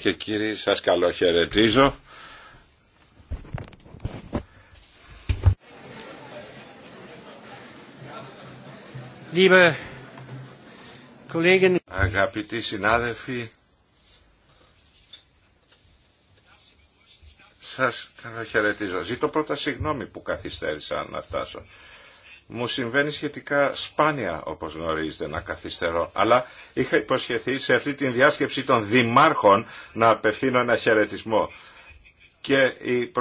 και κύριοι σας καλοχαιρετίζω. Liebe Αγαπητοί συνάδελφοι, σας καλοχαιρετίζω. Ζήτω πρώτα συγγνώμη που καθυστέρησα να φτάσω. Μου συμβαίνει σχετικά σπάνια, όπως γνωρίζετε, να καθυστερώ. Αλλά είχα υποσχεθεί σε αυτή τη διάσκεψη των δημάρχων να απευθύνω ένα χαιρετισμό. Και η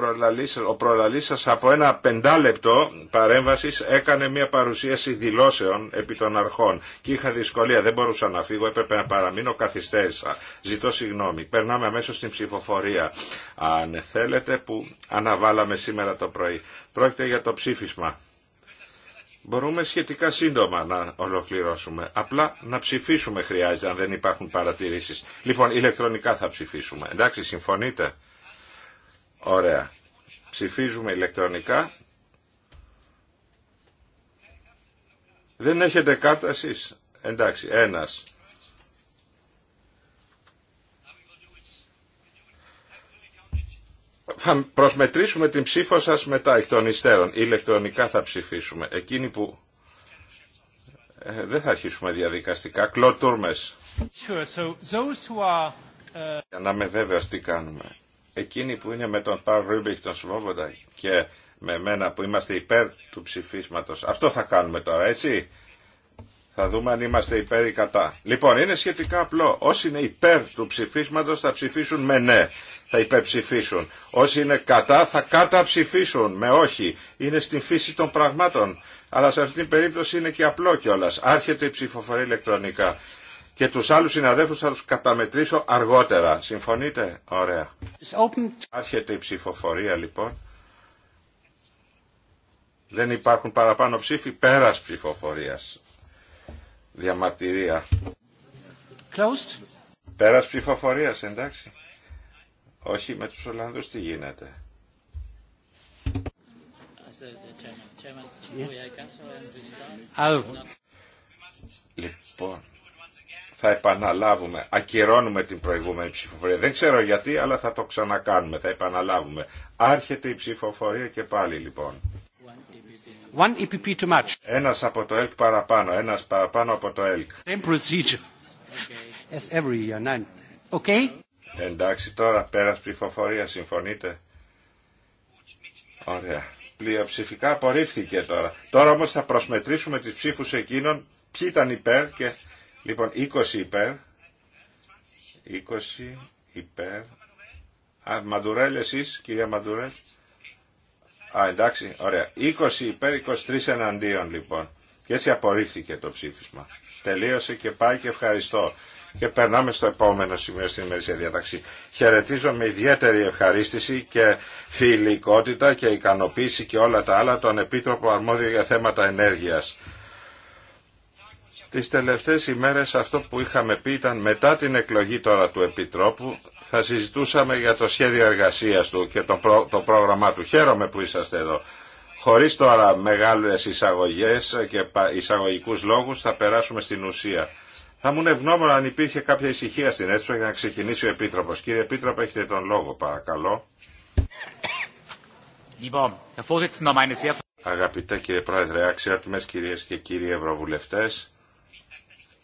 ο προλαλής σας από ένα πεντάλεπτο παρέμβασης έκανε μια παρουσίαση δηλώσεων επί των αρχών. Και είχα δυσκολία, δεν μπορούσα να φύγω, έπρεπε να παραμείνω καθυστέρησα. Ζητώ συγγνώμη. Περνάμε αμέσως στην ψηφοφορία. Αν θέλετε που αναβάλαμε σήμερα το πρωί. Πρόκειται για το ψήφισμα μπορούμε σχετικά σύντομα να ολοκληρώσουμε. Απλά να ψηφίσουμε χρειάζεται αν δεν υπάρχουν παρατηρήσεις. Λοιπόν, ηλεκτρονικά θα ψηφίσουμε. Εντάξει, συμφωνείτε. Ωραία. Ψηφίζουμε ηλεκτρονικά. Δεν έχετε κάρτα εσείς. Εντάξει, ένας. θα προσμετρήσουμε την ψήφο σας μετά εκ των υστέρων. Ηλεκτρονικά θα ψηφίσουμε. Εκείνοι που... Ε, δεν θα αρχίσουμε διαδικαστικά. Κλωτούρμες. Sure. Ε, Για να με βέβαιος τι κάνουμε. Εκείνοι που είναι με τον Παρ των τον Σβόμποντα και με μένα που είμαστε υπέρ του ψηφίσματος. Αυτό θα κάνουμε τώρα, έτσι. Θα δούμε αν είμαστε υπέρ ή κατά. Λοιπόν, είναι σχετικά απλό. Όσοι είναι υπέρ του ψηφίσματος θα ψηφίσουν με ναι. Θα υπερψηφίσουν. Όσοι είναι κατά θα καταψηφίσουν με όχι. Είναι στην φύση των πραγμάτων. Αλλά σε αυτή την περίπτωση είναι και απλό κιόλα. Άρχεται η ψηφοφορία ηλεκτρονικά. Και τους άλλους συναδέλφους θα τους καταμετρήσω αργότερα. Συμφωνείτε? Ωραία. Άρχεται η ψηφοφορία λοιπόν. Δεν υπάρχουν παραπάνω ψήφοι πέρας ψηφοφορίας διαμαρτυρία. Closed. Πέρας ψηφοφορίας, εντάξει. Όχι, με τους Ολλανδούς τι γίνεται. Λοιπόν, θα επαναλάβουμε, ακυρώνουμε την προηγούμενη ψηφοφορία. Δεν ξέρω γιατί, αλλά θα το ξανακάνουμε, θα επαναλάβουμε. Άρχεται η ψηφοφορία και πάλι λοιπόν. E ένας από το ΕΛΚ παραπάνω, ένας παραπάνω από το ΕΛΚ. Εντάξει τώρα, πέρας ψηφοφορία, συμφωνείτε. Ωραία. Πλειοψηφικά απορρίφθηκε τώρα. Τώρα όμως θα προσμετρήσουμε τις ψήφους εκείνων ποιοι ήταν υπέρ και... Λοιπόν, 20 υπέρ. 20 υπέρ. Μαντουρέλ εσείς, κυρία Μαντουρέλ. Α, εντάξει, ωραία. 20 υπέρ 23 εναντίον λοιπόν. Και έτσι απορρίφθηκε το ψήφισμα. Τελείωσε και πάει και ευχαριστώ. Και περνάμε στο επόμενο σημείο στην ημερήσια διαταξή. Χαιρετίζω με ιδιαίτερη ευχαρίστηση και φιλικότητα και ικανοποίηση και όλα τα άλλα τον Επίτροπο Αρμόδιο για θέματα ενέργειας Τις τελευταίες ημέρες αυτό που είχαμε πει ήταν μετά την εκλογή τώρα του Επιτρόπου θα συζητούσαμε για το σχέδιο εργασίας του και το, το πρόγραμμά του. Χαίρομαι που είσαστε εδώ. Χωρίς τώρα μεγάλες εισαγωγές και εισαγωγικούς λόγους θα περάσουμε στην ουσία. Θα μου ευγνώμων αν υπήρχε κάποια ησυχία στην αίθουσα για να ξεκινήσει ο Επίτροπος. Κύριε Επίτροπο, έχετε τον λόγο, παρακαλώ. Αγαπητέ κύριε Πρόεδρε, αξιότιμες κυρίες και κύριοι Ευρωβουλευτές,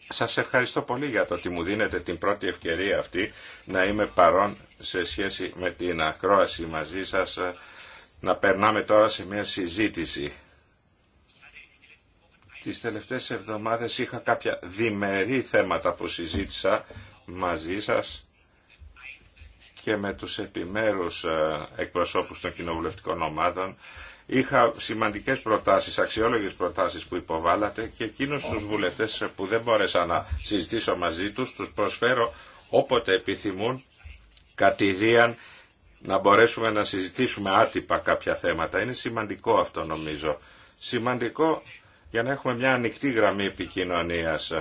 σας ευχαριστώ πολύ για το ότι μου δίνετε την πρώτη ευκαιρία αυτή να είμαι παρόν σε σχέση με την ακρόαση μαζί σας να περνάμε τώρα σε μια συζήτηση. Τις τελευταίες εβδομάδες είχα κάποια διμερεί θέματα που συζήτησα μαζί σας και με τους επιμέρους ε, εκπροσώπους των κοινοβουλευτικών ομάδων Είχα σημαντικές προτάσεις, αξιόλογες προτάσεις που υποβάλατε και εκείνους τους βουλευτές που δεν μπόρεσα να συζητήσω μαζί τους, τους προσφέρω όποτε επιθυμούν κατηδίαν να μπορέσουμε να συζητήσουμε άτυπα κάποια θέματα. Είναι σημαντικό αυτό νομίζω. Σημαντικό για να έχουμε μια ανοιχτή γραμμή επικοινωνίας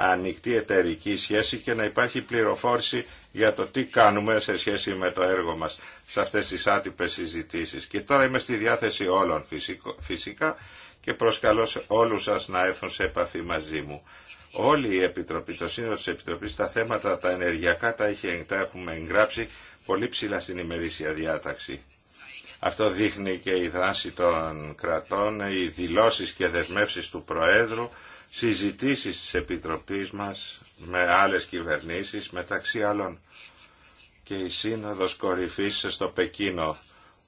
ανοιχτή εταιρική σχέση και να υπάρχει πληροφόρηση για το τι κάνουμε σε σχέση με το έργο μας σε αυτές τις άτυπες συζητήσεις. Και τώρα είμαι στη διάθεση όλων φυσικά και προσκαλώ όλους σας να έρθουν σε επαφή μαζί μου. Όλη η Επιτροπή, το σύνολο της Επιτροπής, τα θέματα τα ενεργειακά τα, έχει, έχουμε εγγράψει πολύ ψηλά στην ημερήσια διάταξη. Αυτό δείχνει και η δράση των κρατών, οι δηλώσεις και δεσμεύσει του Προέδρου συζητήσεις της Επιτροπής μας με άλλες κυβερνήσεις, μεταξύ άλλων και η Σύνοδος Κορυφής στο Πεκίνο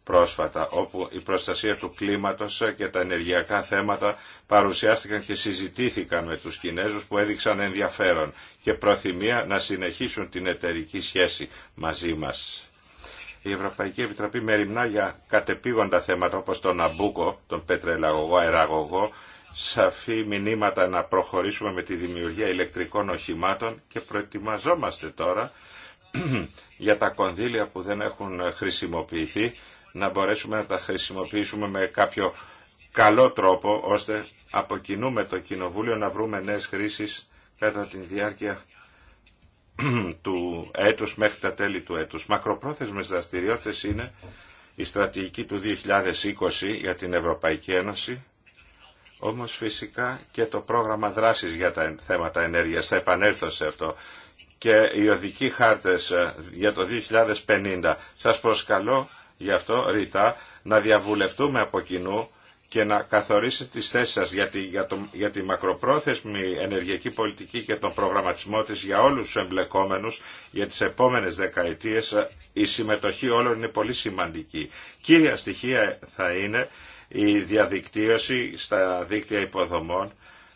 πρόσφατα, όπου η προστασία του κλίματος και τα ενεργειακά θέματα παρουσιάστηκαν και συζητήθηκαν με τους Κινέζους που έδειξαν ενδιαφέρον και προθυμία να συνεχίσουν την εταιρική σχέση μαζί μας. Η Ευρωπαϊκή Επιτροπή μεριμνά για κατεπήγοντα θέματα όπως τον Αμπούκο, τον πετρελαγωγό, αεραγωγό σαφή μηνύματα να προχωρήσουμε με τη δημιουργία ηλεκτρικών οχημάτων και προετοιμαζόμαστε τώρα για τα κονδύλια που δεν έχουν χρησιμοποιηθεί να μπορέσουμε να τα χρησιμοποιήσουμε με κάποιο καλό τρόπο ώστε αποκινούμε το Κοινοβούλιο να βρούμε νέες χρήσεις κατά τη διάρκεια του έτους μέχρι τα τέλη του έτους. Μακροπρόθεσμες δραστηριότητες είναι η στρατηγική του 2020 για την Ευρωπαϊκή Ένωση όμως φυσικά και το πρόγραμμα δράσης για τα θέματα ενέργειας, θα επανέλθω σε αυτό, και οι οδικοί χάρτες ε, για το 2050. Σας προσκαλώ γι' αυτό, Ρίτα, να διαβουλευτούμε από κοινού και να καθορίσετε τις θέσεις σας για τη, για, το, για τη μακροπρόθεσμη ενεργειακή πολιτική και τον προγραμματισμό της για όλους τους εμπλεκόμενους για τις επόμενες δεκαετίες ε, η συμμετοχή όλων είναι πολύ σημαντική. Κύρια στοιχεία θα είναι η διαδικτύωση στα δίκτυα υποδομών,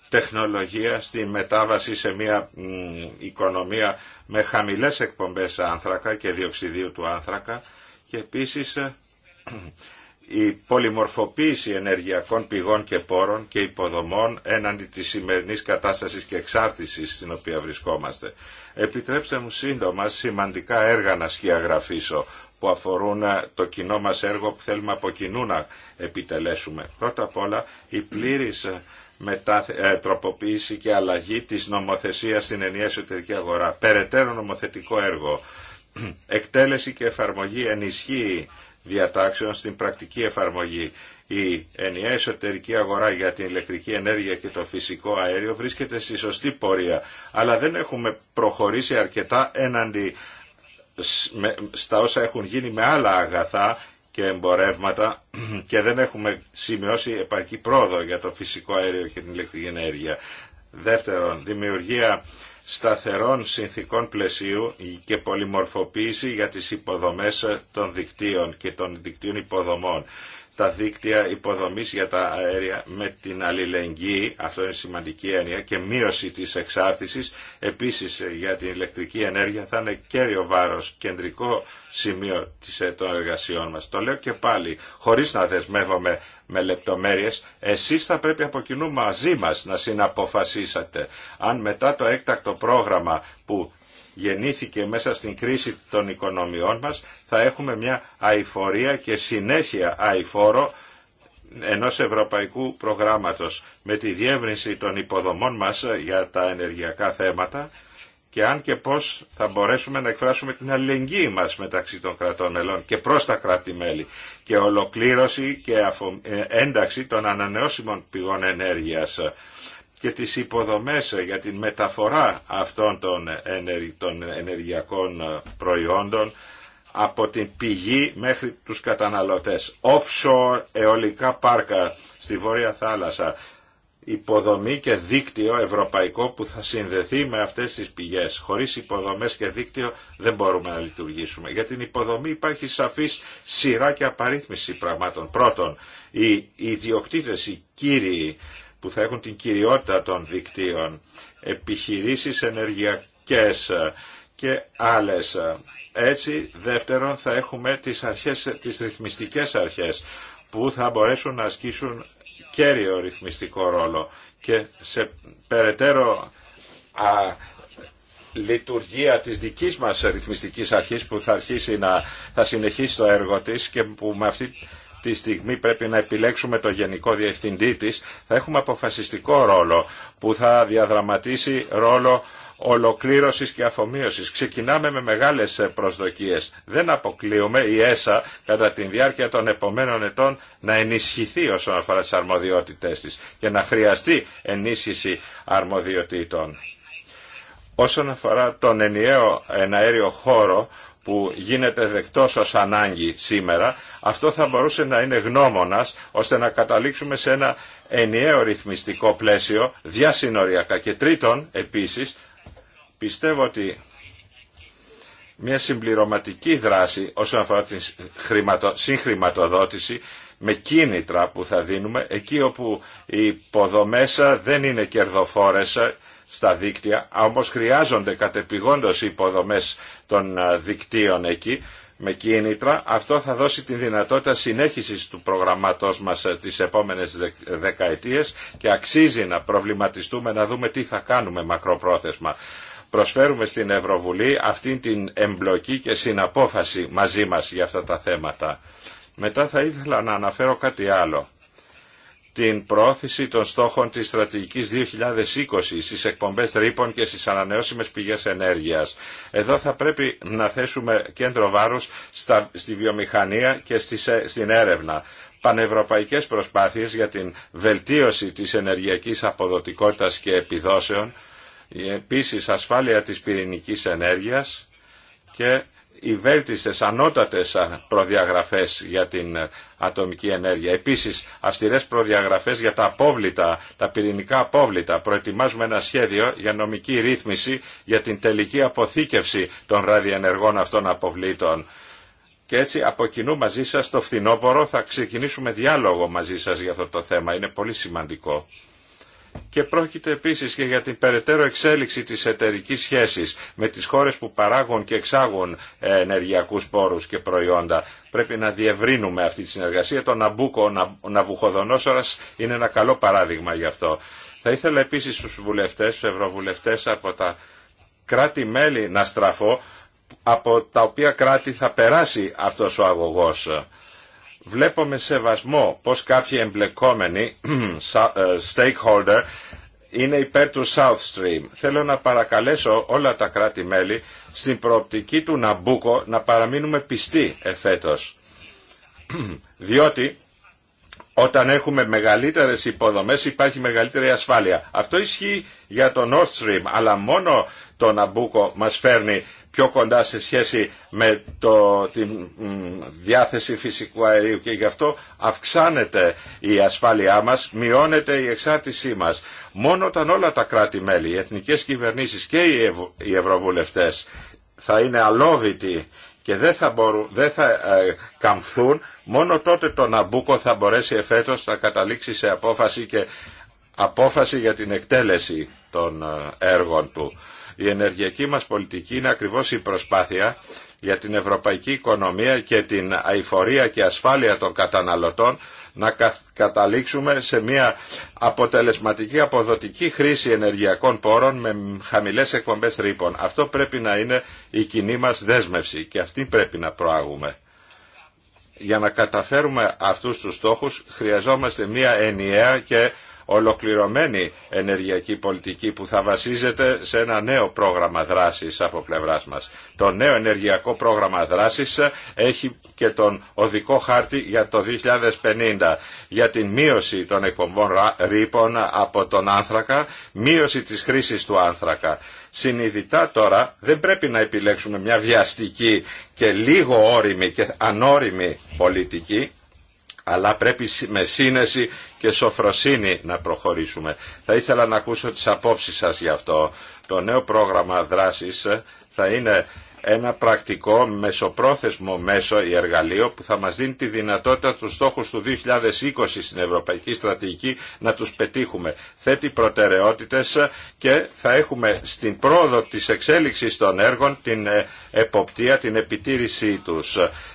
τεχνολογία στη μετάβαση σε μια οικονομία με χαμηλές εκπομπές άνθρακα και διοξιδίου του άνθρακα και επίσης ε, η πολυμορφοποίηση ενεργειακών πηγών και πόρων και υποδομών έναντι της σημερινής κατάστασης και εξάρτησης στην οποία βρισκόμαστε. Επιτρέψτε μου σύντομα σημαντικά έργα να σκιαγραφίσω που αφορούν ε, το κοινό μας έργο που θέλουμε από κοινού να επιτελέσουμε. Πρώτα απ' όλα η πλήρης ε, ε, τροποποίηση και αλλαγή της νομοθεσίας στην ενιαία εσωτερική αγορά. Περαιτέρω νομοθετικό έργο. Εκτέλεση και εφαρμογή ενισχύει διατάξεων στην πρακτική εφαρμογή. Η ενιαία εσωτερική αγορά για την ηλεκτρική ενέργεια και το φυσικό αέριο βρίσκεται στη σωστή πορεία, αλλά δεν έχουμε προχωρήσει αρκετά έναντι στα όσα έχουν γίνει με άλλα αγαθά και εμπορεύματα και δεν έχουμε σημειώσει επαρκή πρόοδο για το φυσικό αέριο και την ηλεκτρική ενέργεια. Δεύτερον, δημιουργία σταθερών συνθήκων πλαισίου και πολυμορφοποίηση για τις υποδομές των δικτύων και των δικτύων υποδομών τα δίκτυα υποδομή για τα αέρια με την αλληλεγγύη, αυτό είναι σημαντική έννοια, και μείωση της εξάρτηση. Επίσης ε, για την ηλεκτρική ενέργεια θα είναι κέριο βάρο κεντρικό σημείο ε, των εργασιών μας. Το λέω και πάλι, χωρίς να δεσμεύομαι με λεπτομέρειες, εσείς θα πρέπει από κοινού μαζί μα να συναποφασίσατε αν μετά το έκτακτο πρόγραμμα που γεννήθηκε μέσα στην κρίση των οικονομιών μας, θα έχουμε μια αηφορία και συνέχεια αηφόρο ενός ευρωπαϊκού προγράμματος με τη διεύρυνση των υποδομών μας για τα ενεργειακά θέματα και αν και πώς θα μπορέσουμε να εκφράσουμε την αλληλεγγύη μας μεταξύ των κρατών μελών και προς τα κράτη-μέλη και ολοκλήρωση και ε, ένταξη των ανανεώσιμων πηγών ενέργειας και τις υποδομές για την μεταφορά αυτών των ενεργειακών ε, προϊόντων από την πηγή μέχρι τους καταναλωτές. Offshore αιωλικά πάρκα στη Βόρεια Θάλασσα. Υποδομή και δίκτυο ευρωπαϊκό που θα συνδεθεί με αυτές τις πηγές. Χωρίς υποδομές και δίκτυο δεν μπορούμε να λειτουργήσουμε. Για την υποδομή υπάρχει σαφής σειρά και απαρίθμηση πραγμάτων. Πρώτον, οι ιδιοκτήτες, οι κύριοι που θα έχουν την κυριότητα των δικτύων, επιχειρήσεις ενεργειακές και άλλες. Έτσι, δεύτερον, θα έχουμε τις, αρχές, τις ρυθμιστικές αρχές που θα μπορέσουν να ασκήσουν κέριο ρυθμιστικό ρόλο και σε περαιτέρω α, λειτουργία της δικής μας ρυθμιστικής αρχής που θα, αρχίσει να, θα συνεχίσει το έργο της και που με αυτή τη στιγμή πρέπει να επιλέξουμε το Γενικό Διευθυντή της, θα έχουμε αποφασιστικό ρόλο που θα διαδραματίσει ρόλο ολοκλήρωσης και αφομοίωσης. Ξεκινάμε με μεγάλες προσδοκίες. Δεν αποκλείουμε η ΕΣΑ κατά τη διάρκεια των επομένων ετών να ενισχυθεί όσον αφορά τις αρμοδιότητές της και να χρειαστεί ενίσχυση αρμοδιοτήτων. Όσον αφορά τον ενιαίο εναέριο χώρο που γίνεται δεκτός ως ανάγκη σήμερα, αυτό θα μπορούσε να είναι γνώμονας ώστε να καταλήξουμε σε ένα ενιαίο ρυθμιστικό πλαίσιο διασυνοριακά. Και τρίτον, επίσης, πιστεύω ότι μια συμπληρωματική δράση όσον αφορά την συγχρηματοδότηση με κίνητρα που θα δίνουμε εκεί όπου οι ποδομέσα δεν είναι κερδοφόρες στα δίκτυα, όμως χρειάζονται κατεπηγόντως οι υποδομές των δικτύων εκεί με κίνητρα. Αυτό θα δώσει τη δυνατότητα συνέχισης του προγραμμάτός μας ε, τις επόμενες δεκαετίες και αξίζει να προβληματιστούμε να δούμε τι θα κάνουμε μακροπρόθεσμα. Προσφέρουμε στην Ευρωβουλή αυτή την εμπλοκή και συναπόφαση μαζί μας για αυτά τα θέματα. Μετά θα ήθελα να αναφέρω κάτι άλλο την πρόθεση των στόχων της στρατηγικής 2020 στις εκπομπές ρήπων και στις ανανεώσιμες πηγές ενέργειας. Εδώ θα πρέπει να θέσουμε κέντρο βάρους στα, στη βιομηχανία και ε, στην έρευνα. Πανευρωπαϊκές προσπάθειες για την βελτίωση της ενεργειακής αποδοτικότητας και επιδόσεων, επίσης ασφάλεια της πυρηνικής ενέργειας και οι βέλτιστες ανώτατες προδιαγραφές για την ε, ατομική ενέργεια. Επίσης, αυστηρές προδιαγραφές για τα απόβλητα, τα πυρηνικά απόβλητα. Προετοιμάζουμε ένα σχέδιο για νομική ρύθμιση για την τελική αποθήκευση των ραδιενεργών αυτών αποβλήτων. Και έτσι από κοινού μαζί σας το φθινόπωρο θα ξεκινήσουμε διάλογο μαζί σας για αυτό το θέμα. Είναι πολύ σημαντικό και πρόκειται επίσης και για την περαιτέρω εξέλιξη της εταιρικής σχέσης με τις χώρες που παράγουν και εξάγουν ε, ενεργειακούς πόρους και προϊόντα. Πρέπει να διευρύνουμε αυτή τη συνεργασία. Το Ναμπούκο, ο Ναβουχοδονόσορας είναι ένα καλό παράδειγμα γι' αυτό. Θα ήθελα επίσης στους βουλευτές, στους ευρωβουλευτές από τα κράτη-μέλη να στραφώ, από τα οποία κράτη θα περάσει αυτός ο αγωγός βλέπω με σεβασμό πως κάποιοι εμπλεκόμενοι ε, stakeholder είναι υπέρ του South Stream. Θέλω να παρακαλέσω όλα τα κράτη-μέλη στην προοπτική του Ναμπούκο να παραμείνουμε πιστοί εφέτος. Διότι όταν έχουμε μεγαλύτερες υποδομές υπάρχει μεγαλύτερη ασφάλεια. Αυτό ισχύει για το North Stream, αλλά μόνο το Ναμπούκο μας φέρνει πιο κοντά σε σχέση με το, τη διάθεση φυσικού αερίου και γι' αυτό αυξάνεται η ασφάλειά μας, μειώνεται η εξάρτησή μας. Μόνο όταν όλα τα κράτη-μέλη, οι εθνικές κυβερνήσεις και οι, ευρωβουλευτές θα είναι αλόβητοι και δεν θα, μπορούν, δεν θα ε, καμφθούν, μόνο τότε το Ναμπούκο θα μπορέσει εφέτος να καταλήξει σε απόφαση και απόφαση για την εκτέλεση των ε, έργων του. Η ενεργειακή μας πολιτική είναι ακριβώς η προσπάθεια για την ευρωπαϊκή οικονομία και την αηφορία και ασφάλεια των καταναλωτών να καταλήξουμε σε μια αποτελεσματική αποδοτική χρήση ενεργειακών πόρων με χαμηλές εκπομπές τρύπων. Αυτό πρέπει να είναι η κοινή μας δέσμευση και αυτή πρέπει να προάγουμε. Για να καταφέρουμε αυτούς τους στόχους χρειαζόμαστε μια ενιαία και ολοκληρωμένη ενεργειακή πολιτική που θα βασίζεται σε ένα νέο πρόγραμμα δράσης από πλευράς μας. Το νέο ενεργειακό πρόγραμμα δράσης έχει και τον οδικό χάρτη για το 2050 για την μείωση των εκπομπών ρήπων από τον άνθρακα, μείωση της χρήσης του άνθρακα. Συνειδητά τώρα δεν πρέπει να επιλέξουμε μια βιαστική και λίγο όρημη και ανώριμη πολιτική αλλά πρέπει με σύνεση και σοφροσύνη να προχωρήσουμε. Θα ήθελα να ακούσω τις απόψεις σας γι' αυτό. Το νέο πρόγραμμα δράσης ε, θα είναι ένα πρακτικό μεσοπρόθεσμο μέσο ή εργαλείο που θα μας δίνει τη δυνατότητα τους στόχους του 2020 στην Ευρωπαϊκή Στρατηγική να τους πετύχουμε. Θέτει προτεραιότητες ε, και θα έχουμε στην πρόοδο της εξέλιξης των έργων την ε, εποπτεία, την επιτήρησή τους.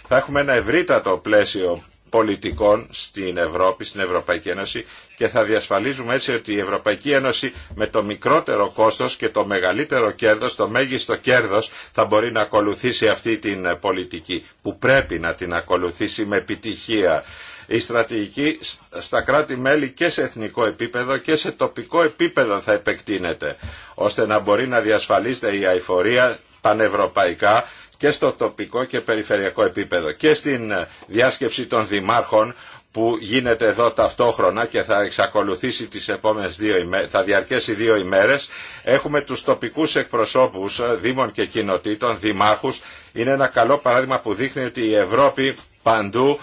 Θα έχουμε ένα ευρύτατο πλαίσιο πολιτικών στην Ευρώπη, στην Ευρωπαϊκή Ένωση και θα διασφαλίζουμε έτσι ότι η Ευρωπαϊκή Ένωση με το μικρότερο κόστος και το μεγαλύτερο κέρδος, το μέγιστο κέρδος θα μπορεί να ακολουθήσει αυτή την πολιτική που πρέπει να την ακολουθήσει με επιτυχία. Η στρατηγική στα κράτη-μέλη και σε εθνικό επίπεδο και σε τοπικό επίπεδο θα επεκτείνεται, ώστε να μπορεί να διασφαλίσεται η αηφορία πανευρωπαϊκά και στο τοπικό και περιφερειακό επίπεδο και στην ε, διάσκεψη των δημάρχων που γίνεται εδώ ταυτόχρονα και θα εξακολουθήσει τις επόμενες δύο θα διαρκέσει δύο ημέρες. Έχουμε τους τοπικούς εκπροσώπους ε, δήμων και κοινοτήτων, δημάρχους. Είναι ένα καλό παράδειγμα που δείχνει ότι η Ευρώπη παντού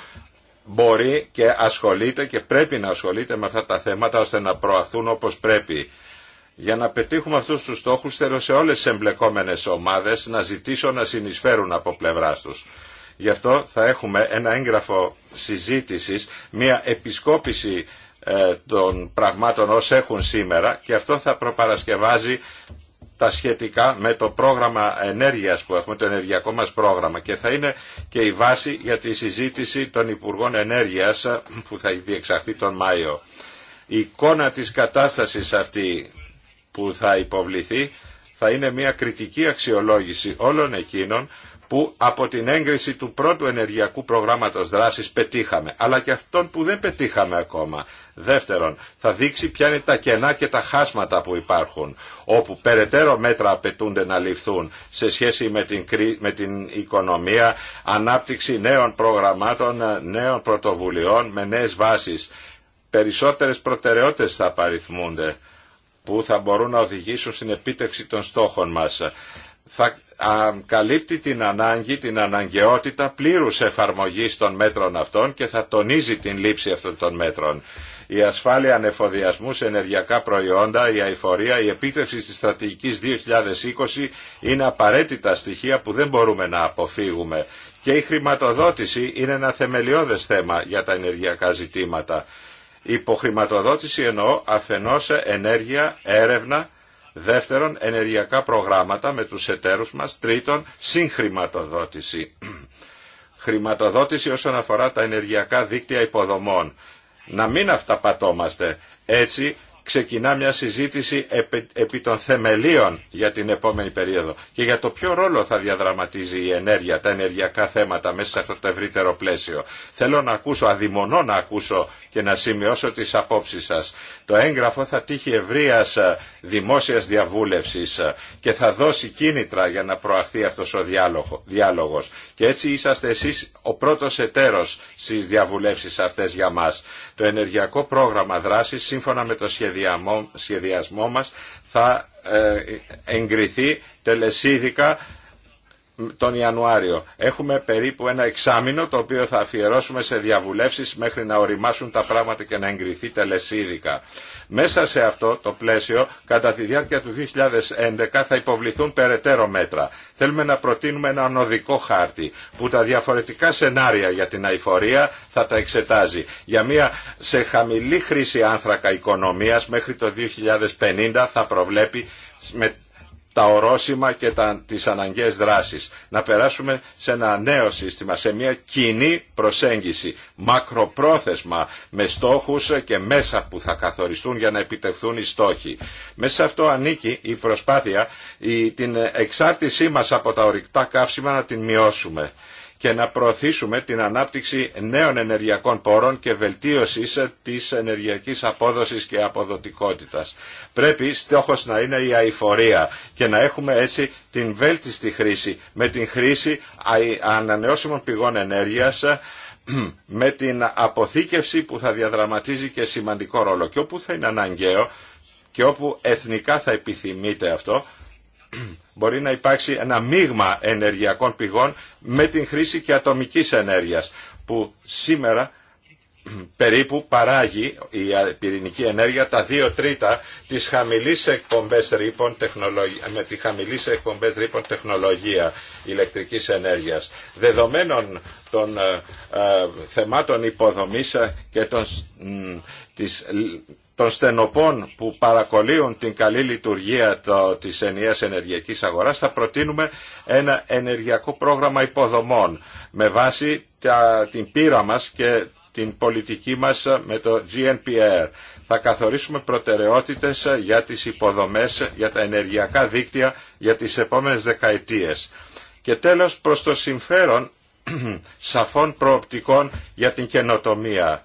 μπορεί και ασχολείται και πρέπει να ασχολείται με αυτά τα θέματα ώστε να προαθούν όπως πρέπει. Για να πετύχουμε αυτούς τους στόχους θέλω σε όλες τις εμπλεκόμενες ομάδες να ζητήσω να συνεισφέρουν από πλευράς τους. Γι' αυτό θα έχουμε ένα έγγραφο συζήτησης, μια επισκόπηση ε, των πραγμάτων ως έχουν σήμερα και αυτό θα προπαρασκευάζει τα σχετικά με το πρόγραμμα ενέργειας που έχουμε, το ενεργειακό μας πρόγραμμα και θα είναι και η βάση για τη συζήτηση των Υπουργών Ενέργειας ε, που θα διεξαχθεί τον Μάιο. Η εικόνα της κατάστασης αυτή που θα υποβληθεί θα είναι μια κριτική αξιολόγηση όλων εκείνων που από την έγκριση του πρώτου ενεργειακού προγράμματος δράσης πετύχαμε, αλλά και αυτών που δεν πετύχαμε ακόμα. Δεύτερον, θα δείξει ποια είναι τα κενά και τα χάσματα που υπάρχουν, όπου περαιτέρω μέτρα απαιτούνται να ληφθούν σε σχέση με την, με οικονομία, ανάπτυξη νέων προγραμμάτων, νέων πρωτοβουλειών με νέες βάσεις. Περισσότερες προτεραιότητες θα παριθμούνται που θα μπορούν να οδηγήσουν στην επίτευξη των στόχων μας. Θα καλύπτει την ανάγκη, την αναγκαιότητα πλήρους εφαρμογής των μέτρων αυτών και θα τονίζει την λήψη αυτών των μέτρων. Η ασφάλεια ανεφοδιασμού σε ενεργειακά προϊόντα, η αηφορία, η επίτευξη της στρατηγικής 2020 είναι απαραίτητα στοιχεία που δεν μπορούμε να αποφύγουμε. Και η χρηματοδότηση είναι ένα θεμελιώδες θέμα για τα ενεργειακά ζητήματα. Υποχρηματοδότηση εννοώ αφενός ενέργεια, έρευνα, δεύτερον ενεργειακά προγράμματα με τους εταίρους μας, τρίτον συγχρηματοδότηση. Χρηματοδότηση όσον αφορά τα ενεργειακά δίκτυα υποδομών. Να μην αυταπατώμαστε. Έτσι ξεκινά μια συζήτηση επί των θεμελίων για την επόμενη περίοδο και για το ποιο ρόλο θα διαδραματίζει η ενέργεια, τα ενεργειακά θέματα μέσα σε αυτό το ευρύτερο πλαίσιο. Θέλω να ακούσω, αδειμονώ να ακούσω και να σημειώσω τις απόψεις σας. Το έγγραφο θα τύχει ευρεία ε, δημόσια διαβούλευση ε, και θα δώσει κίνητρα για να προαχθεί αυτό ο διάλογο. Και έτσι είσαστε εσεί ο πρώτο εταίρο στι διαβουλεύσεις αυτέ για μας. Το ενεργειακό πρόγραμμα δράση, σύμφωνα με το σχεδιασμό μα, θα ε, εγκριθεί τελεσίδικα τον Ιανουάριο. Έχουμε περίπου ένα εξάμεινο το οποίο θα αφιερώσουμε σε διαβουλεύσεις μέχρι να οριμάσουν τα πράγματα και να εγκριθεί τελεσίδικα. Μέσα σε αυτό το πλαίσιο, κατά τη διάρκεια του 2011 θα υποβληθούν περαιτέρω μέτρα. Θέλουμε να προτείνουμε ένα ονοδικό χάρτη που τα διαφορετικά σενάρια για την αηφορία θα τα εξετάζει. Για μια σε χαμηλή χρήση άνθρακα οικονομίας μέχρι το 2050 θα προβλέπει με τα ορόσημα και τα, τις αναγκαίες δράσεις. Να περάσουμε σε ένα νέο σύστημα, σε μια κοινή προσέγγιση, μακροπρόθεσμα, με στόχους και μέσα που θα καθοριστούν για να επιτευχθούν οι στόχοι. Μέσα σε αυτό ανήκει η προσπάθεια, η, την εξάρτησή μας από τα ορυκτά καύσιμα να την μειώσουμε και να προωθήσουμε την ανάπτυξη νέων ενεργειακών πόρων και βελτίωση της ενεργειακής απόδοσης και αποδοτικότητας. Πρέπει στόχος να είναι η αηφορία και να έχουμε έτσι την βέλτιστη χρήση με την χρήση ανανεώσιμων πηγών ενέργειας με την αποθήκευση που θα διαδραματίζει και σημαντικό ρόλο και όπου θα είναι αναγκαίο και όπου εθνικά θα επιθυμείτε αυτό μπορεί να υπάρξει ένα μείγμα ενεργειακών πηγών με την χρήση και ατομικής ενέργειας που σήμερα περίπου παράγει η πυρηνική ενέργεια τα δύο τρίτα της χαμηλής εκπομπές ρήπων τεχνολογία, με τη χαμηλής εκπομπές ρήπων τεχνολογία ηλεκτρικής ενέργειας. Δεδομένων των ε, ε, θεμάτων υποδομής ε, και των, της των στενοπών που παρακολύουν την καλή λειτουργία τη της ενιαίας ενεργειακής αγοράς θα προτείνουμε ένα ενεργειακό πρόγραμμα υποδομών με βάση τα, την πείρα μας και την πολιτική μας με το GNPR. Θα καθορίσουμε προτεραιότητες για τις υποδομές, για τα ενεργειακά δίκτυα για τις επόμενες δεκαετίες. Και τέλος προς το συμφέρον σαφών προοπτικών για την καινοτομία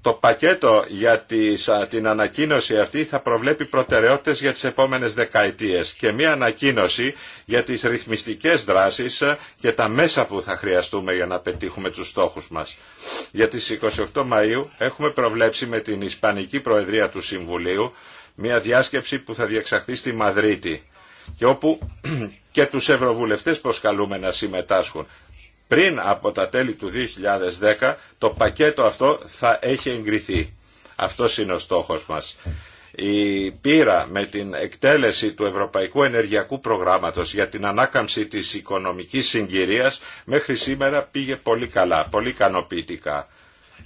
το πακέτο για την ανακοίνωση αυτή θα προβλέπει προτεραιότητες για τις επόμενες δεκαετίες και μια ανακοίνωση για τις ρυθμιστικές δράσεις και τα μέσα που θα χρειαστούμε για να πετύχουμε τους στόχους μας. Για τις 28 Μαΐου έχουμε προβλέψει με την Ισπανική Προεδρία του Συμβουλίου μια διάσκεψη που θα διεξαχθεί στη Μαδρίτη και όπου και τους ευρωβουλευτές προσκαλούμε να συμμετάσχουν πριν από τα τέλη του 2010 το πακέτο αυτό θα έχει εγκριθεί. Αυτό είναι ο στόχος μας. Η πείρα με την εκτέλεση του Ευρωπαϊκού Ενεργειακού Προγράμματος για την ανάκαμψη της οικονομικής συγκυρίας μέχρι σήμερα πήγε πολύ καλά, πολύ ικανοποιητικά.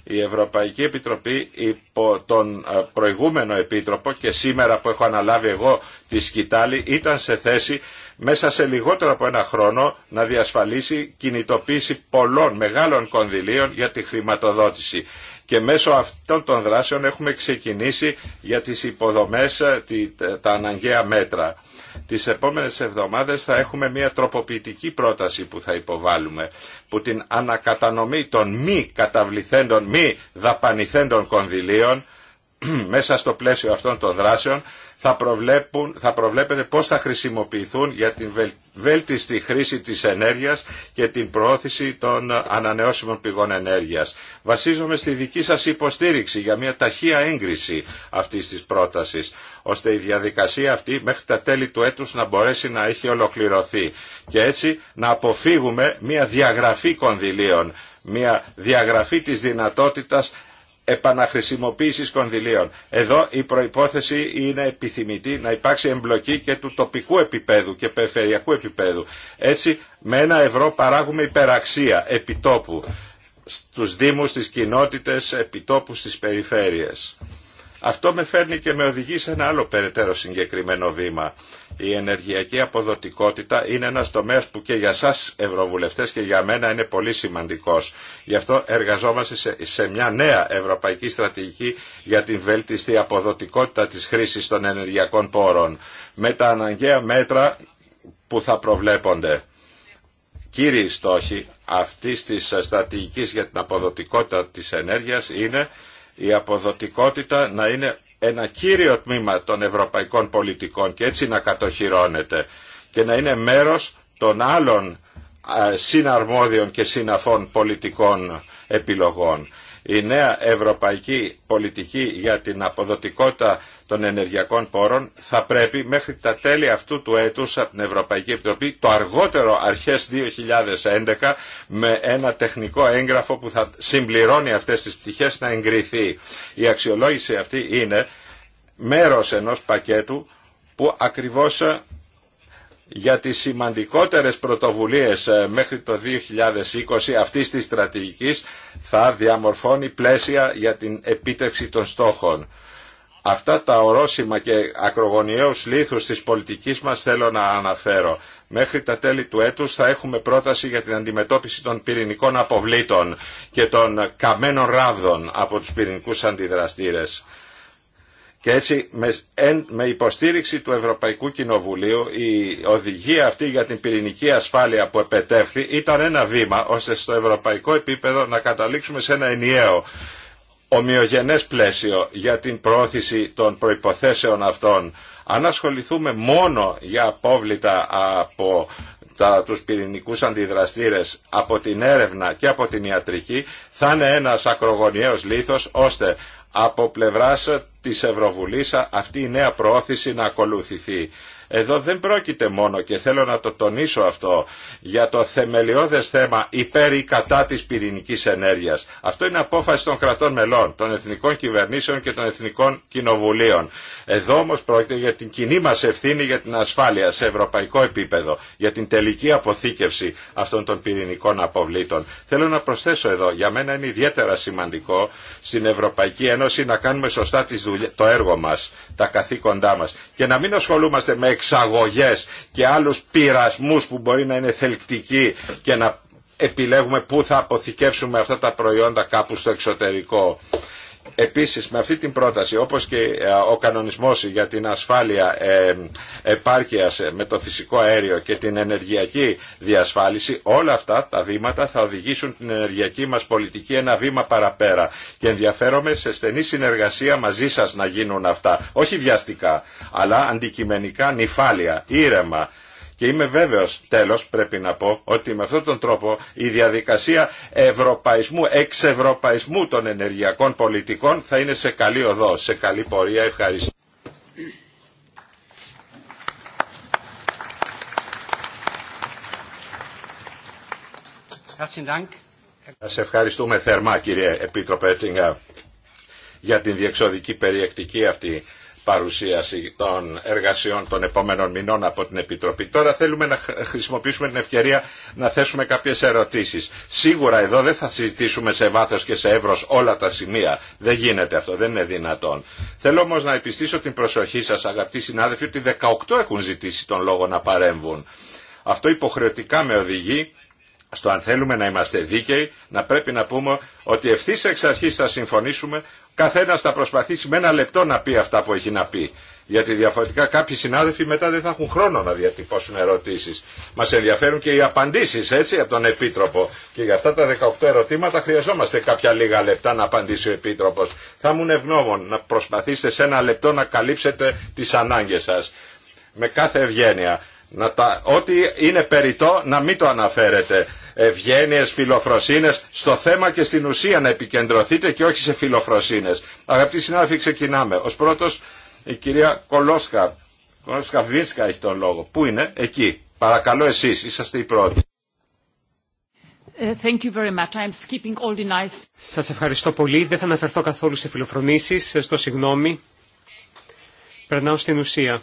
Η Ευρωπαϊκή Επιτροπή υπό τον ε, προηγούμενο επίτροπο και σήμερα που έχω αναλάβει εγώ τη σκητάλη ήταν σε θέση μέσα σε λιγότερο από ένα χρόνο να διασφαλίσει κινητοποίηση πολλών μεγάλων κονδυλίων για τη χρηματοδότηση. Και μέσω αυτών των δράσεων έχουμε ξεκινήσει για τις υποδομές ε, τα αναγκαία μέτρα. Τις επόμενες εβδομάδες θα έχουμε μια τροποποιητική πρόταση που θα υποβάλουμε που την ανακατανομή των μη καταβληθέντων, μη δαπανηθέντων κονδυλίων μέσα στο πλαίσιο αυτών των δράσεων θα, προβλέπουν, θα προβλέπετε πώς θα χρησιμοποιηθούν για την βέλτιστη χρήση της ενέργειας και την προώθηση των ανανεώσιμων πηγών ενέργειας. Βασίζομαι στη δική σας υποστήριξη για μια ταχεία έγκριση αυτής της πρότασης, ώστε η διαδικασία αυτή μέχρι τα τέλη του έτους να μπορέσει να έχει ολοκληρωθεί και έτσι να αποφύγουμε μια διαγραφή κονδυλίων, μια διαγραφή της δυνατότητας επαναχρησιμοποίησης κονδυλίων. Εδώ η προϋπόθεση είναι επιθυμητή να υπάρξει εμπλοκή και του τοπικού επίπεδου και περιφερειακού επίπεδου. Έτσι με ένα ευρώ παράγουμε υπεραξία επιτόπου στους δήμους, στις κοινότητες, επιτόπου στις περιφέρειες. Αυτό με φέρνει και με οδηγεί σε ένα άλλο περαιτέρω συγκεκριμένο βήμα η ενεργειακή αποδοτικότητα είναι ένας τομέας που και για σας ευρωβουλευτές και για μένα είναι πολύ σημαντικός. Γι' αυτό εργαζόμαστε σε, μια νέα ευρωπαϊκή στρατηγική για την βέλτιστη αποδοτικότητα της χρήσης των ενεργειακών πόρων με τα αναγκαία μέτρα που θα προβλέπονται. Κύριοι στόχοι αυτής της στρατηγικής για την αποδοτικότητα της ενέργειας είναι η αποδοτικότητα να είναι ένα κύριο τμήμα των ευρωπαϊκών πολιτικών και έτσι να κατοχυρώνεται και να είναι μέρος των άλλων συναρμόδιων και συναφών πολιτικών επιλογών. Η νέα ευρωπαϊκή πολιτική για την αποδοτικότητα των ενεργειακών πόρων θα πρέπει μέχρι τα τέλη αυτού του έτους από την Ευρωπαϊκή Επιτροπή το αργότερο αρχές 2011 με ένα τεχνικό έγγραφο που θα συμπληρώνει αυτές τις πτυχές να εγκριθεί. Η αξιολόγηση αυτή είναι μέρος ενός πακέτου που ακριβώς ε, για τις σημαντικότερες πρωτοβουλίες ε, μέχρι το 2020 αυτής της στρατηγικής θα διαμορφώνει πλαίσια για την επίτευξη των στόχων. Αυτά τα ορόσημα και ακρογωνιαίους λίθους της πολιτικής μας θέλω να αναφέρω. Μέχρι τα τέλη του έτους θα έχουμε πρόταση για την αντιμετώπιση των πυρηνικών αποβλήτων και των καμένων ράβδων από τους πυρηνικούς αντιδραστήρες. Και έτσι με υποστήριξη του Ευρωπαϊκού Κοινοβουλίου η οδηγία αυτή για την πυρηνική ασφάλεια που επετεύχθη ήταν ένα βήμα ώστε στο ευρωπαϊκό επίπεδο να καταλήξουμε σε ένα ενιαίο ομοιογενές πλαίσιο για την πρόθεση των προϋποθέσεων αυτών. Αν ασχοληθούμε μόνο για απόβλητα από τα, τους πυρηνικούς αντιδραστήρες από την έρευνα και από την ιατρική θα είναι ένας ακρογωνιαίος λίθος ώστε από πλευράς της Ευρωβουλής αυτή η νέα προώθηση να ακολουθηθεί. Εδώ δεν πρόκειται μόνο και θέλω να το τονίσω αυτό για το θεμελιώδες θέμα υπέρ ή κατά της πυρηνικής ενέργειας. Αυτό είναι απόφαση των κρατών μελών, των εθνικών κυβερνήσεων και των εθνικών κοινοβουλίων. Εδώ όμως πρόκειται για την κοινή μας ευθύνη για την ασφάλεια σε ευρωπαϊκό επίπεδο, για την τελική αποθήκευση αυτών των πυρηνικών αποβλήτων. Θέλω να προσθέσω εδώ, για μένα είναι ιδιαίτερα σημαντικό στην Ευρωπαϊκή Ένωση να κάνουμε σωστά το έργο μας, τα καθήκοντά μας και να μην ασχολούμαστε με εξαγωγές και άλλους πειρασμούς που μπορεί να είναι θελκτικοί και να επιλέγουμε πού θα αποθηκεύσουμε αυτά τα προϊόντα κάπου στο εξωτερικό. Επίσης με αυτή την πρόταση όπως και ε, ο κανονισμός για την ασφάλεια ε, επάρκειας ε, με το φυσικό αέριο και την ενεργειακή διασφάλιση όλα αυτά τα βήματα θα οδηγήσουν την ενεργειακή μας πολιτική ένα βήμα παραπέρα και ενδιαφέρομαι σε στενή συνεργασία μαζί σας να γίνουν αυτά όχι βιαστικά αλλά αντικειμενικά νυφάλια, ήρεμα και είμαι βέβαιος, τέλος πρέπει να πω, ότι με αυτόν τον τρόπο η διαδικασία ευρωπαϊσμού, εξευρωπαϊσμού των ενεργειακών πολιτικών θα είναι σε καλή οδό, σε καλή πορεία. Ευχαριστώ. Σας ευχαριστούμε θερμά κύριε Επίτροπε Έτσιγκα για την διεξοδική περιεκτική αυτή παρουσίαση των εργασιών των επόμενων μηνών από την Επιτροπή. Τώρα θέλουμε να χρησιμοποιήσουμε την ευκαιρία να θέσουμε κάποιες ερωτήσεις. Σίγουρα εδώ δεν θα συζητήσουμε σε βάθος και σε εύρος όλα τα σημεία. Δεν γίνεται αυτό, δεν είναι δυνατόν. Θέλω όμως να επιστήσω την προσοχή σας αγαπητοί συνάδελφοι ότι 18 έχουν ζητήσει τον λόγο να παρέμβουν. Αυτό υποχρεωτικά με οδηγεί στο αν θέλουμε να είμαστε δίκαιοι, να πρέπει να πούμε ότι ευθύ εξ αρχή θα συμφωνήσουμε καθένας θα προσπαθήσει με ένα λεπτό να πει αυτά που έχει να πει. Γιατί διαφορετικά κάποιοι συνάδελφοι μετά δεν θα έχουν χρόνο να διατυπώσουν ερωτήσεις. Μας ενδιαφέρουν και οι απαντήσεις έτσι από τον Επίτροπο. Και για αυτά τα 18 ερωτήματα χρειαζόμαστε κάποια λίγα λεπτά να απαντήσει ο Επίτροπος. Θα ήμουν ευγνώμων να προσπαθήσετε σε ένα λεπτό να καλύψετε τις ανάγκες σας. Με κάθε ευγένεια. Να τα, ό,τι είναι περιττό να μην το αναφέρετε ευγένειες, φιλοφροσύνες, στο θέμα και στην ουσία να επικεντρωθείτε και όχι σε φιλοφροσύνες. Αγαπητοί συνάδελφοι, ξεκινάμε. Ως πρώτος η κυρία Κολόσκα, Κολόσκα Βίσκα έχει τον λόγο. Πού είναι, εκεί. Παρακαλώ εσείς, είσαστε οι πρώτοι. Ε, thank Σας ευχαριστώ πολύ. Δεν θα αναφερθώ καθόλου σε φιλοφρονήσεις, ε, στο συγγνώμη. Περνάω στην ουσία.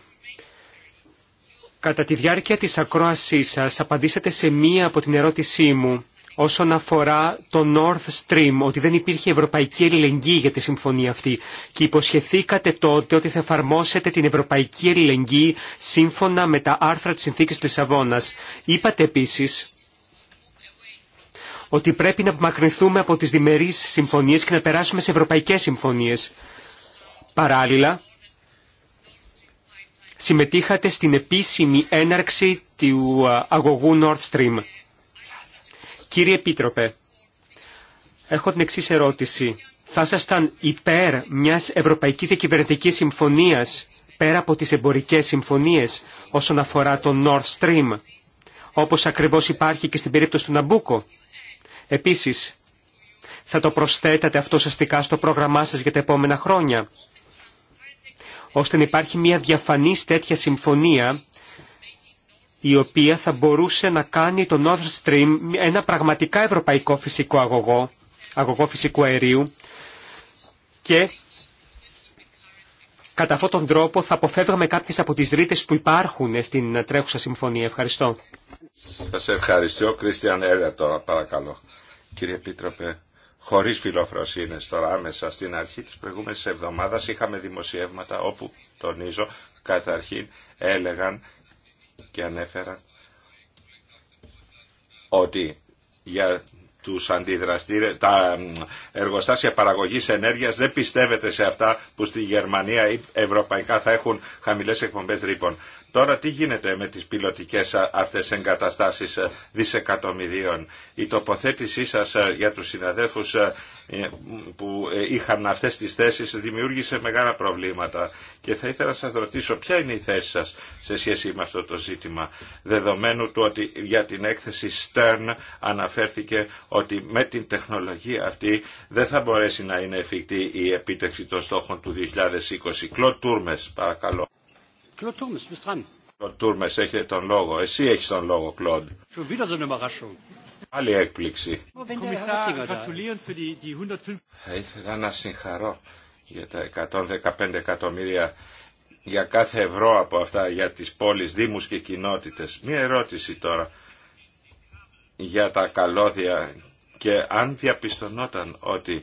Κατά τη διάρκεια της ακρόασής σας απαντήσατε σε μία από την ερώτησή μου όσον αφορά το North Stream, ότι δεν υπήρχε ευρωπαϊκή ελληνική για τη συμφωνία αυτή και υποσχεθήκατε τότε ότι θα εφαρμόσετε την ευρωπαϊκή ελληνική σύμφωνα με τα άρθρα της Συνθήκης της Λισαβόνας. Είπατε επίσης ότι πρέπει να απομακρυνθούμε από τις διμερείς συμφωνίες και να περάσουμε σε ευρωπαϊκές συμφωνίες. Παράλληλα, συμμετείχατε στην επίσημη έναρξη του αγωγού Nord Stream. Κύριε Επίτροπε, έχω την εξής ερώτηση. Θα ήσασταν υπέρ μιας Ευρωπαϊκής κυβερνητικής Συμφωνίας πέρα από τις εμπορικές συμφωνίες όσον αφορά το Nord Stream, όπως ακριβώς υπάρχει και στην περίπτωση του Ναμπούκο. Επίσης, θα το προσθέτατε αυτό ουσιαστικά στο πρόγραμμά σας για τα επόμενα χρόνια ώστε να υπάρχει μια διαφανής τέτοια συμφωνία η οποία θα μπορούσε να κάνει το Nord Stream ένα πραγματικά ευρωπαϊκό φυσικό αγωγό, αγωγό φυσικού αερίου και κατά αυτόν τον τρόπο θα αποφεύγαμε κάποιες από τις ρήτες που υπάρχουν στην τρέχουσα συμφωνία. Ευχαριστώ. Σας ευχαριστώ. Κρίστιαν Έλερ τώρα παρακαλώ. Κύριε Επίτροπε, χωρίς φιλοφροσύνες τώρα άμεσα στην αρχή της προηγούμενης εβδομάδας είχαμε δημοσιεύματα όπου τονίζω καταρχήν έλεγαν και ανέφεραν ότι για τους αντιδραστήρες, τα εργοστάσια παραγωγής ενέργειας δεν πιστεύετε σε αυτά που στη Γερμανία ή ευρωπαϊκά θα έχουν χαμηλές εκπομπές ρήπων. Τώρα τι γίνεται με τις πιλωτικές αυτές εγκαταστάσεις ε, δισεκατομμυρίων. Η τοποθέτησή σας ε, για τους συναδέλφους ε, που είχαν αυτές τις θέσεις δημιούργησε μεγάλα προβλήματα και θα ήθελα να σας ρωτήσω ποια είναι η θέση σας σε σχέση με αυτό το ζήτημα δεδομένου του ότι για την έκθεση Stern αναφέρθηκε ότι με την τεχνολογία αυτή δεν θα μπορέσει να είναι εφικτή η επίτευξη των στόχων του 2020. Κλωτούρμες παρακαλώ. Κλωτούρμες, bist έχετε τον λόγο. Εσύ έχεις τον λόγο, Κλοντ. Άλλη έκπληξη. Θα ήθελα να συγχαρώ για τα 115 εκατομμύρια για κάθε ευρώ από αυτά για τις πόλεις, δήμους και κοινότητες. Μία ερώτηση τώρα για τα καλώδια και αν διαπιστωνόταν ότι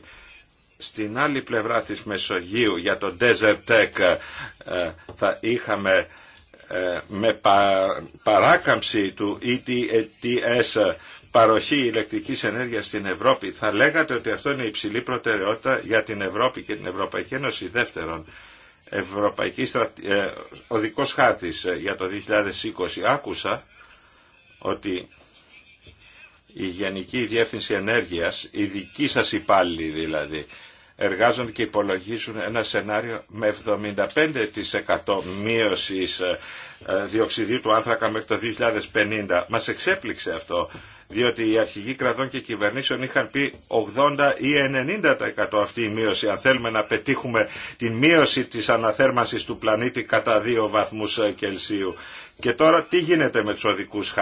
στην άλλη πλευρά της Μεσογείου για το Desert Tech ε, θα είχαμε ε, με παράκαμψη του ETS παροχή ηλεκτρικής ενέργειας στην Ευρώπη θα λέγατε ότι αυτό είναι υψηλή προτεραιότητα για την Ευρώπη και την Ευρωπαϊκή Ένωση δεύτερον Ευρωπαϊκή ε, ο Οδικός Χάρτης για το 2020 άκουσα ότι η Γενική Διεύθυνση Ενέργειας, η δική σας υπάλληλη δηλαδή, εργάζονται και υπολογίζουν ένα σενάριο με 75% μείωσης ε, διοξιδίου του άνθρακα μέχρι το 2050. Μας εξέπληξε αυτό, διότι οι αρχηγοί κρατών και κυβερνήσεων είχαν πει 80 ή 90% αυτή η μείωση, αν θέλουμε να πετύχουμε την μείωση της αναθέρμανσης του πλανήτη κατά 2 βαθμούς Κελσίου. Και τώρα τι γίνεται με τους οδικούς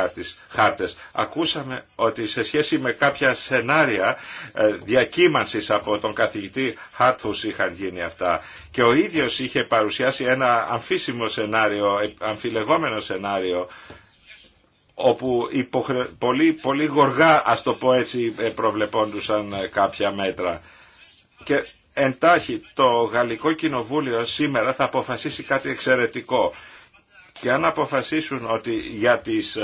χάρτες. Ακούσαμε ότι σε σχέση με κάποια σενάρια ε, διακύμανσης από τον καθηγητή Χάτφους είχαν γίνει αυτά. Και ο ίδιος είχε παρουσιάσει ένα αμφίσιμο σενάριο, ε, αμφιλεγόμενο σενάριο όπου υποχρε... πολύ, πολύ γοργά, ας το πω έτσι, ε, προβλεπόντουσαν κάποια μέτρα. Και εντάχει το Γαλλικό Κοινοβούλιο σήμερα θα αποφασίσει κάτι εξαιρετικό και αν αποφασίσουν ότι για τις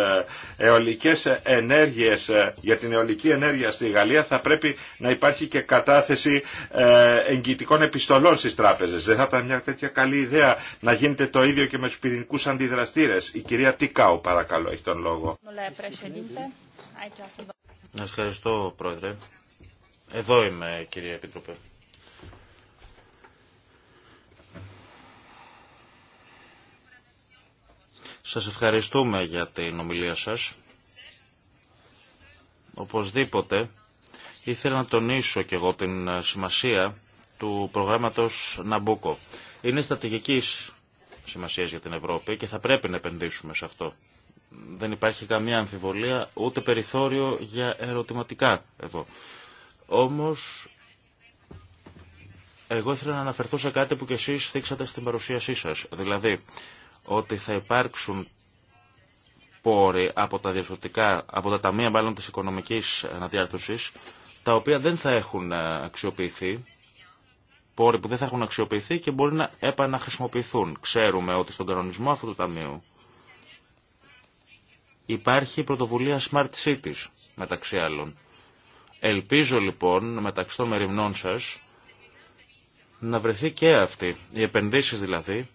εολικές ενέργειες, ε, για την αιωλική ενέργεια στη Γαλλία θα πρέπει να υπάρχει και κατάθεση ε, εγγυητικών επιστολών στις τράπεζες. Δεν θα ήταν μια τέτοια καλή ιδέα να γίνεται το ίδιο και με τους πυρηνικούς αντιδραστήρες. Η κυρία Τικάου παρακαλώ έχει τον λόγο. Ευχαριστώ πρόεδρε. Εδώ είμαι κυρία Επιτροπέ. Σας ευχαριστούμε για την ομιλία σας. Οπωσδήποτε ήθελα να τονίσω και εγώ την σημασία του προγράμματος Ναμπούκο. Είναι στρατηγικής σημασίας για την Ευρώπη και θα πρέπει να επενδύσουμε σε αυτό. Δεν υπάρχει καμία αμφιβολία ούτε περιθώριο για ερωτηματικά εδώ. Όμως εγώ ήθελα να αναφερθώ σε κάτι που κι εσείς στην παρουσίασή σας. Δηλαδή, ότι θα υπάρξουν πόροι από τα διευθυντικά, από τα ταμεία μάλλον της οικονομικής αναδιάρθρωσης, τα οποία δεν θα έχουν αξιοποιηθεί, πόροι που δεν θα έχουν αξιοποιηθεί και μπορεί να επαναχρησιμοποιηθούν. Ξέρουμε ότι στον κανονισμό αυτού του ταμείου υπάρχει η πρωτοβουλία Smart Cities, μεταξύ άλλων. Ελπίζω λοιπόν, μεταξύ των μεριμνών σας, να βρεθεί και αυτή, οι επενδύσεις δηλαδή,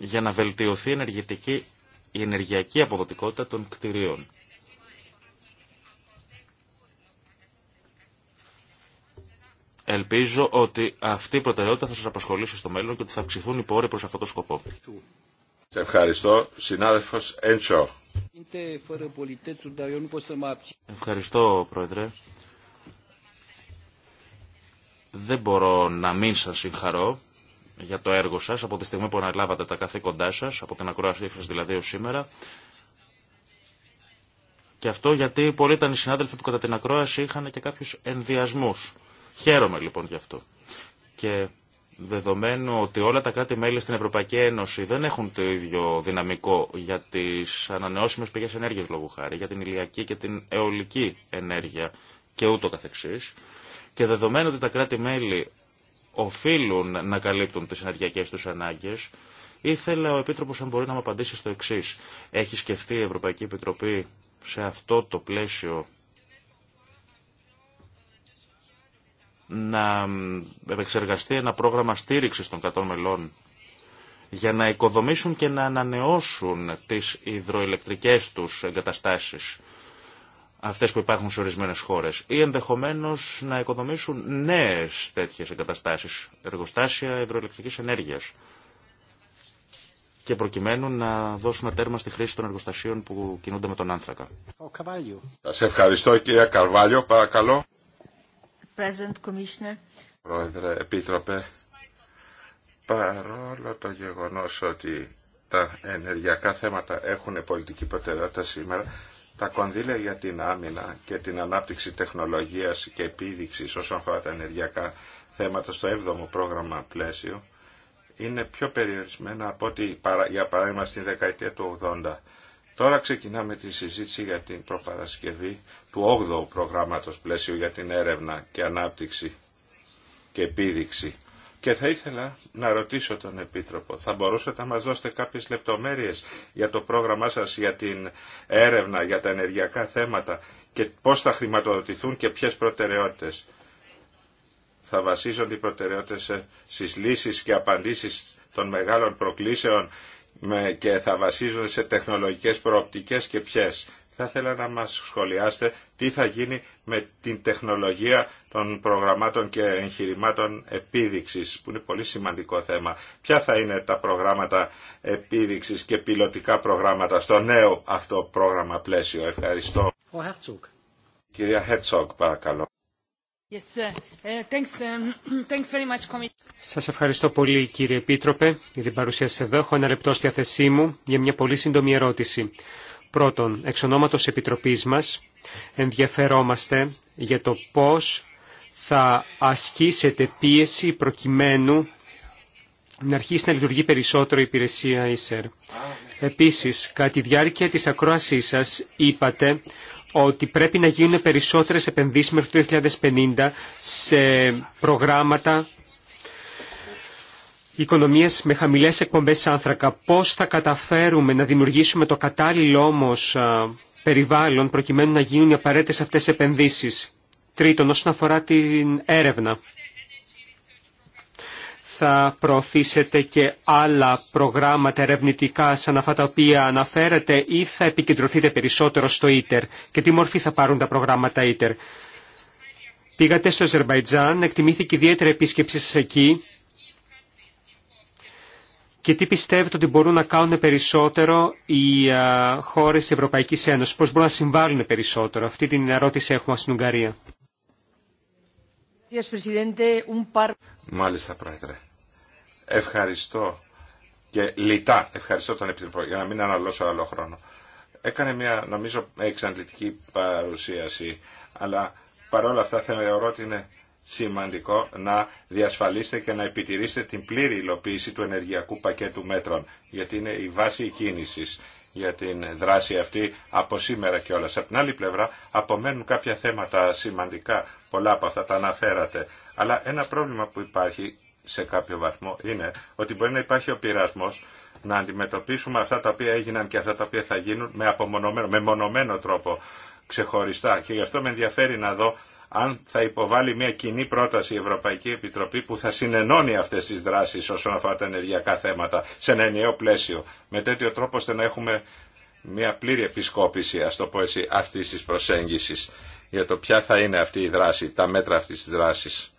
για να βελτιωθεί ενεργητική, η ενεργειακή αποδοτικότητα των κτηρίων. Ελπίζω ότι αυτή η προτεραιότητα θα σας απασχολήσει στο μέλλον και ότι θα αυξηθούν οι πόροι προς αυτό το σκοπό. Σε ευχαριστώ. Συνάδελφος Έντσο. Ευχαριστώ, Πρόεδρε. Δεν μπορώ να μην σας συγχαρώ για το έργο σας από τη στιγμή που αναλάβατε τα καθήκοντά σας, από την ακρόασή σας δηλαδή ως σήμερα. Και αυτό γιατί πολλοί ήταν οι συνάδελφοι που κατά την ακρόαση είχαν και κάποιους ενδιασμούς. Χαίρομαι λοιπόν γι' αυτό. Και δεδομένου ότι όλα τα κράτη-μέλη στην Ευρωπαϊκή Ένωση δεν έχουν το ίδιο δυναμικό για τις ανανεώσιμες πηγές ενέργειας λόγου χάρη, για την ηλιακή και την αιωλική ενέργεια και ούτω καθεξής, και δεδομένου ότι τα κράτη-μέλη οφείλουν να καλύπτουν τις ενεργειακές τους ανάγκες. Ήθελα ο Επίτροπος αν μπορεί να μου απαντήσει στο εξή. Έχει σκεφτεί η Ευρωπαϊκή Επιτροπή σε αυτό το πλαίσιο να επεξεργαστεί ένα πρόγραμμα στήριξης των 100 μελών για να οικοδομήσουν και να ανανεώσουν τις υδροηλεκτρικές τους εγκαταστάσεις Αυτέ που υπάρχουν σε ορισμένε χώρες ή ενδεχομένω να οικοδομήσουν νέες τέτοιες εγκαταστάσεις, εργοστάσια υδροελεκτρική ενέργειας και προκειμένου να δώσουν τέρμα στη χρήση των εργοστασίων που κινούνται με τον άνθρακα. Σα ευχαριστώ κυρία Καρβάλιο, παρακαλώ. Πρόεδρε, Επίτροπε, παρόλο το γεγονός ότι τα ενεργειακά θέματα έχουν πολιτική προτεραιότητα σήμερα, τα κονδύλια για την άμυνα και την ανάπτυξη τεχνολογίας και επίδειξης όσον αφορά τα ενεργειακά θέματα στο 7ο πρόγραμμα πλαίσιο είναι πιο περιορισμένα από ότι για παράδειγμα στην δεκαετία του 80. Τώρα ξεκινάμε τη συζήτηση για την προπαρασκευή του 8ου προγράμματος πλαίσιο για την έρευνα και ανάπτυξη και επίδειξη και θα ήθελα να ρωτήσω τον Επίτροπο, θα μπορούσατε να μας δώσετε κάποιες λεπτομέρειες για το πρόγραμμά σας, για την έρευνα, για τα ενεργειακά θέματα και πώς θα χρηματοδοτηθούν και ποιες προτεραιότητες. Θα βασίζονται οι προτεραιότητες στις λύσεις και απαντήσεις των μεγάλων προκλήσεων και θα βασίζονται σε τεχνολογικές προοπτικές και ποιες θα ήθελα να μας σχολιάσετε τι θα γίνει με την τεχνολογία των προγραμμάτων και εγχειρημάτων επίδειξης, που είναι πολύ σημαντικό θέμα. Ποια θα είναι τα προγράμματα επίδειξης και πιλωτικά προγράμματα στο νέο αυτό πρόγραμμα πλαίσιο. Ευχαριστώ. Ο Κυρία Herzog, παρακαλώ. Yes, ε, Thanks, ε, thanks very much. Σας ευχαριστώ πολύ κύριε Επίτροπε για την παρουσία σας εδώ. Έχω ένα λεπτό στη διάθεσή μου για μια πολύ σύντομη ερώτηση. Πρώτον, εξ ονόματος Επιτροπής μας, ενδιαφερόμαστε για το πώς θα ασκήσετε πίεση προκειμένου να αρχίσει να λειτουργεί περισσότερο η υπηρεσία ΙΣΕΡ. Επίσης, κατά τη διάρκεια της ακρόασής σας είπατε ότι πρέπει να γίνουν περισσότερες επενδύσεις μέχρι το 2050 σε προγράμματα οικονομίες με χαμηλές εκπομπές άνθρακα. Πώς θα καταφέρουμε να δημιουργήσουμε το κατάλληλο όμως περιβάλλον προκειμένου να γίνουν οι απαραίτητες αυτές επενδύσεις. Τρίτον, όσον αφορά την έρευνα. Θα προωθήσετε και άλλα προγράμματα ερευνητικά σαν αυτά τα οποία αναφέρατε ή θα επικεντρωθείτε περισσότερο στο ΙΤΕΡ και τι μορφή θα πάρουν τα προγράμματα ΙΤΕΡ. Πήγατε στο Αζερβαϊτζάν, εκτιμήθηκε ιδιαίτερη επίσκεψη σας εκεί και τι πιστεύετε ότι μπορούν να κάνουν περισσότερο οι χώρες της Ευρωπαϊκής Ένωσης, πώς μπορούν να συμβάλλουν περισσότερο. Αυτή την ερώτηση έχουμε στην Ουγγαρία. Μάλιστα, Πρόεδρε. Ευχαριστώ και λιτά ευχαριστώ τον Επιτροπό για να μην αναλώσω άλλο χρόνο. Έκανε μια νομίζω εξαντλητική παρουσίαση, αλλά παρόλα αυτά θεωρώ ότι είναι σημαντικό να διασφαλίσετε και να επιτηρήσετε την πλήρη υλοποίηση του ενεργειακού πακέτου μέτρων, γιατί είναι η βάση κίνησης για την δράση αυτή από σήμερα και όλα. Από την άλλη πλευρά απομένουν κάποια θέματα σημαντικά, πολλά από αυτά τα αναφέρατε. Αλλά ένα πρόβλημα που υπάρχει σε κάποιο βαθμό είναι ότι μπορεί να υπάρχει ο πειρασμός να αντιμετωπίσουμε αυτά τα οποία έγιναν και αυτά τα οποία θα γίνουν με με μονομένο τρόπο ξεχωριστά. Και γι' αυτό με ενδιαφέρει να δω αν θα υποβάλει μια κοινή πρόταση η Ευρωπαϊκή Επιτροπή που θα συνενώνει αυτές τις δράσεις όσον αφορά τα ενεργειακά θέματα σε ένα ενιαίο πλαίσιο με τέτοιο τρόπο ώστε να έχουμε μια πλήρη επισκόπηση ας το πω έτσι αυτής της προσέγγισης για το ποια θα είναι αυτή η δράση, τα μέτρα αυτής της δράσης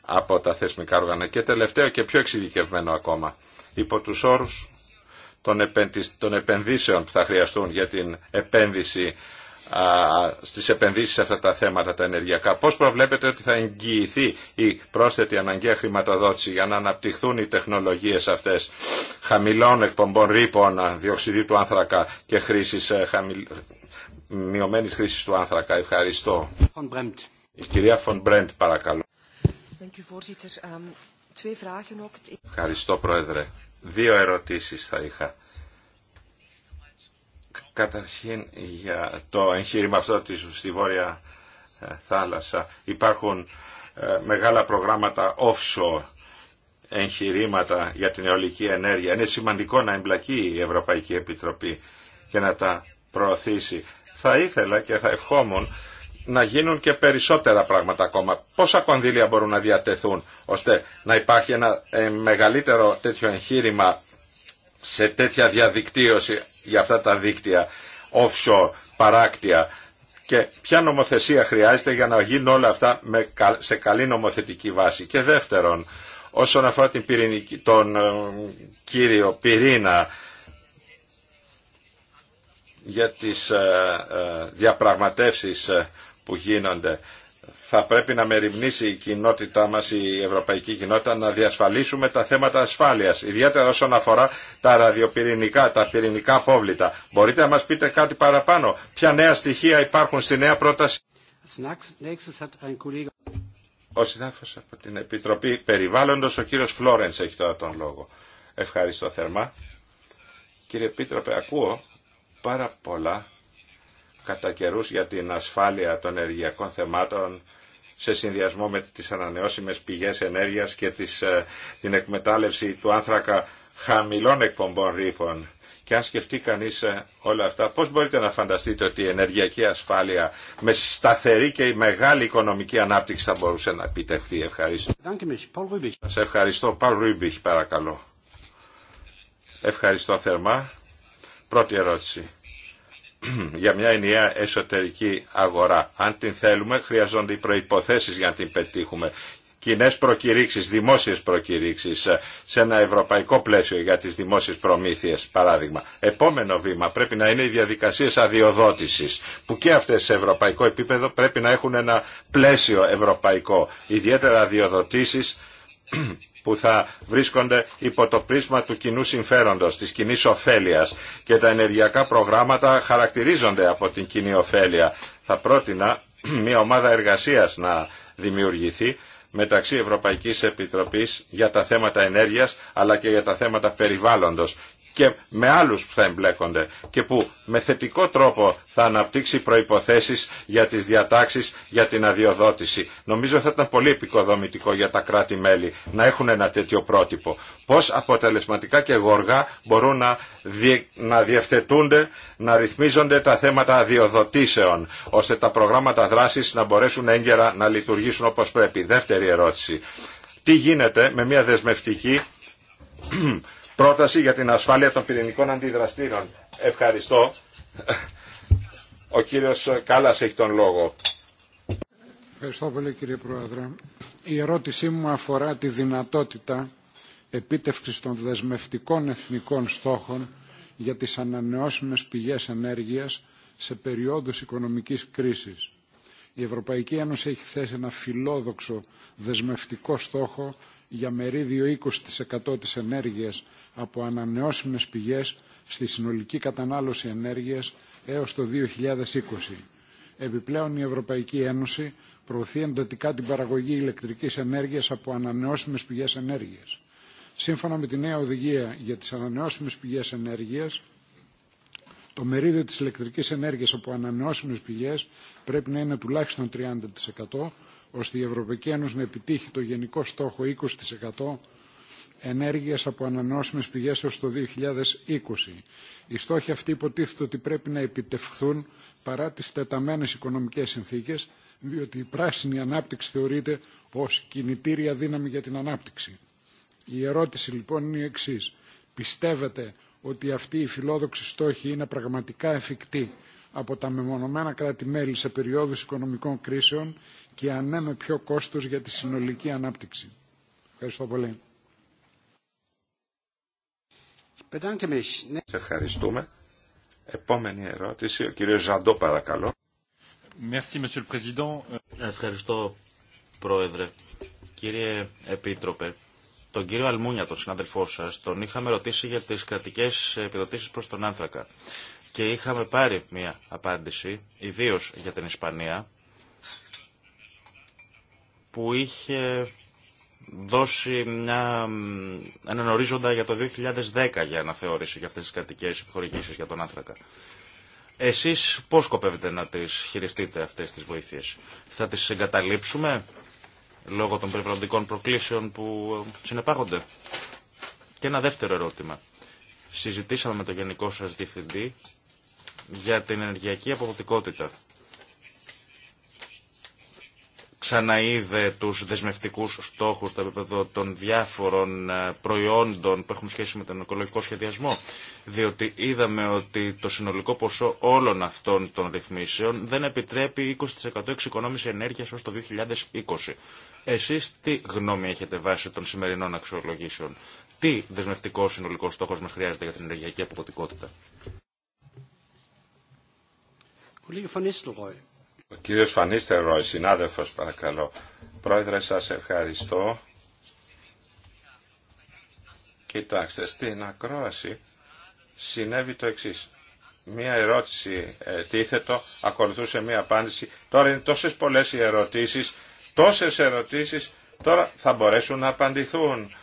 από τα θεσμικά όργανα και τελευταίο και πιο εξειδικευμένο ακόμα υπό τους όρους των επενδύσεων που θα χρειαστούν για την επένδυση στις επενδύσεις σε αυτά τα θέματα τα ενεργειακά. Πώς προβλέπετε ότι θα εγγυηθεί η πρόσθετη αναγκαία χρηματοδότηση για να αναπτυχθούν οι τεχνολογίες αυτές χαμηλών εκπομπών ρήπων διοξιδίου του άνθρακα και χρήσης, ε, χρήση μειωμένης χρήσης του άνθρακα. Ευχαριστώ. Η κυρία Φον Μπρέντ παρακαλώ. Ehm, Ευχαριστώ Πρόεδρε. Δύο ερωτήσεις θα είχα. Καταρχήν για το εγχείρημα αυτό της, στη Βόρεια ε, Θάλασσα υπάρχουν ε, μεγάλα προγράμματα offshore εγχειρήματα για την αιωλική ενέργεια. Είναι σημαντικό να εμπλακεί η Ευρωπαϊκή Επιτροπή και να τα προωθήσει. Θα ήθελα και θα ευχόμουν να γίνουν και περισσότερα πράγματα ακόμα. Πόσα κονδύλια μπορούν να διατεθούν ώστε να υπάρχει ένα ε, μεγαλύτερο τέτοιο εγχείρημα σε τέτοια διαδικτύωση για αυτά τα δίκτυα offshore, παράκτια και ποια νομοθεσία χρειάζεται για να γίνουν όλα αυτά σε καλή νομοθετική βάση. Και δεύτερον, όσον αφορά την πυρηνική, τον ε, κύριο πυρήνα για τις ε, ε, διαπραγματεύσεις που γίνονται θα πρέπει να μεριμνήσει η κοινότητά μας, η ευρωπαϊκή κοινότητα, να διασφαλίσουμε τα θέματα ασφάλειας, ιδιαίτερα όσον αφορά τα ραδιοπυρηνικά, τα πυρηνικά απόβλητα. Μπορείτε να μας πείτε κάτι παραπάνω. Ποια νέα στοιχεία υπάρχουν στη νέα πρόταση. Ο συνάδελφος από την Επιτροπή Περιβάλλοντος, ο κύριος Φλόρενς έχει τώρα τον λόγο. Ευχαριστώ θερμά. Κύριε Επίτροπε, ακούω πάρα πολλά κατά καιρού για την ασφάλεια των ενεργειακών θεμάτων σε συνδυασμό με τις ανανεώσιμες πηγές ενέργειας και τις, ε, την εκμετάλλευση του άνθρακα χαμηλών εκπομπών ρήπων. Και αν σκεφτεί κανείς ε, όλα αυτά, πώς μπορείτε να φανταστείτε ότι η ενεργειακή ασφάλεια με σταθερή και μεγάλη οικονομική ανάπτυξη θα μπορούσε να επιτευχθεί. Ευχαριστώ. Σας ευχαριστώ. Παλ Ρούιμπιχ, παρακαλώ. Ευχαριστώ θερμά. Πρώτη ερώτηση. για μια ενιαία εσωτερική αγορά. Αν την θέλουμε, χρειαζόνται οι προϋποθέσεις για να την πετύχουμε. Κοινέ προκηρύξεις, δημόσιες προκηρύξεις ε, σε ένα ευρωπαϊκό πλαίσιο για τις δημόσιες προμήθειες, παράδειγμα. Επόμενο βήμα πρέπει να είναι οι διαδικασίες αδειοδότησης, που και αυτές σε ευρωπαϊκό επίπεδο πρέπει να έχουν ένα πλαίσιο ευρωπαϊκό. Ιδιαίτερα αδειοδοτήσεις που θα βρίσκονται υπό το πρίσμα του κοινού συμφέροντος, της κοινή ωφέλεια και τα ενεργειακά προγράμματα χαρακτηρίζονται από την κοινή ωφέλεια. Θα πρότεινα μια ομάδα εργασίας να δημιουργηθεί μεταξύ Ευρωπαϊκής Επιτροπής για τα θέματα ενέργειας αλλά και για τα θέματα περιβάλλοντος και με άλλους που θα εμπλέκονται και που με θετικό τρόπο θα αναπτύξει προϋποθέσεις για τις διατάξεις για την αδειοδότηση. Νομίζω θα ήταν πολύ επικοδομητικό για τα κράτη-μέλη να έχουν ένα τέτοιο πρότυπο. Πώς αποτελεσματικά και γοργά μπορούν να, να διευθετούνται, να ρυθμίζονται τα θέματα αδειοδοτήσεων, ώστε τα προγράμματα δράσης να μπορέσουν έγκαιρα να λειτουργήσουν όπως πρέπει. Δεύτερη ερώτηση. Τι γίνεται με μια δεσμευτική πρόταση για την ασφάλεια των πυρηνικών αντιδραστήρων. Ευχαριστώ. Ο κύριος Κάλλας έχει τον λόγο. Ευχαριστώ πολύ κύριε Πρόεδρε. Η ερώτησή μου αφορά τη δυνατότητα επίτευξης των δεσμευτικών εθνικών στόχων για τις ανανεώσιμες πηγές ενέργειας σε περίοδους οικονομικής κρίσης. Η Ευρωπαϊκή Ένωση έχει θέσει ένα φιλόδοξο δεσμευτικό στόχο για μερίδιο 20% της ενέργειας από ανανεώσιμες πηγές στη συνολική κατανάλωση ενέργειας έως το 2020. Επιπλέον η Ευρωπαϊκή Ένωση προωθεί εντατικά την παραγωγή ηλεκτρικής ενέργειας από ανανεώσιμες πηγές ενέργειας. Σύμφωνα με τη νέα οδηγία για τις ανανεώσιμες πηγές ενέργειας, το μερίδιο της ηλεκτρικής ενέργειας από ανανεώσιμες πηγές πρέπει να είναι τουλάχιστον 30%, ώστε η Ευρωπαϊκή Ένωση να επιτύχει το γενικό στόχο 20% ενέργειας από ανανεώσιμες πηγές έως το 2020. Οι στόχοι αυτοί υποτίθεται ότι πρέπει να επιτευχθούν παρά τις τεταμένες οικονομικές συνθήκες, διότι η πράσινη ανάπτυξη θεωρείται ως κινητήρια δύναμη για την ανάπτυξη. Η ερώτηση λοιπόν είναι η εξής. Πιστεύετε ότι αυτή η φιλόδοξη στόχη είναι πραγματικά εφικτή από τα μεμονωμένα κράτη-μέλη σε περιόδους οικονομικών κρίσεων και ανέμε πιο κόστος για τη συνολική ανάπτυξη. Ευχαριστώ πολύ. Σε ευχαριστούμε. Επόμενη ερώτηση, ο κύριος Ζαντό παρακαλώ. Ευχαριστώ Πρόεδρε. Κύριε Επίτροπε, τον κύριο Αλμούνια, τον συνάδελφό σα, τον είχαμε ρωτήσει για τις κρατικέ επιδοτήσει προς τον άνθρακα. Και είχαμε πάρει μία απάντηση, ιδίω για την Ισπανία, που είχε δώσει μια, έναν ορίζοντα για το 2010 για να θεώρησε για αυτές τις κρατικές επιχορηγήσεις για τον άνθρακα. Εσείς πώς σκοπεύετε να τις χειριστείτε αυτές τις βοήθειες. Θα τις εγκαταλείψουμε λόγω των περιβαλλοντικών προκλήσεων που συνεπάγονται. Και ένα δεύτερο ερώτημα. Συζητήσαμε με το Γενικό σας Διευθυντή για την ενεργειακή αποδοτικότητα ξαναείδε τους δεσμευτικούς στόχους στο επίπεδο των διάφορων ε, προϊόντων που έχουν σχέση με τον οικολογικό σχεδιασμό. Διότι είδαμε ότι το συνολικό ποσό όλων αυτών των ρυθμίσεων δεν επιτρέπει 20% εξοικονόμηση ενέργειας ως το 2020. Εσείς τι γνώμη έχετε βάσει των σημερινών αξιολογήσεων. Τι δεσμευτικό συνολικό στόχος μας χρειάζεται για την ενεργειακή αποδοτικότητα. Ο κύριος Φανίστερ Ρόι, συνάδελφος παρακαλώ. Πρόεδρε σας ευχαριστώ. Κοιτάξτε, στην ακρόαση συνέβη το εξή. Μία ερώτηση τίθετο, ακολουθούσε μία απάντηση. Τώρα είναι τόσες πολλές οι ερωτήσεις, τόσες ερωτήσεις, τώρα θα μπορέσουν να απαντηθούν.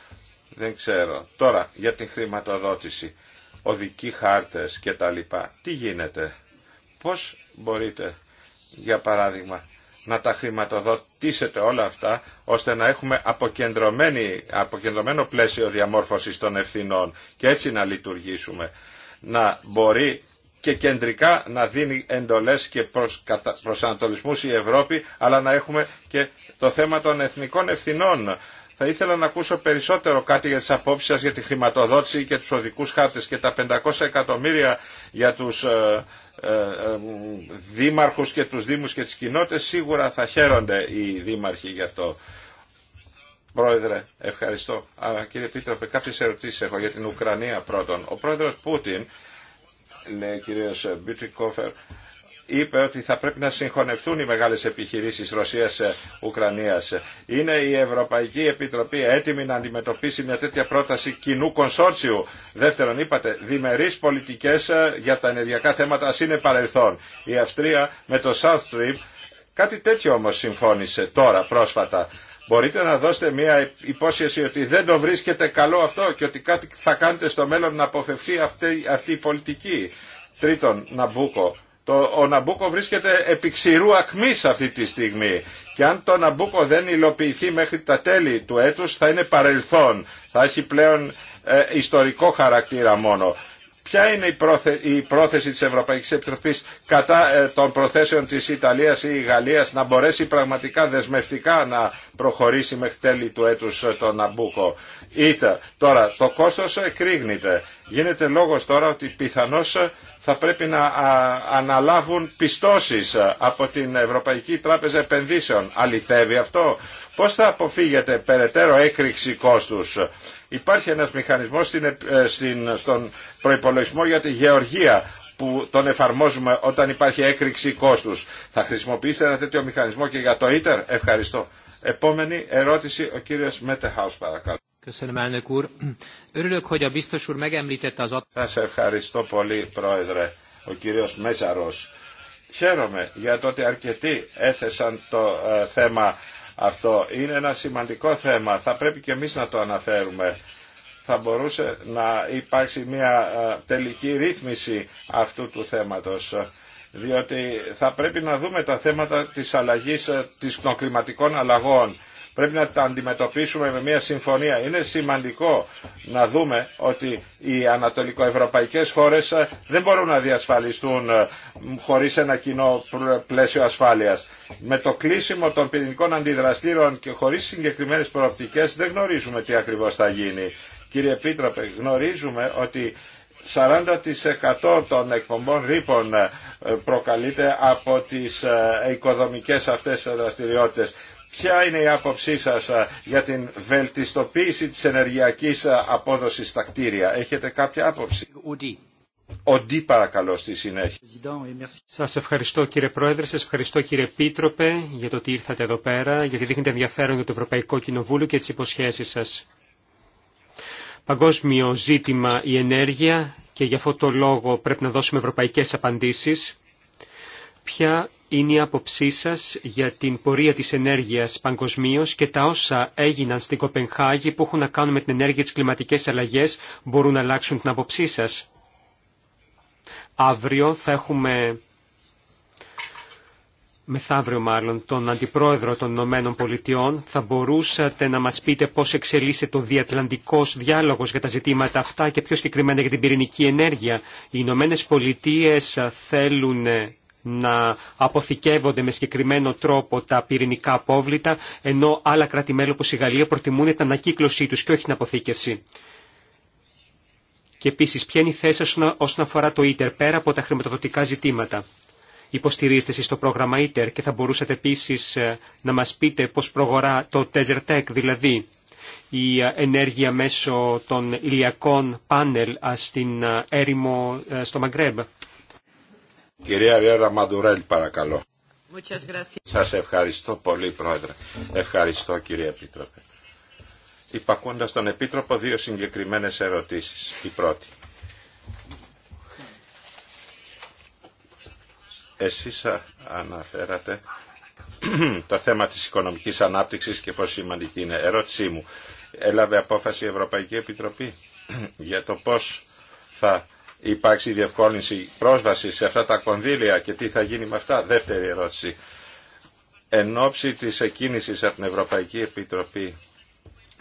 Δεν ξέρω. Τώρα, για την χρηματοδότηση, οδικοί χάρτες και τα λοιπά. Τι γίνεται, πώς μπορείτε για παράδειγμα, να τα χρηματοδοτήσετε όλα αυτά, ώστε να έχουμε αποκεντρωμένη, αποκεντρωμένο πλαίσιο διαμόρφωσης των ευθυνών και έτσι να λειτουργήσουμε. Να μπορεί και κεντρικά να δίνει εντολές και προς προσανατολισμούς η Ευρώπη, αλλά να έχουμε και το θέμα των εθνικών ευθυνών. Θα ήθελα να ακούσω περισσότερο κάτι για τις απόψεις σας για τη χρηματοδότηση και τους οδικούς χάρτες και τα 500 εκατομμύρια για τους ε, ε, δήμαρχους και τους δήμους και τις κοινότητες σίγουρα θα χαίρονται οι δήμαρχοι γι' αυτό. Πρόεδρε, ευχαριστώ. κύριε Πίτροπε, κάποιες ερωτήσεις έχω για την Ουκρανία πρώτον. Ο πρόεδρος Πούτιν, λέει ο κύριος Μπιουτικόφερ, είπε ότι θα πρέπει να συγχωνευτούν οι μεγάλες επιχειρήσεις Ρωσίας-Ουκρανίας. Ε, είναι η Ευρωπαϊκή Επιτροπή έτοιμη να αντιμετωπίσει μια τέτοια πρόταση κοινού κονσόρτσιου. Δεύτερον, είπατε, διμερείς πολιτικές ε, για τα ενεργειακά θέματα ας είναι παρελθόν. Η Αυστρία με το South Stream κάτι τέτοιο όμως συμφώνησε τώρα πρόσφατα. Μπορείτε να δώσετε μια υπόσχεση ότι δεν το βρίσκεται καλό αυτό και ότι κάτι θα κάνετε στο μέλλον να αποφευθεί αυτή, αυτή η πολιτική. Τρίτον, Ναμπούκο. Το, ο Ναμπούκο βρίσκεται επί ξηρού ακμής αυτή τη στιγμή και αν το Ναμπούκο δεν υλοποιηθεί μέχρι τα τέλη του έτους θα είναι παρελθόν, θα έχει πλέον ε, ιστορικό χαρακτήρα μόνο. Ποια είναι η, πρόθεση της Ευρωπαϊκής Επιτροπής κατά ε, των προθέσεων της Ιταλίας ή Γαλλίας να μπορέσει πραγματικά δεσμευτικά να προχωρήσει μέχρι τέλη του έτους ε, το Ναμπούκο. Είτε τώρα το κόστος εκρήγνεται. Γίνεται λόγος τώρα ότι πιθανώς ε, θα πρέπει να αναλάβουν πιστώσεις από την Ευρωπαϊκή Τράπεζα Επενδύσεων. Αληθεύει αυτό. Πώς θα αποφύγετε περαιτέρω έκρηξη κόστους Υπάρχει ένας μηχανισμός ε, στον προϋπολογισμό για τη γεωργία που τον εφαρμόζουμε όταν υπάρχει έκρηξη κόστους. Θα χρησιμοποιήσετε ένα τέτοιο μηχανισμό και για το ΙΤΕΡ. Ευχαριστώ. Επόμενη ερώτηση ο κύριος Μέτεχάους παρακαλώ. Σας ευχαριστώ πολύ πρόεδρε ο κύριος Μέζαρος. Χαίρομαι για το ότι αρκετοί έθεσαν το ε, θέμα αυτό. Είναι ένα σημαντικό θέμα. Θα πρέπει και εμείς να το αναφέρουμε. Θα μπορούσε να υπάρξει μια τελική ρύθμιση αυτού του θέματος διότι θα πρέπει να δούμε τα θέματα της αλλαγής ε, της των κλιματικών αλλαγών Πρέπει να τα αντιμετωπίσουμε με μια συμφωνία. Είναι σημαντικό να δούμε ότι οι ανατολικοευρωπαϊκές χώρες ε, δεν μπορούν να διασφαλιστούν ε, χωρίς ένα κοινό πλαίσιο ασφάλειας. Με το κλείσιμο των πυρηνικών αντιδραστήρων και χωρίς συγκεκριμένες προοπτικές δεν γνωρίζουμε τι ακριβώς θα γίνει. Κύριε Επίτροπε, γνωρίζουμε ότι 40% των εκπομπών ρήπων ε, προκαλείται από τις οικοδομικές αυτές δραστηριότητες. Ποια είναι η άποψή σας για την βελτιστοποίηση της ενεργειακής απόδοσης στα κτίρια. Έχετε κάποια άποψη. Ντί παρακαλώ στη συνέχεια. Σας ευχαριστώ κύριε Πρόεδρε, σας ευχαριστώ κύριε Πίτροπε για το ότι ήρθατε εδώ πέρα, γιατί δείχνετε ενδιαφέρον για το Ευρωπαϊκό Κοινοβούλιο και τις υποσχέσεις σας. Παγκόσμιο ζήτημα η ενέργεια και γι' αυτό το λόγο πρέπει να δώσουμε ευρωπαϊκές απαντήσεις. Ποια είναι η άποψή σα για την πορεία της ενέργειας παγκοσμίω και τα όσα έγιναν στην Κοπενχάγη που έχουν να κάνουν με την ενέργεια της κλιματικές αλλαγές μπορούν να αλλάξουν την άποψή σα. Αύριο θα έχουμε, μεθαύριο μάλλον, τον Αντιπρόεδρο των Ηνωμένων Πολιτειών. Θα μπορούσατε να μας πείτε πώς εξελίσσεται ο διατλαντικός διάλογος για τα ζητήματα αυτά και πιο συγκεκριμένα για την πυρηνική ενέργεια. Οι Ηνωμένε Πολιτείε θέλουν να αποθηκεύονται με συγκεκριμένο τρόπο τα πυρηνικά απόβλητα, ενώ άλλα κράτη-μέλη όπως η Γαλλία προτιμούν την ανακύκλωσή τους και όχι την αποθήκευση. Και επίσης, ποια είναι η θέση όσον αφορά το ίτερ πέρα από τα χρηματοδοτικά ζητήματα. Υποστηρίζετε εσείς το πρόγραμμα ίτερ και θα μπορούσατε επίσης ε, να μας πείτε πώς προγορά το TESERTEC, δηλαδή η ε, ενέργεια μέσω των ηλιακών πάνελ ε, στην έρημο στο Μαγκρέμπ. Κυρία Ριέρα Μαντουρέλ, παρακαλώ. Σας ευχαριστώ πολύ, Πρόεδρε. Ευχαριστώ, κύριε Επίτροπε. Υπακούντα τον Επίτροπο, δύο συγκεκριμένες ερωτήσεις. Η πρώτη. Εσείς αναφέρατε το θέμα της οικονομικής ανάπτυξης και πόσο σημαντική είναι. Ερώτησή μου. Έλαβε απόφαση η Ευρωπαϊκή Επιτροπή για το πώς θα υπάρξει διευκόλυνση πρόσβαση σε αυτά τα κονδύλια και τι θα γίνει με αυτά. Δεύτερη ερώτηση. Εν ώψη της εκκίνησης από την Ευρωπαϊκή Επιτροπή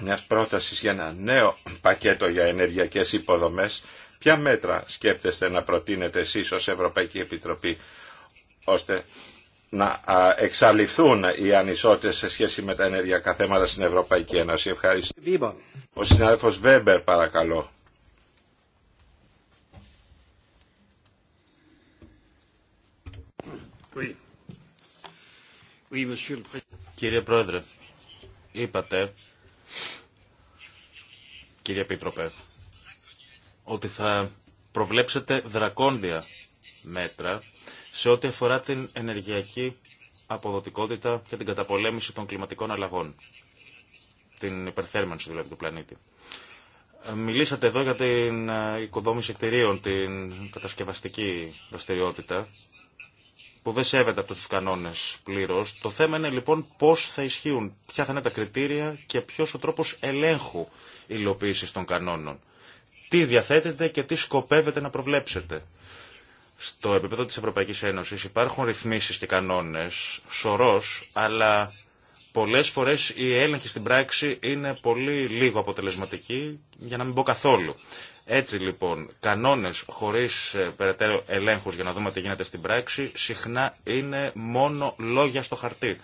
μιας πρότασης για ένα νέο πακέτο για ενεργειακές υποδομές, ποια μέτρα σκέπτεστε να προτείνετε εσείς ως Ευρωπαϊκή Επιτροπή ώστε να εξαλειφθούν οι ανισότητες σε σχέση με τα ενεργειακά θέματα στην Ευρωπαϊκή Ένωση. Ευχαριστώ. Ο συνάδελφος Βέμπερ παρακαλώ. Κύριε Πρόεδρε, είπατε, κύριε Επίτροπε, ότι θα προβλέψετε δρακόντια μέτρα σε ό,τι αφορά την ενεργειακή αποδοτικότητα και την καταπολέμηση των κλιματικών αλλαγών. Την υπερθέρμανση δηλαδή του πλανήτη. Ε, μιλήσατε εδώ για την ε, οικοδόμηση εκτηρίων, την κατασκευαστική δραστηριότητα που δεν σέβεται αυτού του κανόνε πλήρω. Το θέμα είναι λοιπόν πώ θα ισχύουν, ποια θα είναι τα κριτήρια και ποιο ο τρόπο ελέγχου υλοποίηση των κανόνων. Τι διαθέτετε και τι σκοπεύετε να προβλέψετε. Στο επίπεδο της Ευρωπαϊκής Ένωση υπάρχουν ρυθμίσει και κανόνε σωρό, αλλά πολλές φορές η έλεγχη στην πράξη είναι πολύ λίγο αποτελεσματική, για να μην πω καθόλου. Έτσι λοιπόν, κανόνε χωρί ε, περαιτέρω ελέγχου για να δούμε τι γίνεται στην πράξη, συχνά είναι μόνο λόγια στο χαρτί.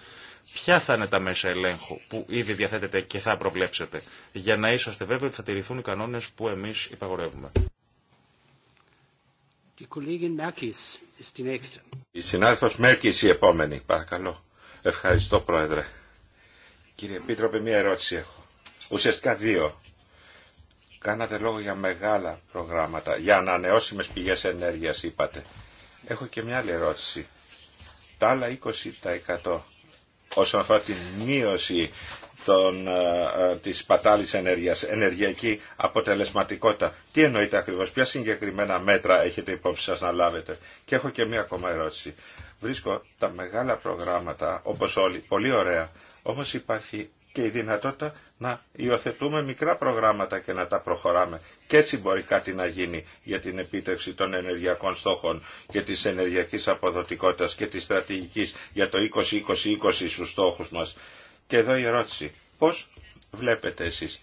Ποια θα είναι τα μέσα ελέγχου που ήδη διαθέτεται και θα προβλέψετε, για να είσαστε βέβαιοι ότι θα τηρηθούν οι κανόνε που εμεί υπαγορεύουμε. Η συνάδελφος Μέρκης η επόμενη, παρακαλώ. Ευχαριστώ Πρόεδρε. Κύριε Επίτροπε, μία ερώτηση έχω. Ουσιαστικά δύο. Κάνατε λόγο για μεγάλα προγράμματα, για ανανεώσιμες πηγές ενέργειας είπατε. Έχω και μια άλλη ερώτηση. Τα άλλα 20% όσον αφορά τη μείωση των, ε, ε, της πατάλης ενέργειας, ενεργειακή αποτελεσματικότητα. Τι εννοείται ακριβώς, ποια συγκεκριμένα μέτρα έχετε υπόψη σας να λάβετε. Και έχω και μία ακόμα ερώτηση. Βρίσκω τα μεγάλα προγράμματα, όπως όλοι, πολύ ωραία. Όμως υπάρχει και η δυνατότητα να υιοθετούμε μικρά προγράμματα και να τα προχωράμε. Και έτσι μπορεί κάτι να γίνει για την επίτευξη των ενεργειακών στόχων και της ενεργειακής αποδοτικότητας και της στρατηγικής για το 2020 2020 στους στόχους μας. Και εδώ η ερώτηση, πώς βλέπετε εσείς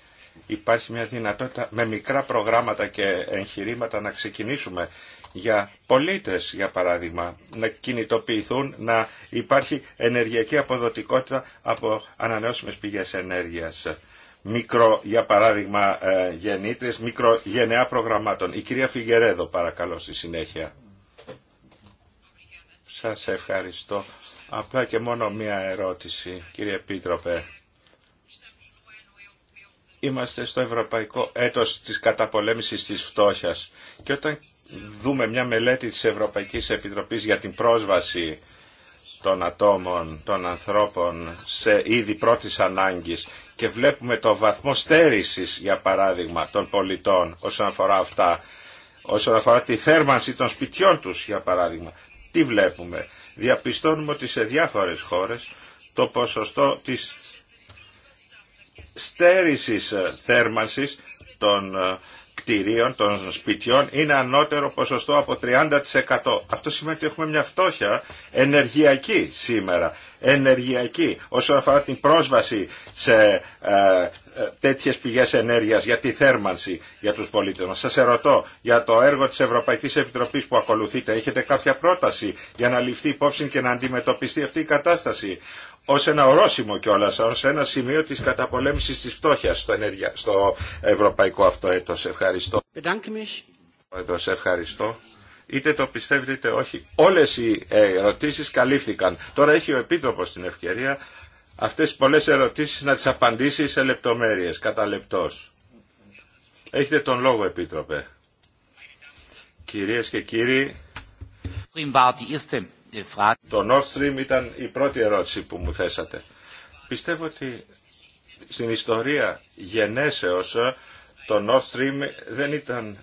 υπάρχει μια δυνατότητα με μικρά προγράμματα και εγχειρήματα να ξεκινήσουμε για πολίτες για παράδειγμα να κινητοποιηθούν να υπάρχει ενεργειακή αποδοτικότητα από ανανεώσιμες πηγές ενέργειας μικρο, για παράδειγμα ε, γεννήτρες, μικρογενεά προγραμμάτων. Η κυρία Φιγερέδο παρακαλώ στη συνέχεια. Σας ευχαριστώ. Απλά και μόνο μία ερώτηση κύριε Επίτροπε. Είμαστε στο ευρωπαϊκό έτος της καταπολέμησης της φτώχειας και όταν δούμε μια μελέτη της Ευρωπαϊκής Επιτροπής για την πρόσβαση των ατόμων, των ανθρώπων σε είδη πρώτης ανάγκης και βλέπουμε το βαθμό στέρησης, για παράδειγμα, των πολιτών όσον αφορά αυτά, όσον αφορά τη θέρμανση των σπιτιών τους, για παράδειγμα. Τι βλέπουμε. Διαπιστώνουμε ότι σε διάφορες χώρες το ποσοστό της στέρησης ε, θέρμανσης των ε, κτηρίων, των σπιτιών είναι ανώτερο ποσοστό από 30%. Αυτό σημαίνει ότι έχουμε μια φτώχεια ενεργειακή σήμερα. Ενεργειακή όσον αφορά την πρόσβαση σε ε, ε, τέτοιες πηγές ενέργειας για τη θέρμανση για τους πολίτες μας. Σας ερωτώ για το έργο της Ευρωπαϊκής Επιτροπής που ακολουθείτε. Έχετε κάποια πρόταση για να ληφθεί υπόψη και να αντιμετωπιστεί αυτή η κατάσταση ως ένα ορόσημο κιόλα, ω ένα σημείο τη καταπολέμησης τη φτώχεια στο, ενεργεια, στο ευρωπαϊκό αυτό έτος. Ευχαριστώ. ευχαριστώ. Είτε το πιστεύετε είτε όχι. Όλες οι ερωτήσει καλύφθηκαν. Τώρα έχει ο Επίτροπος την ευκαιρία αυτές τι πολλές ερωτήσεις να τις απαντήσει σε λεπτομέρειε. κατά λεπτό. Έχετε τον λόγο, Επίτροπε. Κυρίε και κύριοι, το Nord Stream ήταν η πρώτη ερώτηση που μου θέσατε. Πιστεύω ότι στην ιστορία γενέσεως το Nord Stream δεν ήταν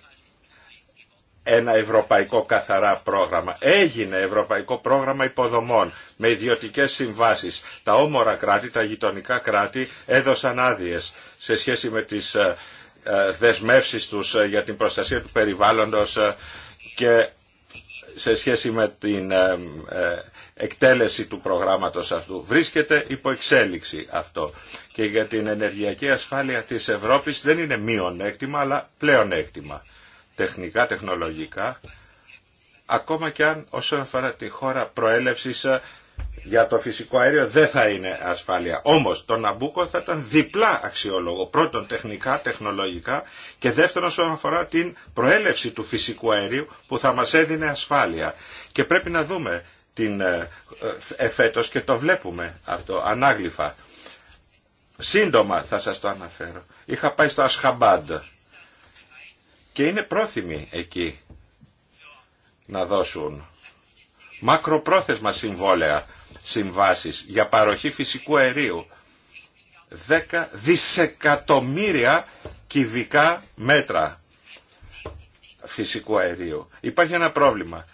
ένα ευρωπαϊκό καθαρά πρόγραμμα. Έγινε ευρωπαϊκό πρόγραμμα υποδομών με ιδιωτικές συμβάσεις. Τα όμορα κράτη, τα γειτονικά κράτη έδωσαν άδειε σε σχέση με τις ε, ε, δεσμεύσεις τους ε, για την προστασία του περιβάλλοντο και σε σχέση με την ε, ε, εκτέλεση του προγράμματος αυτού. Βρίσκεται υπό εξέλιξη αυτό. Και για την ενεργειακή ασφάλεια της Ευρώπης δεν είναι μειονέκτημα, αλλά πλέονέκτημα. Τεχνικά, τεχνολογικά, ακόμα και αν όσον αφορά τη χώρα προέλευσης ε, για το φυσικό αέριο δεν θα είναι ασφάλεια. Όμως το Ναμπούκο θα ήταν διπλά αξιόλογο. Πρώτον τεχνικά, τεχνολογικά και δεύτερον όσον αφορά την προέλευση του φυσικού αερίου που θα μας έδινε ασφάλεια. Και πρέπει να δούμε την ε, ε, εφέτος και το βλέπουμε αυτό ανάγλυφα. Σύντομα θα σας το αναφέρω. Είχα πάει στο Ασχαμπάντ και είναι πρόθυμοι εκεί να δώσουν μακροπρόθεσμα συμβόλαια συμβάσεις για παροχή φυσικού αερίου. 10 δισεκατομμύρια κυβικά μέτρα φυσικού αερίου. Υπάρχει ένα πρόβλημα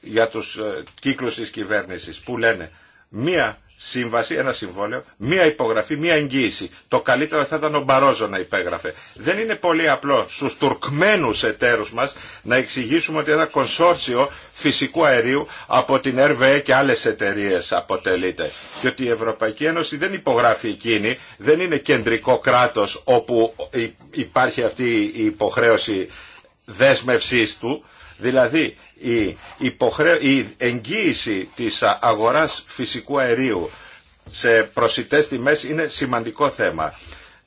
για τους ε, κύκλους της κυβέρνησης που λένε μία σύμβαση, ένα συμβόλαιο, μία υπογραφή, μία εγγύηση. Το καλύτερο θα ήταν ο Μπαρόζο να υπέγραφε. Δεν είναι πολύ απλό στους τουρκμένους εταίρους μας να εξηγήσουμε ότι ένα κονσόρσιο φυσικού αερίου από την ΕΡΒΕ και άλλες εταιρείες αποτελείται. Και ότι η Ευρωπαϊκή Ένωση δεν υπογράφει εκείνη, δεν είναι κεντρικό κράτος όπου υπάρχει αυτή η υποχρέωση δέσμευσής του. Δηλαδή η, υποχρέ... η εγγύηση της αγοράς φυσικού αερίου σε προσιτές τιμές είναι σημαντικό θέμα.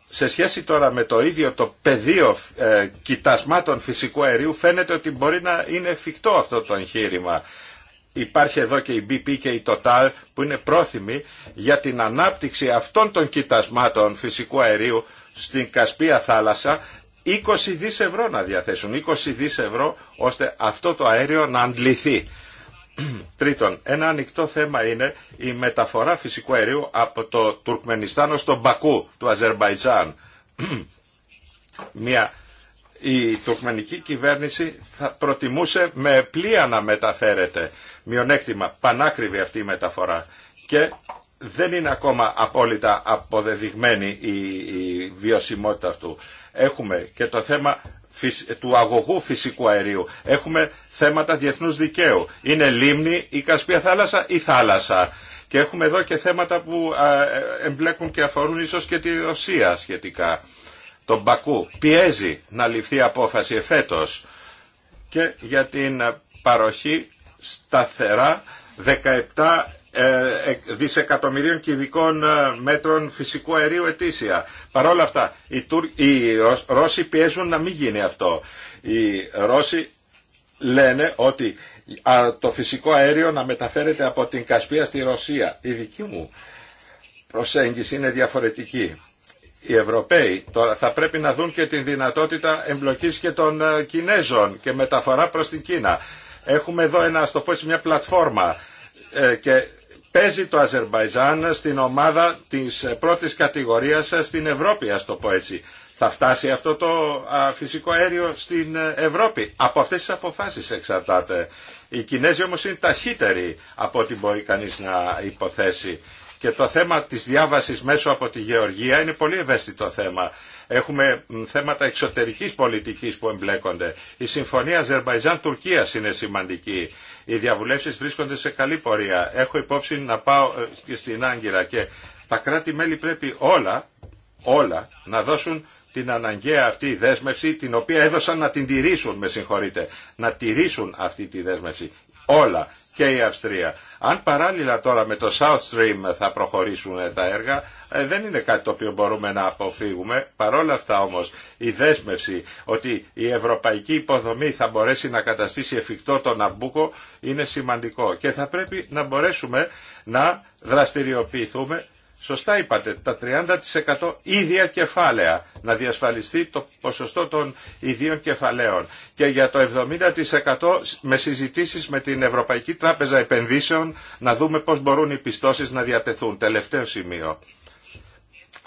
Σε σχέση τώρα με το ίδιο το πεδίο ε, κοιτασμάτων φυσικού αερίου φαίνεται ότι μπορεί να είναι εφικτό αυτό το εγχείρημα. Υπάρχει εδώ και η BP και η Total που είναι πρόθυμοι για την ανάπτυξη αυτών των κοιτασμάτων φυσικού αερίου στην Κασπία θάλασσα 20 δις ευρώ να διαθέσουν, 20 δις ευρώ ώστε αυτό το αέριο να αντληθεί. Τρίτον, ένα ανοιχτό θέμα είναι η μεταφορά φυσικού αερίου από το Τουρκμενιστάν ως τον Μπακού του Αζερμπαϊτζάν. Μια, η τουρκμενική κυβέρνηση θα προτιμούσε με πλοία να μεταφέρεται. Μειονέκτημα, πανάκριβη αυτή η μεταφορά. Και δεν είναι ακόμα απόλυτα αποδεδειγμένη η, η βιωσιμότητα αυτού. Έχουμε και το θέμα του αγωγού φυσικού αερίου. Έχουμε θέματα διεθνούς δικαίου. Είναι λίμνη ή Κασπία θάλασσα ή θάλασσα. Και έχουμε εδώ και θέματα που ε, εμπλέκουν και αφορούν ίσως και τη Ρωσία σχετικά. Τον Μπακού πιέζει να ληφθεί απόφαση εφέτος και για την παροχή σταθερά 17 ε, ε, δισεκατομμυρίων κυβικών ε, μέτρων φυσικού αερίου ετήσια. Παρόλα αυτά, οι, οι Ρώσοι πιέζουν να μην γίνει αυτό. Οι Ρώσοι λένε ότι το φυσικό αέριο να μεταφέρεται από την Κασπία στη Ρωσία. Η δική μου προσέγγιση είναι διαφορετική. Οι Ευρωπαίοι τώρα θα πρέπει να δουν και την δυνατότητα εμπλοκής και των Κινέζων και μεταφορά προς την Κίνα. Έχουμε εδώ ένα, ας το πω, μια πλατφόρμα και παίζει το Αζερμπαϊτζάν στην ομάδα της πρώτης κατηγορίας στην Ευρώπη, ας το πω έτσι. Θα φτάσει αυτό το φυσικό αέριο στην Ευρώπη. Από αυτές τις αποφάσεις εξαρτάται. Οι Κινέζοι όμως είναι ταχύτεροι από ό,τι μπορεί κανείς να υποθέσει. Και το θέμα της διάβασης μέσω από τη Γεωργία είναι πολύ ευαίσθητο θέμα. Έχουμε θέματα εξωτερικής πολιτικής που εμπλέκονται. Η συμφωνία Αζερβαϊζάν-Τουρκίας είναι σημαντική. Οι διαβουλεύσεις βρίσκονται σε καλή πορεία. Έχω υπόψη να πάω ε, και στην Άγκυρα και τα κράτη-μέλη πρέπει όλα, όλα να δώσουν την αναγκαία αυτή δέσμευση την οποία έδωσαν να την τηρήσουν, με συγχωρείτε, να τηρήσουν αυτή τη δέσμευση. Όλα και η Αυστρία. Αν παράλληλα τώρα με το South Stream θα προχωρήσουν τα έργα, ε, δεν είναι κάτι το οποίο μπορούμε να αποφύγουμε. Παρόλα αυτά όμως η δέσμευση ότι η ευρωπαϊκή υποδομή θα μπορέσει να καταστήσει εφικτό τον Αμπούκο είναι σημαντικό και θα πρέπει να μπορέσουμε να δραστηριοποιηθούμε Σωστά είπατε, τα 30% ίδια κεφάλαια, να διασφαλιστεί το ποσοστό των ιδίων κεφαλαίων. Και για το 70% με συζητήσεις με την Ευρωπαϊκή Τράπεζα Επενδύσεων να δούμε πώς μπορούν οι πιστώσεις να διατεθούν. Τελευταίο σημείο.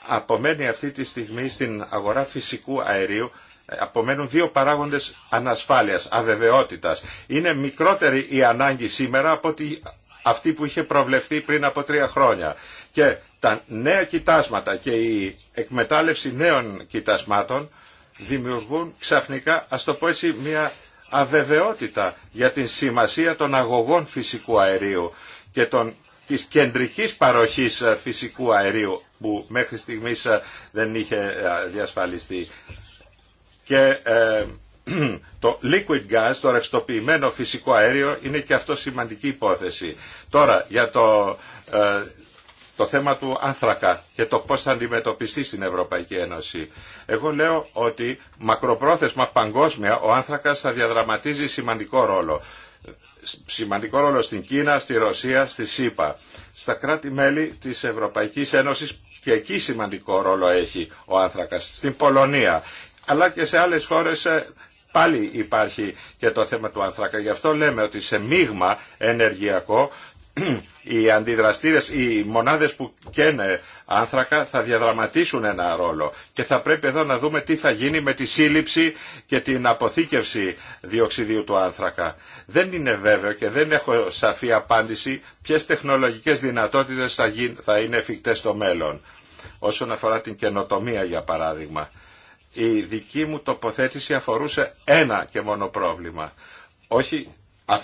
Απομένει αυτή τη στιγμή στην αγορά φυσικού αερίου ε, απομένουν δύο παράγοντες ανασφάλειας, αβεβαιότητας. Είναι μικρότερη η ανάγκη σήμερα από ότι αυτή που είχε προβλεφθεί πριν από τρία χρόνια. Και τα νέα κοιτάσματα και η εκμετάλλευση νέων κοιτασμάτων δημιουργούν ξαφνικά, ας το πω έτσι, μια αβεβαιότητα για την σημασία των αγωγών φυσικού αερίου και των, της κεντρικής παροχής ε, φυσικού αερίου που μέχρι στιγμής ε, δεν είχε ε, διασφαλιστεί. Και το liquid gas, το ρευστοποιημένο φυσικό αέριο, είναι και αυτό σημαντική υπόθεση. Τώρα, για το το θέμα του άνθρακα και το πώς θα αντιμετωπιστεί στην Ευρωπαϊκή Ένωση. Εγώ λέω ότι μακροπρόθεσμα παγκόσμια ο άνθρακας θα διαδραματίζει σημαντικό ρόλο. Σημαντικό ρόλο στην Κίνα, στη Ρωσία, στη ΣΥΠΑ. Στα κράτη-μέλη της Ευρωπαϊκής Ένωσης και εκεί σημαντικό ρόλο έχει ο άνθρακας. Στην Πολωνία αλλά και σε άλλες χώρες ε, πάλι υπάρχει και το θέμα του άνθρακα. Γι' αυτό λέμε ότι σε μείγμα ενεργειακό οι αντιδραστήρες, οι μονάδες που καίνε άνθρακα θα διαδραματίσουν ένα ρόλο και θα πρέπει εδώ να δούμε τι θα γίνει με τη σύλληψη και την αποθήκευση διοξιδίου του άνθρακα. Δεν είναι βέβαιο και δεν έχω σαφή απάντηση ποιες τεχνολογικές δυνατότητες θα είναι εφικτές στο μέλλον. Όσον αφορά την καινοτομία για παράδειγμα, η δική μου τοποθέτηση αφορούσε ένα και μόνο πρόβλημα. Όχι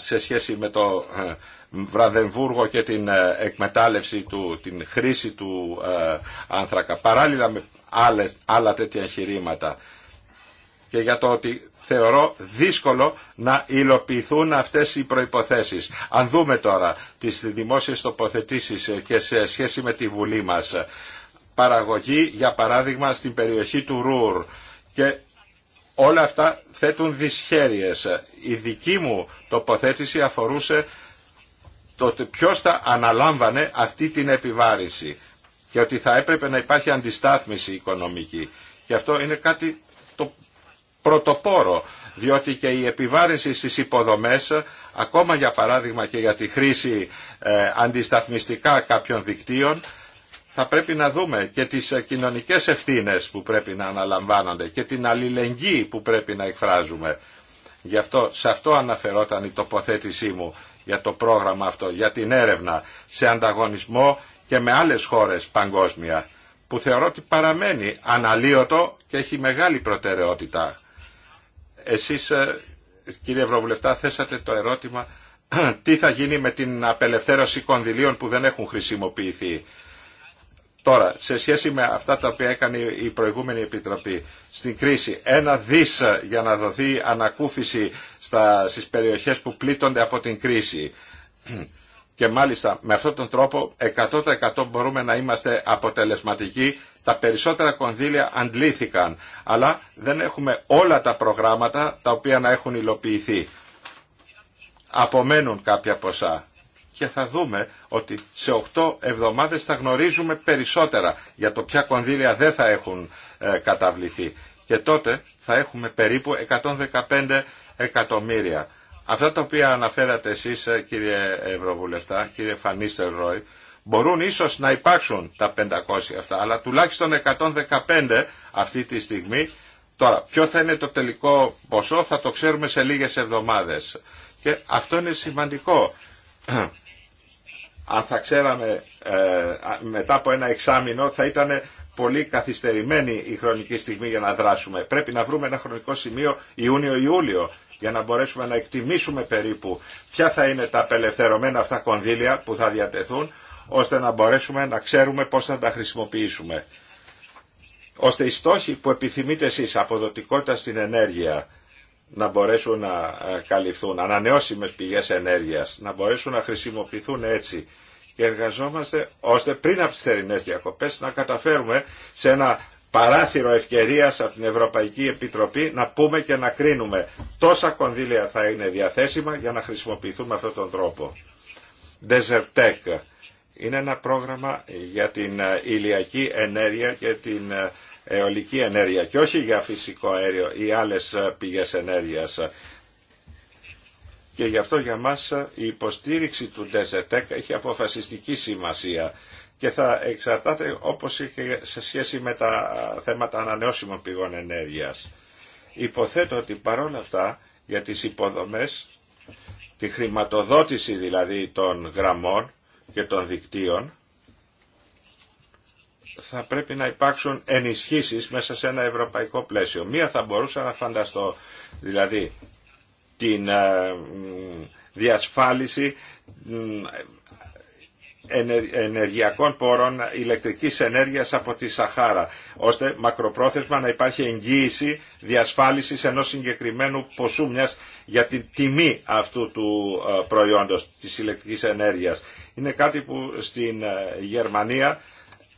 σε σχέση με το ε, Βραδεμβούργο και την ε, εκμετάλλευση του, την χρήση του ε, άνθρακα, παράλληλα με άλλες, άλλα τέτοια εγχειρήματα. Και για το ότι θεωρώ δύσκολο να υλοποιηθούν αυτές οι προϋποθέσεις. Αν δούμε τώρα τις δημόσιες τοποθετήσεις και σε σχέση με τη Βουλή μας, παραγωγή για παράδειγμα στην περιοχή του Ρούρ και όλα αυτά θέτουν δυσχέρειες. Η δική μου τοποθέτηση αφορούσε το ποιος θα αναλάμβανε αυτή την επιβάρηση και ότι θα έπρεπε να υπάρχει αντιστάθμιση οικονομική. Και αυτό είναι κάτι το πρωτοπόρο, διότι και η επιβάρηση στις υποδομές, ακόμα για παράδειγμα και για τη χρήση ε, αντισταθμιστικά κάποιων δικτύων, θα πρέπει να δούμε και τις ε, κοινωνικές ευθύνες που πρέπει να αναλαμβάνονται και την αλληλεγγύη που πρέπει να εκφράζουμε. Γι' αυτό, σε αυτό αναφερόταν η τοποθέτησή μου για το πρόγραμμα αυτό, για την έρευνα σε ανταγωνισμό και με άλλες χώρες παγκόσμια, που θεωρώ ότι παραμένει αναλύωτο και έχει μεγάλη προτεραιότητα. Εσείς, ε, κύριε Ευρωβουλευτά, θέσατε το ερώτημα τι θα γίνει με την απελευθέρωση κονδυλίων που δεν έχουν χρησιμοποιηθεί. Τώρα, σε σχέση με αυτά τα οποία έκανε η προηγούμενη Επιτροπή στην κρίση, ένα δις για να δοθεί ανακούφιση στα, στις περιοχές που πλήττονται από την κρίση. Και μάλιστα με αυτόν τον τρόπο 100% μπορούμε να είμαστε αποτελεσματικοί. Τα περισσότερα κονδύλια αντλήθηκαν, αλλά δεν έχουμε όλα τα προγράμματα τα οποία να έχουν υλοποιηθεί. Απομένουν κάποια ποσά και θα δούμε ότι σε 8 εβδομάδες θα γνωρίζουμε περισσότερα για το ποια κονδύλια δεν θα έχουν ε, καταβληθεί. Και τότε θα έχουμε περίπου 115 εκατομμύρια. Αυτά τα οποία αναφέρατε εσείς ε, κύριε Ευρωβουλευτά, κύριε Φανίστερ Ρόι, μπορούν ίσως να υπάρξουν τα 500 αυτά, αλλά τουλάχιστον 115 αυτή τη στιγμή. Τώρα, ποιο θα είναι το τελικό ποσό θα το ξέρουμε σε λίγες εβδομάδες. Και αυτό είναι σημαντικό αν θα ξέραμε ε, μετά από ένα εξάμεινο θα ήταν πολύ καθυστερημένη η χρονική στιγμή για να δράσουμε. Πρέπει να βρούμε ένα χρονικό σημείο Ιούνιο-Ιούλιο για να μπορέσουμε να εκτιμήσουμε περίπου ποια θα είναι τα απελευθερωμένα αυτά κονδύλια που θα διατεθούν ώστε να μπορέσουμε να ξέρουμε πώς θα τα χρησιμοποιήσουμε. Ώστε οι στόχοι που επιθυμείτε εσείς, αποδοτικότητα στην ενέργεια, να μπορέσουν να ε, καλυφθούν, ανανεώσιμες πηγές ενέργειας, να μπορέσουν να χρησιμοποιηθούν έτσι και εργαζόμαστε ώστε πριν από τις θερινές διακοπές να καταφέρουμε σε ένα παράθυρο ευκαιρίας από την Ευρωπαϊκή Επιτροπή να πούμε και να κρίνουμε τόσα κονδύλια θα είναι διαθέσιμα για να χρησιμοποιηθούν με αυτόν τον τρόπο. Tech είναι ένα πρόγραμμα για την ε, ηλιακή ενέργεια και την ε, αιωλική ενέργεια και όχι για φυσικό αέριο ή άλλες ε, πηγές ενέργειας. Και γι' αυτό για μας ε, η υποστήριξη του ΝΤΕΖΕΤΕΚ έχει αποφασιστική σημασία και θα εξαρτάται όπως και σε σχέση με τα ε, θέματα ανανεώσιμων πηγών ενέργειας. Υποθέτω ότι παρόλα αυτά για τις υποδομές, τη χρηματοδότηση δηλαδή των γραμμών και των δικτύων, θα πρέπει να υπάρξουν ενισχύσεις μέσα σε ένα ευρωπαϊκό πλαίσιο. Μία θα μπορούσα να φανταστώ, δηλαδή την ε, διασφάλιση ενεργειακών πόρων ηλεκτρικής ενέργειας από τη Σαχάρα, ώστε μακροπρόθεσμα να υπάρχει εγγύηση διασφάλισης ενός συγκεκριμένου ποσού μιας για την τιμή αυτού του ε, προϊόντος της ηλεκτρικής ενέργειας. Είναι κάτι που στην ε, Γερμανία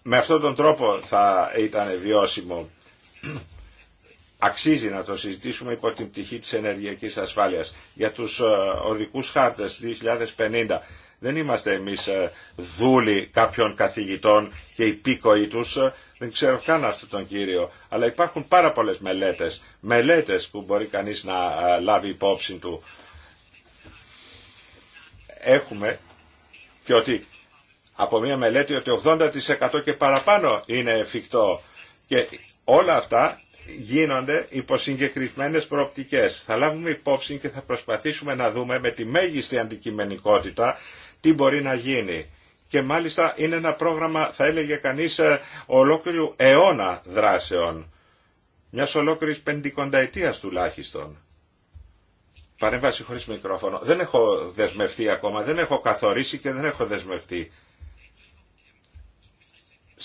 με αυτόν τον τρόπο θα ήταν βιώσιμο. Αξίζει να το συζητήσουμε υπό την πτυχή της ενεργειακής ασφάλειας. Για τους ε, οδικούς χάρτες 2050 δεν είμαστε εμείς ε, δούλοι κάποιων καθηγητών και υπήκοοι τους, δεν ξέρω καν αυτόν τον κύριο, αλλά υπάρχουν πάρα πολλές μελέτες, μελέτες που μπορεί κανείς να ε, λάβει υπόψη του. Έχουμε και ότι από μια μελέτη ότι 80% και παραπάνω είναι εφικτό. Και όλα αυτά γίνονται υπό συγκεκριμένε προοπτικέ. Θα λάβουμε υπόψη και θα προσπαθήσουμε να δούμε με τη μέγιστη αντικειμενικότητα τι μπορεί να γίνει. Και μάλιστα είναι ένα πρόγραμμα, θα έλεγε κανεί ε, ολόκληρου αιώνα δράσεων. Μιας ολόκληρης πεντηκονταετία τουλάχιστον. Παρέμβαση χωρίς μικρόφωνο. Δεν έχω δεσμευτεί ακόμα, δεν έχω καθορίσει και δεν έχω δεσμευτεί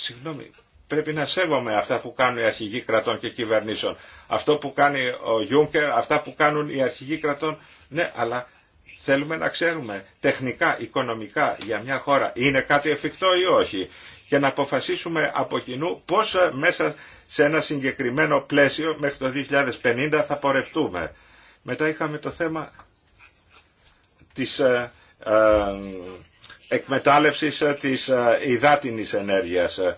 συγγνώμη, πρέπει να σέβομαι αυτά που κάνουν οι αρχηγοί κρατών και κυβερνήσεων. Αυτό που κάνει ο Γιούνκερ, αυτά που κάνουν οι αρχηγοί κρατών, ναι, αλλά θέλουμε να ξέρουμε τεχνικά, οικονομικά για μια χώρα είναι κάτι εφικτό ή όχι και να αποφασίσουμε από κοινού πώς μέσα σε ένα συγκεκριμένο πλαίσιο μέχρι το 2050 θα πορευτούμε. Μετά είχαμε το θέμα της ε, ε, εκμετάλλευσης ε, της ε, υδάτινης ενέργειας. Ε,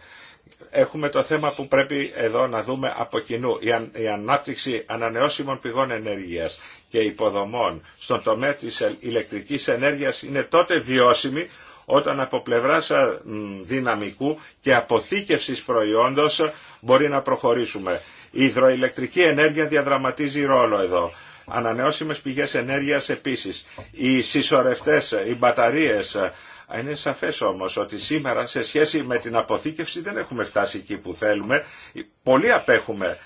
έχουμε το θέμα που πρέπει εδώ να δούμε από κοινού, η ανάπτυξη ανανεώσιμων πηγών ενέργειας και υποδομών στον τομέα της ηλεκτρικής ενέργειας είναι τότε βιώσιμη όταν από πλευράς δυναμικού και αποθήκευσης προϊόντος μπορεί να προχωρήσουμε. Η υδροηλεκτρική ενέργεια διαδραματίζει ρόλο εδώ. Ανανεώσιμες πηγές ενέργειας επίσης. Οι συσσωρευτές, οι μπαταρίες, είναι σαφές όμως ότι σήμερα σε σχέση με την αποθήκευση δεν έχουμε φτάσει εκεί που θέλουμε. Πολύ απέχουμε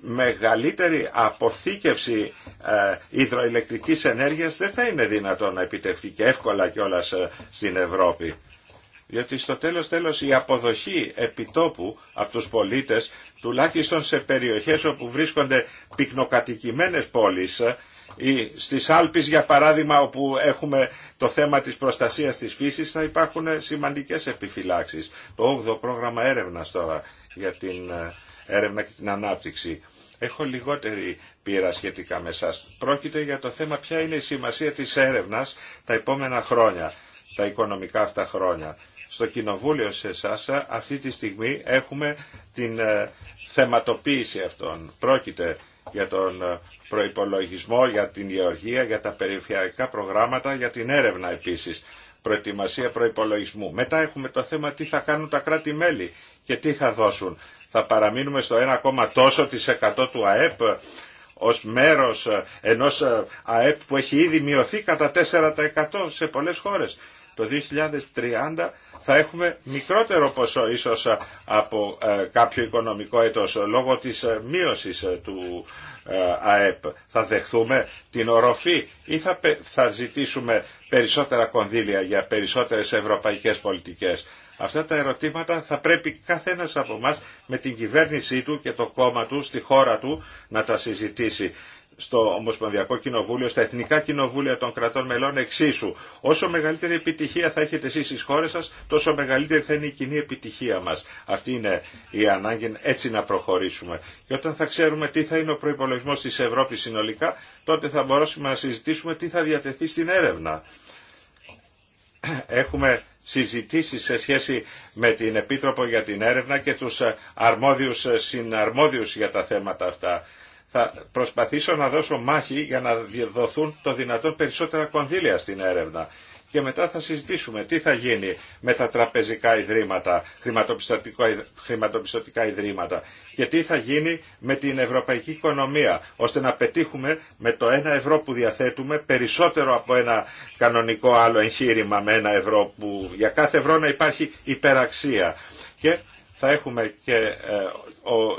μεγαλύτερη αποθήκευση ε, υδροηλεκτρικής ενέργειας δεν θα είναι δυνατόν να επιτευχθεί και εύκολα κιόλας ε, στην Ευρώπη. Διότι στο τέλος τέλος η αποδοχή επιτόπου από τους πολίτες, τουλάχιστον σε περιοχές όπου βρίσκονται πυκνοκατοικημένες πόλεις ε, ή στις Άλπεις για παράδειγμα όπου έχουμε το θέμα της προστασίας της φύσης θα υπάρχουν σημαντικές επιφυλάξεις. Το 8ο πρόγραμμα έρευνας τώρα για την ε, έρευνα και την ανάπτυξη. Έχω λιγότερη πείρα σχετικά με σας. Πρόκειται για το θέμα ποια είναι η σημασία της έρευνας τα επόμενα χρόνια, τα οικονομικά αυτά χρόνια. Στο Κοινοβούλιο σε εσά, ε, αυτή τη στιγμή έχουμε την ε, θεματοποίηση αυτών. Πρόκειται για τον προϋπολογισμό για την γεωργία, για τα περιφερειακά προγράμματα, για την έρευνα επίσης. Προετοιμασία προϋπολογισμού. Μετά έχουμε το θέμα τι θα κάνουν τα κράτη-μέλη και τι θα δώσουν. Θα παραμείνουμε στο 1, τόσο του ΑΕΠ ως μέρος ενός ΑΕΠ που έχει ήδη μειωθεί κατά 4% σε πολλές χώρες. Το 2030 θα έχουμε μικρότερο ποσό ίσως από ε, κάποιο οικονομικό έτος λόγω της ε, μείωσης ε, του ε, ΑΕΠ. Θα δεχθούμε την οροφή ή θα, θα ζητήσουμε περισσότερα κονδύλια για περισσότερες ευρωπαϊκές πολιτικές. Αυτά τα ερωτήματα θα πρέπει κάθε ένας από εμά με την κυβέρνησή του και το κόμμα του στη χώρα του να τα συζητήσει στο Ομοσπονδιακό Κοινοβούλιο, στα Εθνικά Κοινοβούλια των κρατών μελών εξίσου. Όσο μεγαλύτερη επιτυχία θα έχετε εσείς στις χώρες σας, τόσο μεγαλύτερη θα είναι η κοινή επιτυχία μας. Αυτή είναι η ανάγκη έτσι να προχωρήσουμε. Και όταν θα ξέρουμε τι θα είναι ο προϋπολογισμός της Ευρώπης συνολικά, τότε θα μπορέσουμε να συζητήσουμε τι θα διατεθεί στην έρευνα. Έχουμε συζητήσει σε σχέση με την Επίτροπο για την έρευνα και τους αρμόδιους συναρμόδιους για τα θέματα αυτά θα προσπαθήσω να δώσω μάχη για να δοθούν το δυνατόν περισσότερα κονδύλια στην έρευνα. Και μετά θα συζητήσουμε τι θα γίνει με τα τραπεζικά ιδρύματα, χρηματοπιστωτικά ιδρύματα και τι θα γίνει με την ευρωπαϊκή οικονομία, ώστε να πετύχουμε με το ένα ευρώ που διαθέτουμε περισσότερο από ένα κανονικό άλλο εγχείρημα με ένα ευρώ που για κάθε ευρώ να υπάρχει υπεραξία. Και θα έχουμε και ε,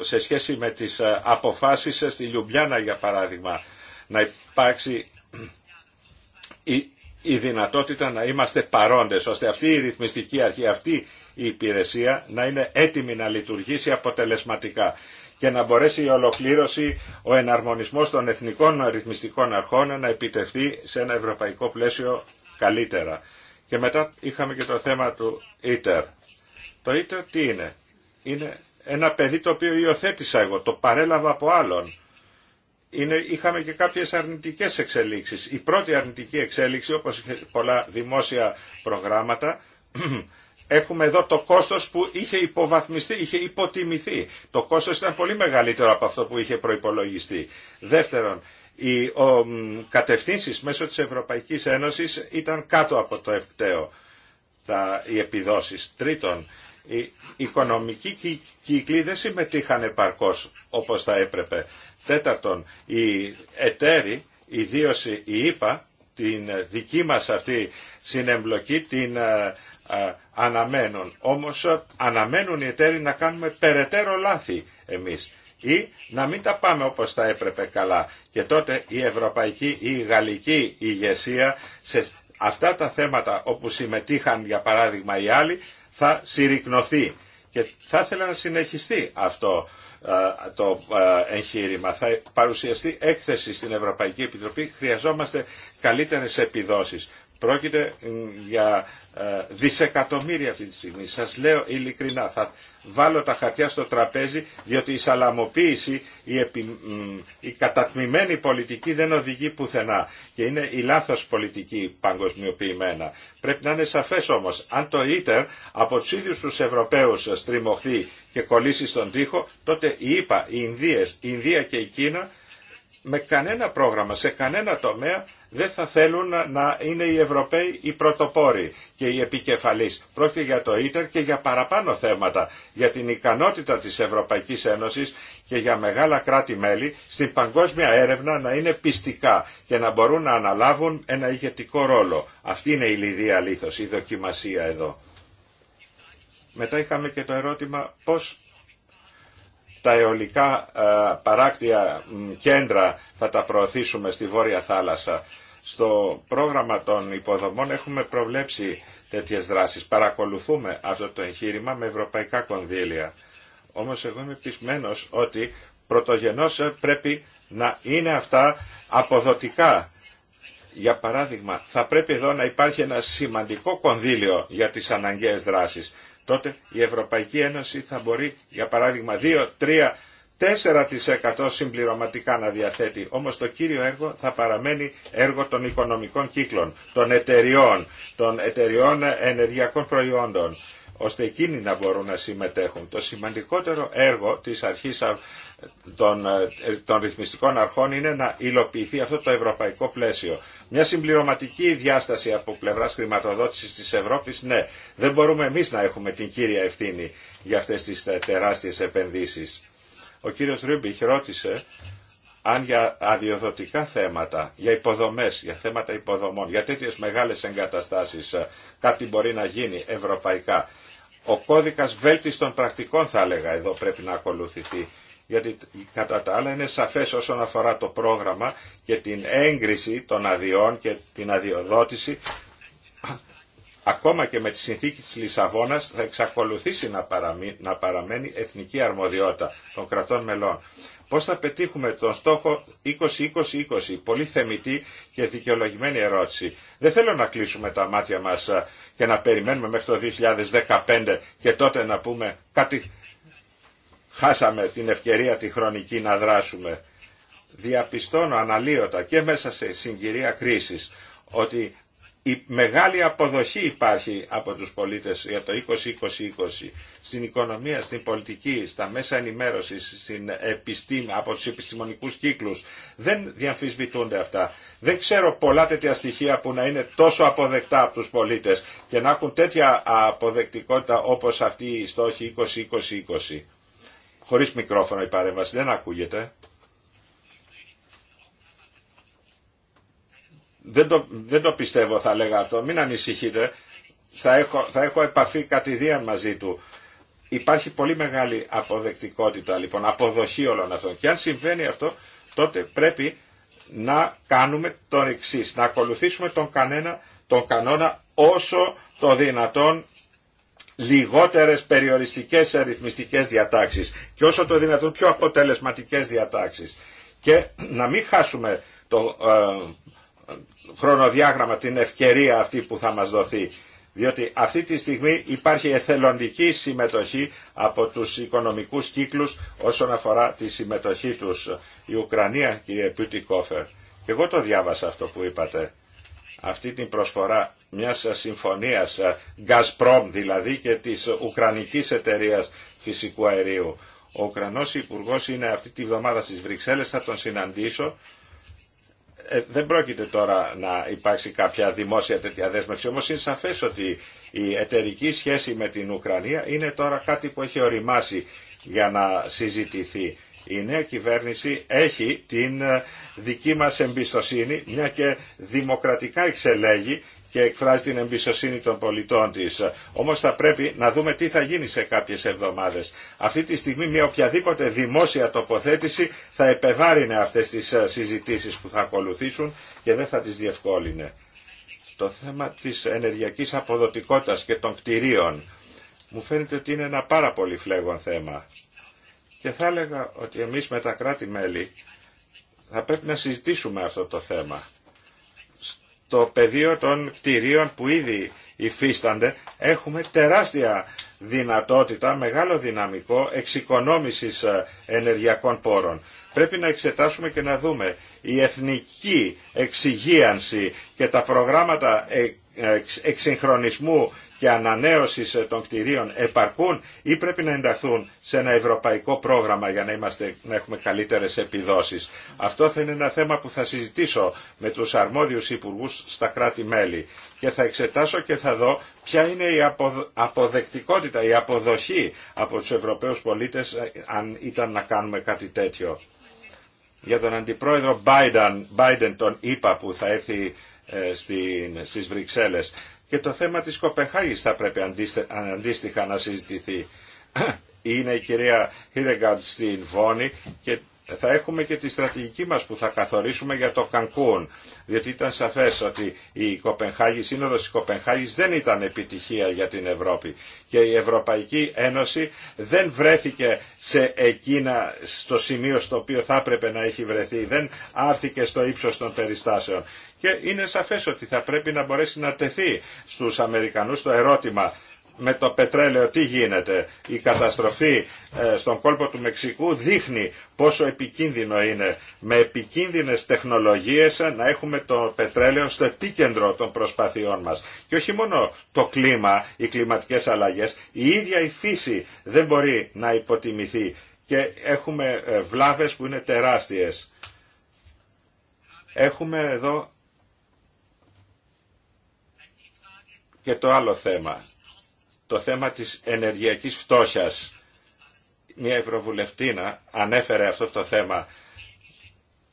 σε σχέση με τις ε, αποφάσεις στη Λιουμπιάνα για παράδειγμα να υπάρξει η, δυνατότητα να είμαστε παρόντες ώστε αυτή η ρυθμιστική αρχή, αυτή η υπηρεσία να είναι έτοιμη να λειτουργήσει αποτελεσματικά και να μπορέσει η ολοκλήρωση, ο εναρμονισμός των εθνικών ρυθμιστικών αρχών να επιτευχθεί σε ένα ευρωπαϊκό πλαίσιο καλύτερα. Και μετά είχαμε και το θέμα του ΙΤΕΡ. Το ΙΤΕΡ τι είναι είναι ένα παιδί το οποίο υιοθέτησα εγώ, το παρέλαβα από άλλον. Είναι, είχαμε και κάποιες αρνητικές εξελίξεις. Η πρώτη αρνητική εξέλιξη, όπως πολλά δημόσια προγράμματα, έχουμε εδώ το κόστος που είχε υποβαθμιστεί, είχε υποτιμηθεί. Το κόστος ήταν πολύ μεγαλύτερο από αυτό που είχε προϋπολογιστεί. Δεύτερον, οι ο, κατευθύνσεις μέσω της Ευρωπαϊκής Ένωσης ήταν κάτω από το ευκταίο τα, οι επιδόσεις. Τρίτον, οι οικονομικοί κύκλοι δεν συμμετείχαν επαρκώς όπως θα έπρεπε. Τέταρτον, οι εταίροι, ιδίω η ΕΠΑ, την δική μας αυτή συνεμπλοκή, την ε, ε, αναμένουν. Όμως ε, αναμένουν οι εταίροι να κάνουμε περαιτέρω λάθη εμείς ή να μην τα πάμε όπως θα έπρεπε καλά. Και τότε η ευρωπαϊκή ή η γαλλική ηγεσία σε αυτά τα θέματα όπου συμμετείχαν για παράδειγμα οι άλλοι θα συρρυκνωθεί. Και θα ήθελα να συνεχιστεί αυτό ε, το ε, εγχείρημα. Θα παρουσιαστεί έκθεση στην Ευρωπαϊκή Επιτροπή. Χρειαζόμαστε καλύτερες επιδόσεις. Πρόκειται ε, για ε, δισεκατομμύρια αυτή τη στιγμή. Σας λέω ειλικρινά, θα βάλω τα χαρτιά στο τραπέζι, διότι η σαλαμοποίηση, η, η κατατμημένη πολιτική δεν οδηγεί πουθενά και είναι η λάθος πολιτική παγκοσμιοποιημένα. Πρέπει να είναι σαφές όμως, αν το ίτερ από τους ίδιους τους Ευρωπαίους στριμωχθεί και κολλήσει στον τοίχο, τότε η ΙΠΑ, οι Ινδίες, η Ινδία και η Κίνα με κανένα πρόγραμμα, σε κανένα τομέα δεν θα θέλουν να είναι οι Ευρωπαίοι οι πρωτοπόροι και οι επικεφαλείς. Πρόκειται για το ίτερ και για παραπάνω θέματα, για την ικανότητα της Ευρωπαϊκής Ένωσης και για μεγάλα κράτη-μέλη στην παγκόσμια έρευνα να είναι πιστικά και να μπορούν να αναλάβουν ένα ηγετικό ρόλο. Αυτή είναι η λιδία λίθος η δοκιμασία εδώ. Μετά είχαμε και το ερώτημα πώς τα αιωλικά ε, παράκτια κέντρα θα τα προωθήσουμε στη Βόρεια Θάλασσα. Στο πρόγραμμα των υποδομών έχουμε προβλέψει τέτοιες δράσεις. Παρακολουθούμε αυτό το εγχείρημα με ευρωπαϊκά κονδύλια. Όμως εγώ είμαι πεισμένος ότι πρωτογενώς πρέπει να είναι αυτά αποδοτικά. Για παράδειγμα, θα πρέπει εδώ να υπάρχει ένα σημαντικό κονδύλιο για τις αναγκαίες δράσεις. Τότε η Ευρωπαϊκή Ένωση θα μπορεί, για παράδειγμα, δύο-τρία 4% συμπληρωματικά να διαθέτει. Όμως το κύριο έργο θα παραμένει έργο των οικονομικών κύκλων, των εταιριών, των εταιριών ενεργειακών προϊόντων, ώστε εκείνοι να μπορούν να συμμετέχουν. Το σημαντικότερο έργο της αρχής των, ε, των ρυθμιστικών αρχών είναι να υλοποιηθεί αυτό το ευρωπαϊκό πλαίσιο. Μια συμπληρωματική διάσταση από πλευράς χρηματοδότησης της Ευρώπης, ναι, δεν μπορούμε εμείς να έχουμε την κύρια ευθύνη για αυτές τις τεράστιες επενδύσεις ο κύριος Ρούμπιχ ρώτησε αν για αδειοδοτικά θέματα, για υποδομές, για θέματα υποδομών, για τέτοιες μεγάλες εγκαταστάσεις ε, κάτι μπορεί να γίνει ευρωπαϊκά. Ο κώδικας βέλτιστων πρακτικών θα έλεγα εδώ πρέπει να ακολουθηθεί γιατί κατά τα άλλα είναι σαφές όσον αφορά το πρόγραμμα και την έγκριση των αδειών και την αδειοδότηση ακόμα και με τη συνθήκη της Λισαβόνας θα εξακολουθήσει να, παραμένει, εθνική αρμοδιότητα των κρατών μελών. Πώς θα πετύχουμε τον στόχο 20-20-20, πολύ θεμητή και δικαιολογημένη ερώτηση. Δεν θέλω να κλείσουμε τα μάτια μας ε, και να περιμένουμε μέχρι το 2015 και τότε να πούμε κάτι χάσαμε την ευκαιρία τη χρονική να δράσουμε. Διαπιστώνω αναλύωτα και μέσα σε συγκυρία κρίσης ότι η μεγάλη αποδοχή υπάρχει από τους πολίτες για το 2020-2020 στην οικονομία, στην πολιτική, στα μέσα ενημέρωσης, στην επιστήμη, από τους επιστημονικούς κύκλους. Δεν διαμφισβητούνται αυτά. Δεν ξέρω πολλά τέτοια στοιχεία που να είναι τόσο αποδεκτά από τους πολίτες και να έχουν τέτοια αποδεκτικότητα όπως αυτή η στοχη 2020 20-20-20. χωρις μικρόφωνο η παρέμβαση, δεν ακούγεται. Δεν το, δεν το πιστεύω θα λέγα αυτό. Μην ανησυχείτε. Θα έχω, θα έχω επαφή κατηδίαν μαζί του. Υπάρχει πολύ μεγάλη αποδεκτικότητα λοιπόν, αποδοχή όλων αυτών. Και αν συμβαίνει αυτό, τότε πρέπει να κάνουμε τον εξή, να ακολουθήσουμε τον, κανένα, τον κανόνα όσο το δυνατόν λιγότερες περιοριστικές αριθμιστικές διατάξεις και όσο το δυνατόν πιο αποτελεσματικές διατάξεις. Και να μην χάσουμε το ε, χρονοδιάγραμμα, την ευκαιρία αυτή που θα μας δοθεί. Διότι αυτή τη στιγμή υπάρχει εθελοντική συμμετοχή από τους οικονομικούς κύκλους όσον αφορά τη συμμετοχή τους. Η Ουκρανία, κύριε Πιούτι Κόφερ, και εγώ το διάβασα αυτό που είπατε, αυτή την προσφορά μιας συμφωνίας Gazprom δηλαδή και της Ουκρανικής εταιρείας φυσικού αερίου. Ο Ουκρανός Υπουργός είναι αυτή τη βδομάδα στις Βρυξέλλες, θα τον συναντήσω ε, δεν πρόκειται τώρα να υπάρξει κάποια δημόσια τέτοια δέσμευση, όμως είναι σαφές ότι η εταιρική σχέση με την Ουκρανία είναι τώρα κάτι που έχει οριμάσει για να συζητηθεί. Η νέα κυβέρνηση έχει την ε, δική μας εμπιστοσύνη, μια και δημοκρατικά εξελέγει και εκφράζει την εμπιστοσύνη των πολιτών της. Όμως θα πρέπει να δούμε τι θα γίνει σε κάποιες εβδομάδες. Αυτή τη στιγμή μια οποιαδήποτε δημόσια τοποθέτηση θα επεβάρυνε αυτές τις ε, συζητήσεις που θα ακολουθήσουν και δεν θα τις διευκόλυνε. Το θέμα της ενεργειακής αποδοτικότητας και των κτηρίων μου φαίνεται ότι είναι ένα πάρα πολύ φλέγον θέμα. Και θα έλεγα ότι εμείς με τα κράτη-μέλη θα πρέπει να συζητήσουμε αυτό το θέμα το πεδίο των κτηρίων που ήδη υφίστανται έχουμε τεράστια δυνατότητα, μεγάλο δυναμικό εξοικονόμησης ε, ενεργειακών πόρων. Πρέπει να εξετάσουμε και να δούμε η εθνική εξυγίανση και τα προγράμματα ε, ε, εξυγχρονισμού και ανανέωσης ε, των κτηρίων επαρκούν ή πρέπει να ενταχθούν σε ένα ευρωπαϊκό πρόγραμμα για να, είμαστε, έχουμε καλύτερες επιδόσεις. Αυτό θα είναι ένα θέμα που θα συζητήσω με τους αρμόδιους υπουργούς στα κράτη-μέλη και θα εξετάσω και θα δω ποια είναι η αποδεκτικότητα, η αποδοχή από τους Ευρωπαίους πολίτες ε, αν ήταν να κάνουμε κάτι τέτοιο. Για τον Αντιπρόεδρο Biden, Biden τον είπα που θα έρθει ε, στις Βρυξέλλες και το θέμα της Κοπεχάγης θα πρέπει αντίστοιχα να συζητηθεί. Είναι η κυρία Χίλεγκαντ στην Βόνη και θα έχουμε και τη στρατηγική μας που θα καθορίσουμε για το Κανκούν. Διότι ήταν σαφές ότι η, Κοπενχάγη, η σύνοδος της Κοπενχάγης δεν ήταν επιτυχία για την Ευρώπη και η Ευρωπαϊκή Ένωση δεν βρέθηκε σε εκείνα στο σημείο στο οποίο θα έπρεπε να έχει βρεθεί, δεν άρθηκε στο ύψος των περιστάσεων. Και είναι σαφές ότι θα πρέπει να μπορέσει να τεθεί στους Αμερικανούς το ερώτημα με το πετρέλαιο τι γίνεται. Η καταστροφή ε, στον κόλπο του Μεξικού δείχνει πόσο επικίνδυνο είναι με επικίνδυνες τεχνολογίες να έχουμε το πετρέλαιο στο επίκεντρο των προσπαθειών μας. Και όχι μόνο το κλίμα, οι κλιματικές αλλαγές, η ίδια η φύση δεν μπορεί να υποτιμηθεί και έχουμε ε, βλάβες που είναι τεράστιες. Έχουμε εδώ Και το άλλο θέμα, το θέμα της ενεργειακής φτώχειας. Μια Ευρωβουλευτήνα ανέφερε αυτό το θέμα.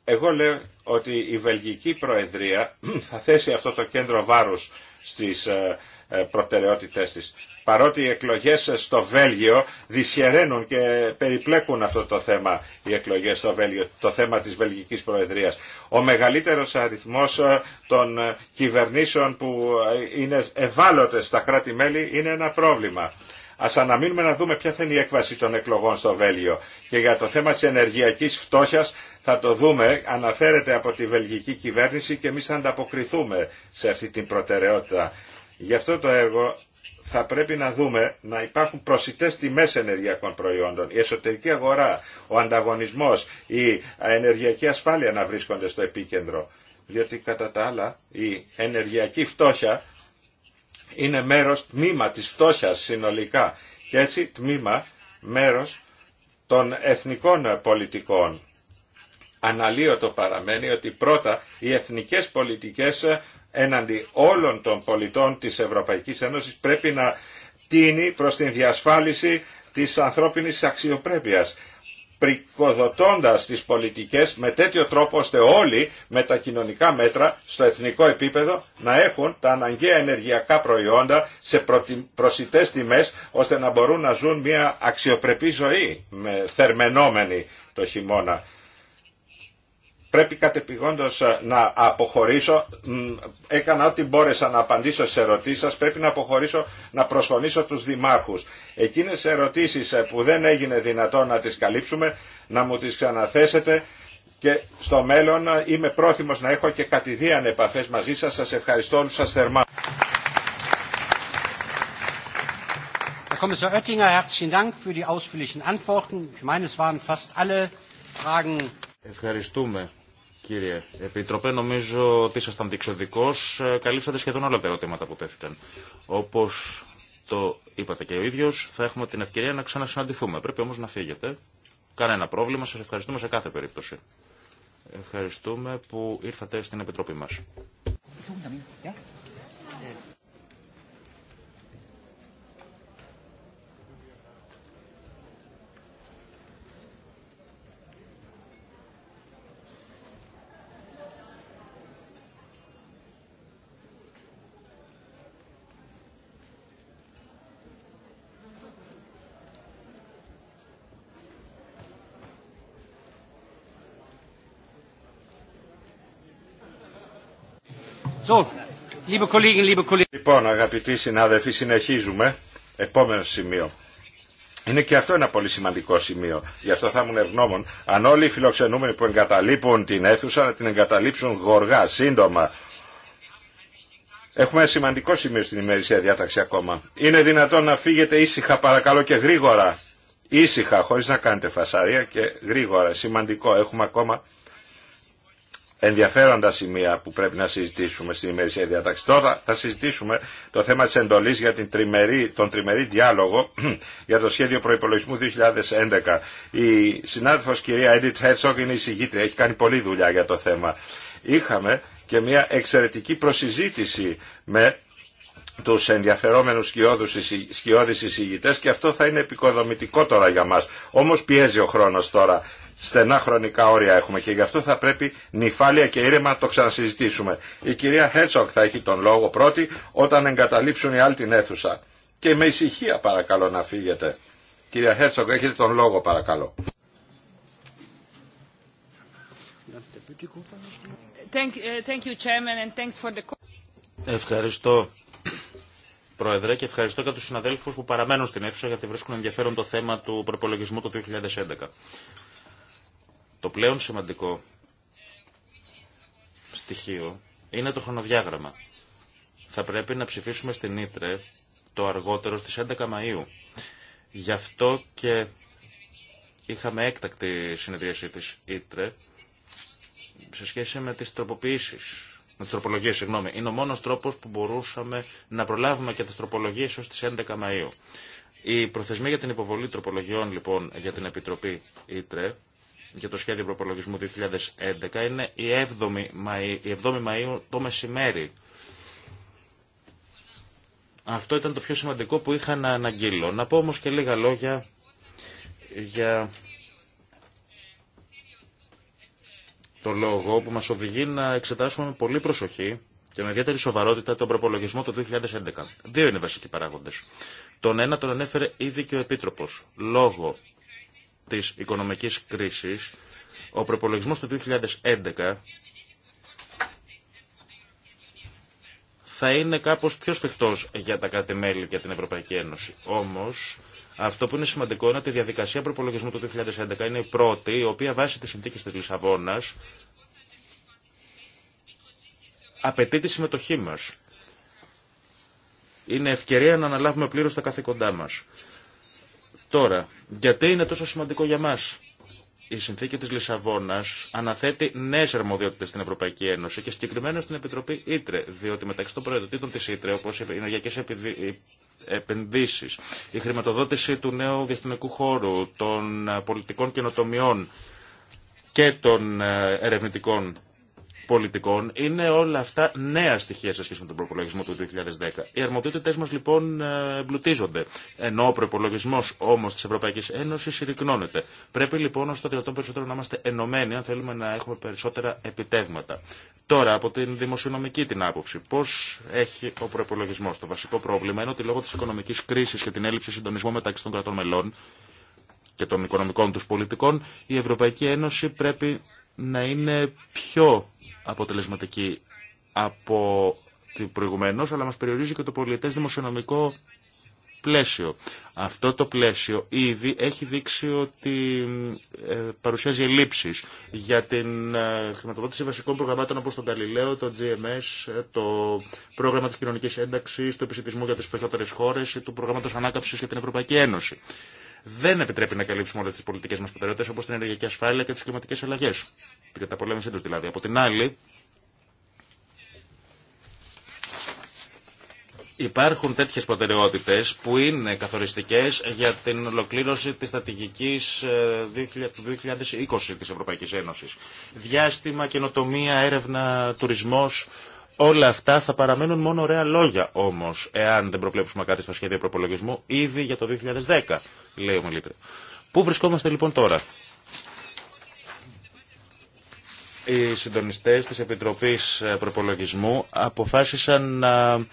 Εγώ λέω ότι η Βελγική Προεδρία θα θέσει αυτό το κέντρο βάρους στις ε, ε, προτεραιότητές της. Παρότι οι εκλογές στο Βέλγιο δυσχεραίνουν και περιπλέκουν αυτό το θέμα, οι εκλογές στο Βέλγιο, το θέμα της Βελγικής Προεδρίας. Ο μεγαλύτερος αριθμός ε, των ε, κυβερνήσεων που είναι ευάλωτες στα κράτη-μέλη είναι ένα πρόβλημα. ας αναμείνουμε να δούμε ποια θα είναι η έκβαση των εκλογών στο Βέλγιο. Και για το θέμα της ενεργειακής φτώχεια θα το δούμε. Αναφέρεται από τη βελγική κυβέρνηση και εμεί θα ανταποκριθούμε σε αυτή την προτεραιότητα. Γι' αυτό το έργο θα πρέπει να δούμε να υπάρχουν προσιτές τιμές ενεργειακών προϊόντων, η εσωτερική αγορά, ο ανταγωνισμός, η ενεργειακή ασφάλεια να βρίσκονται στο επίκεντρο. Διότι κατά τα άλλα η ενεργειακή φτώχεια είναι μέρος, τμήμα της φτώχειας συνολικά και έτσι τμήμα, μέρος των εθνικών πολιτικών αναλύωτο παραμένει ότι πρώτα οι εθνικές πολιτικές ε, έναντι όλων των πολιτών της Ευρωπαϊκής Ένωσης πρέπει να τίνει προς την διασφάλιση της ανθρώπινης αξιοπρέπειας πρικοδοτώντας τις πολιτικές με τέτοιο τρόπο ώστε όλοι με τα κοινωνικά μέτρα στο εθνικό επίπεδο να έχουν τα αναγκαία ενεργειακά προϊόντα σε προσιτές τιμές ώστε να μπορούν να ζουν μια αξιοπρεπή ζωή με θερμενόμενη το χειμώνα πρέπει κατεπηγόντως ε, να αποχωρήσω. Έκανα ό,τι μπόρεσα να απαντήσω σε ερωτήσεις σας. Πρέπει να αποχωρήσω, να προσφωνήσω τους δημάρχους. Εκείνες ερωτήσει ερωτήσεις ε, που δεν έγινε δυνατό να τις καλύψουμε, να μου τις ξαναθέσετε και στο μέλλον ε, είμαι πρόθυμος να έχω και κατηδίαν επαφές μαζί σας. Σας ευχαριστώ όλους σας θερμά. Ευχαριστούμε Κύριε Επιτροπέ, νομίζω ότι ήσασταν διεξοδικό. Ε, καλύψατε σχεδόν όλα τα ερωτήματα που τέθηκαν. Όπω το είπατε και ο ίδιο, θα έχουμε την ευκαιρία να ξανασυναντηθούμε. Πρέπει όμω να φύγετε. Κανένα πρόβλημα. Σα ευχαριστούμε σε κάθε περίπτωση. Ευχαριστούμε που ήρθατε στην Επιτροπή μας. Λοιπόν, αγαπητοί συνάδελφοι, συνεχίζουμε. Επόμενο σημείο. Είναι και αυτό ένα πολύ σημαντικό σημείο. Γι' αυτό θα ήμουν ευγνώμων. Αν όλοι οι φιλοξενούμενοι που εγκαταλείπουν την αίθουσα να την εγκαταλείψουν γοργά, σύντομα. Έχουμε ένα σημαντικό σημείο στην ημερησία διάταξη ακόμα. Είναι δυνατόν να φύγετε ήσυχα παρακαλώ και γρήγορα. Ήσυχα, χωρίς να κάνετε φασαρία και γρήγορα. Σημαντικό, έχουμε ακόμα ενδιαφέροντα σημεία που πρέπει να συζητήσουμε στην ημερησία διατάξη. Τώρα θα συζητήσουμε το θέμα της εντολής για την τριμερή, τον τριμερή διάλογο για το σχέδιο προϋπολογισμού 2011. Η συνάδελφος κυρία Edith Herzog είναι η συγγήτρια, έχει κάνει πολλή δουλειά για το θέμα. Είχαμε και μια εξαιρετική προσυζήτηση με τους ενδιαφερόμενους σκιώδεις εισηγητές και αυτό θα είναι επικοδομητικό τώρα για μας. Όμως πιέζει ο χρόνος τώρα στενά χρονικά όρια έχουμε και γι' αυτό θα πρέπει νυφάλια και ήρεμα να το ξανασυζητήσουμε. Η κυρία Χέρτσοκ θα έχει τον λόγο πρώτη όταν εγκαταλείψουν οι άλλοι την αίθουσα. Και με ησυχία παρακαλώ να φύγετε. Κυρία Χέρτσοκ, έχετε τον λόγο παρακαλώ. Uh, ευχαριστώ. Πρόεδρε, και ευχαριστώ και τους συναδέλφους που παραμένουν στην αίθουσα γιατί βρίσκουν ενδιαφέρον το θέμα του προπολογισμού του 2011. Το πλέον σημαντικό στοιχείο είναι το χρονοδιάγραμμα. Θα πρέπει να ψηφίσουμε στην Ήτρε το αργότερο στις 11 Μαΐου. Γι' αυτό και είχαμε έκτακτη συνεδρίαση της Ήτρε σε σχέση με τις τροποποιήσεις. Με τις τροπολογίες, συγγνώμη. Είναι ο μόνος τρόπος που μπορούσαμε να προλάβουμε και τις τροπολογίες ως τις 11 Μαΐου. Η προθεσμία για την υποβολή τροπολογιών, λοιπόν, για την Επιτροπή Ήτρε για το σχέδιο προπολογισμού 2011 είναι η 7η Μαΐου, η μαιου 7 Μαΐου το μεσημέρι. Αυτό ήταν το πιο σημαντικό που είχα να αναγγείλω. Να πω όμως και λίγα λόγια για το λόγο που μας οδηγεί να εξετάσουμε με πολύ προσοχή και με ιδιαίτερη σοβαρότητα τον προπολογισμό του 2011. Δύο είναι βασικοί παράγοντες. Τον ένα τον ανέφερε ήδη και ο Επίτροπος, λόγω της οικονομικής κρίσης, ο προπολογισμός του 2011 θα είναι κάπως πιο σφιχτός για τα κράτη-μέλη και την Ευρωπαϊκή Ένωση. Όμως, αυτό που είναι σημαντικό είναι ότι η διαδικασία προπολογισμού του 2011 είναι η πρώτη, η οποία βάσει τις συνθήκες της Λισαβόνας απαιτεί τη συμμετοχή μας. Είναι ευκαιρία να αναλάβουμε πλήρως τα καθήκοντά μας. Τώρα, γιατί είναι τόσο σημαντικό για μας. Η συνθήκη της Λισαβόνας αναθέτει νέες αρμοδιότητες στην Ευρωπαϊκή Ένωση και συγκεκριμένα στην Επιτροπή Ήτρε, διότι μεταξύ των προεδρετήτων της Ήτρε, όπως οι ενεργειακές επενδύσεις, η χρηματοδότηση του νέου διαστημικού χώρου, των πολιτικών καινοτομιών και των ε, ερευνητικών πολιτικών είναι όλα αυτά νέα στοιχεία σε σχέση με τον προπολογισμό του 2010. Οι αρμοδιότητέ μα λοιπόν ε, εμπλουτίζονται. Ενώ ο προπολογισμό όμω τη Ευρωπαϊκή Ένωση συρρυκνώνεται. Πρέπει λοιπόν ω το δυνατόν περισσότερο να είμαστε ενωμένοι αν θέλουμε να έχουμε περισσότερα επιτεύγματα. Τώρα από την δημοσιονομική την άποψη. Πώ έχει ο προπολογισμό. Το βασικό πρόβλημα είναι ότι λόγω τη οικονομική κρίση και την έλλειψη συντονισμού μεταξύ των κρατών μελών και των οικονομικών του πολιτικών, η Ευρωπαϊκή Ένωση πρέπει να είναι πιο αποτελεσματική από την προηγουμένως, αλλά μας περιορίζει και το πολιετές δημοσιονομικό πλαίσιο. Αυτό το πλαίσιο ήδη έχει δείξει ότι ε, παρουσιάζει ελλείψεις για την ε, χρηματοδότηση βασικών προγραμμάτων όπως τον Καλλιλέο, το GMS, ε, το πρόγραμμα της κοινωνικής ένταξης, του επισητισμού για τις φτωχότερες χώρες ή του προγράμματος ανάκαψης για την Ευρωπαϊκή Ένωση δεν επιτρέπει να καλύψουμε όλε τι πολιτικέ μα προτεραιότητε όπω την ενεργειακή ασφάλεια και τι κλιματικέ αλλαγέ. Την καταπολέμησή του δηλαδή. Από την άλλη, υπάρχουν τέτοιε προτεραιότητε που είναι καθοριστικέ για την ολοκλήρωση τη στρατηγικής ε, του 2020 τη Ευρωπαϊκή Ένωση. Διάστημα, καινοτομία, έρευνα, τουρισμό. όλα αυτά θα παραμένουν μόνο ωραία λόγια όμως, εάν δεν προβλέψουμε κάτι στο σχέδιο προπολογισμού ήδη για το 2010 λέει Πού βρισκόμαστε λοιπόν τώρα. Οι συντονιστές της Επιτροπής ε, Προπολογισμού αποφάσισαν να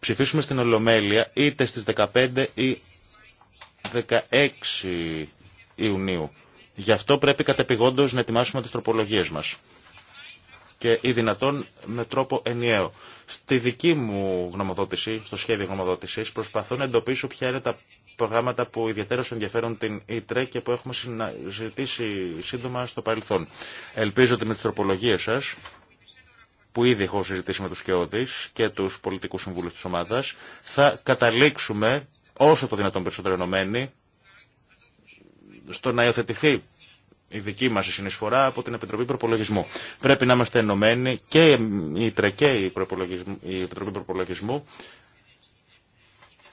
ψηφίσουμε στην Ολομέλεια είτε στις 15 ή 16 Ιουνίου. Γι' αυτό πρέπει κατεπηγόντως να ετοιμάσουμε τις τροπολογίες μας και οι δυνατόν με τρόπο ενιαίο. Στη δική μου γνωμοδότηση, στο σχέδιο γνωμοδότησης, προσπαθώ να εντοπίσω ποια είναι τα προγράμματα που ιδιαίτερα ενδιαφέρουν την ΙΤΡΕ και που έχουμε συζητήσει σύντομα στο παρελθόν. Ελπίζω ότι με τι τροπολογίε σας που ήδη έχω συζητήσει με τους Κεώδης και τους πολιτικούς συμβούλους της ομάδας, θα καταλήξουμε όσο το δυνατόν περισσότερο ενωμένοι στο να υιοθετηθεί η δική μας συνεισφορά από την Επιτροπή Προπολογισμού. Πρέπει να είμαστε ενωμένοι και η ΤΡΕ και η, η Επιτροπή Προπολογισμού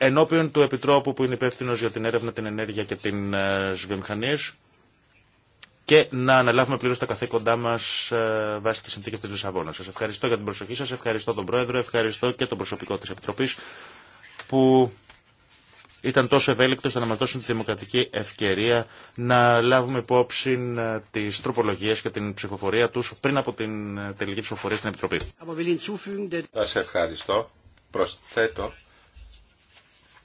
ενώπιον του Επιτρόπου που είναι υπεύθυνο για την έρευνα, την ενέργεια και την ε, βιομηχανίε και να αναλάβουμε πλήρω τα καθήκοντά μα ε, βάσει τι συνθήκε τη Λισαβόνα. Σα ευχαριστώ για την προσοχή σα, ευχαριστώ τον Πρόεδρο, ευχαριστώ και τον προσωπικό τη Επιτροπή που ήταν τόσο ευέλικτο να μα δώσουν τη δημοκρατική ευκαιρία να λάβουμε υπόψη ε, τι τροπολογίε και την ψηφοφορία του πριν από την τελική ψηφοφορία στην Επιτροπή. Σα ευχαριστώ. Προσθέτω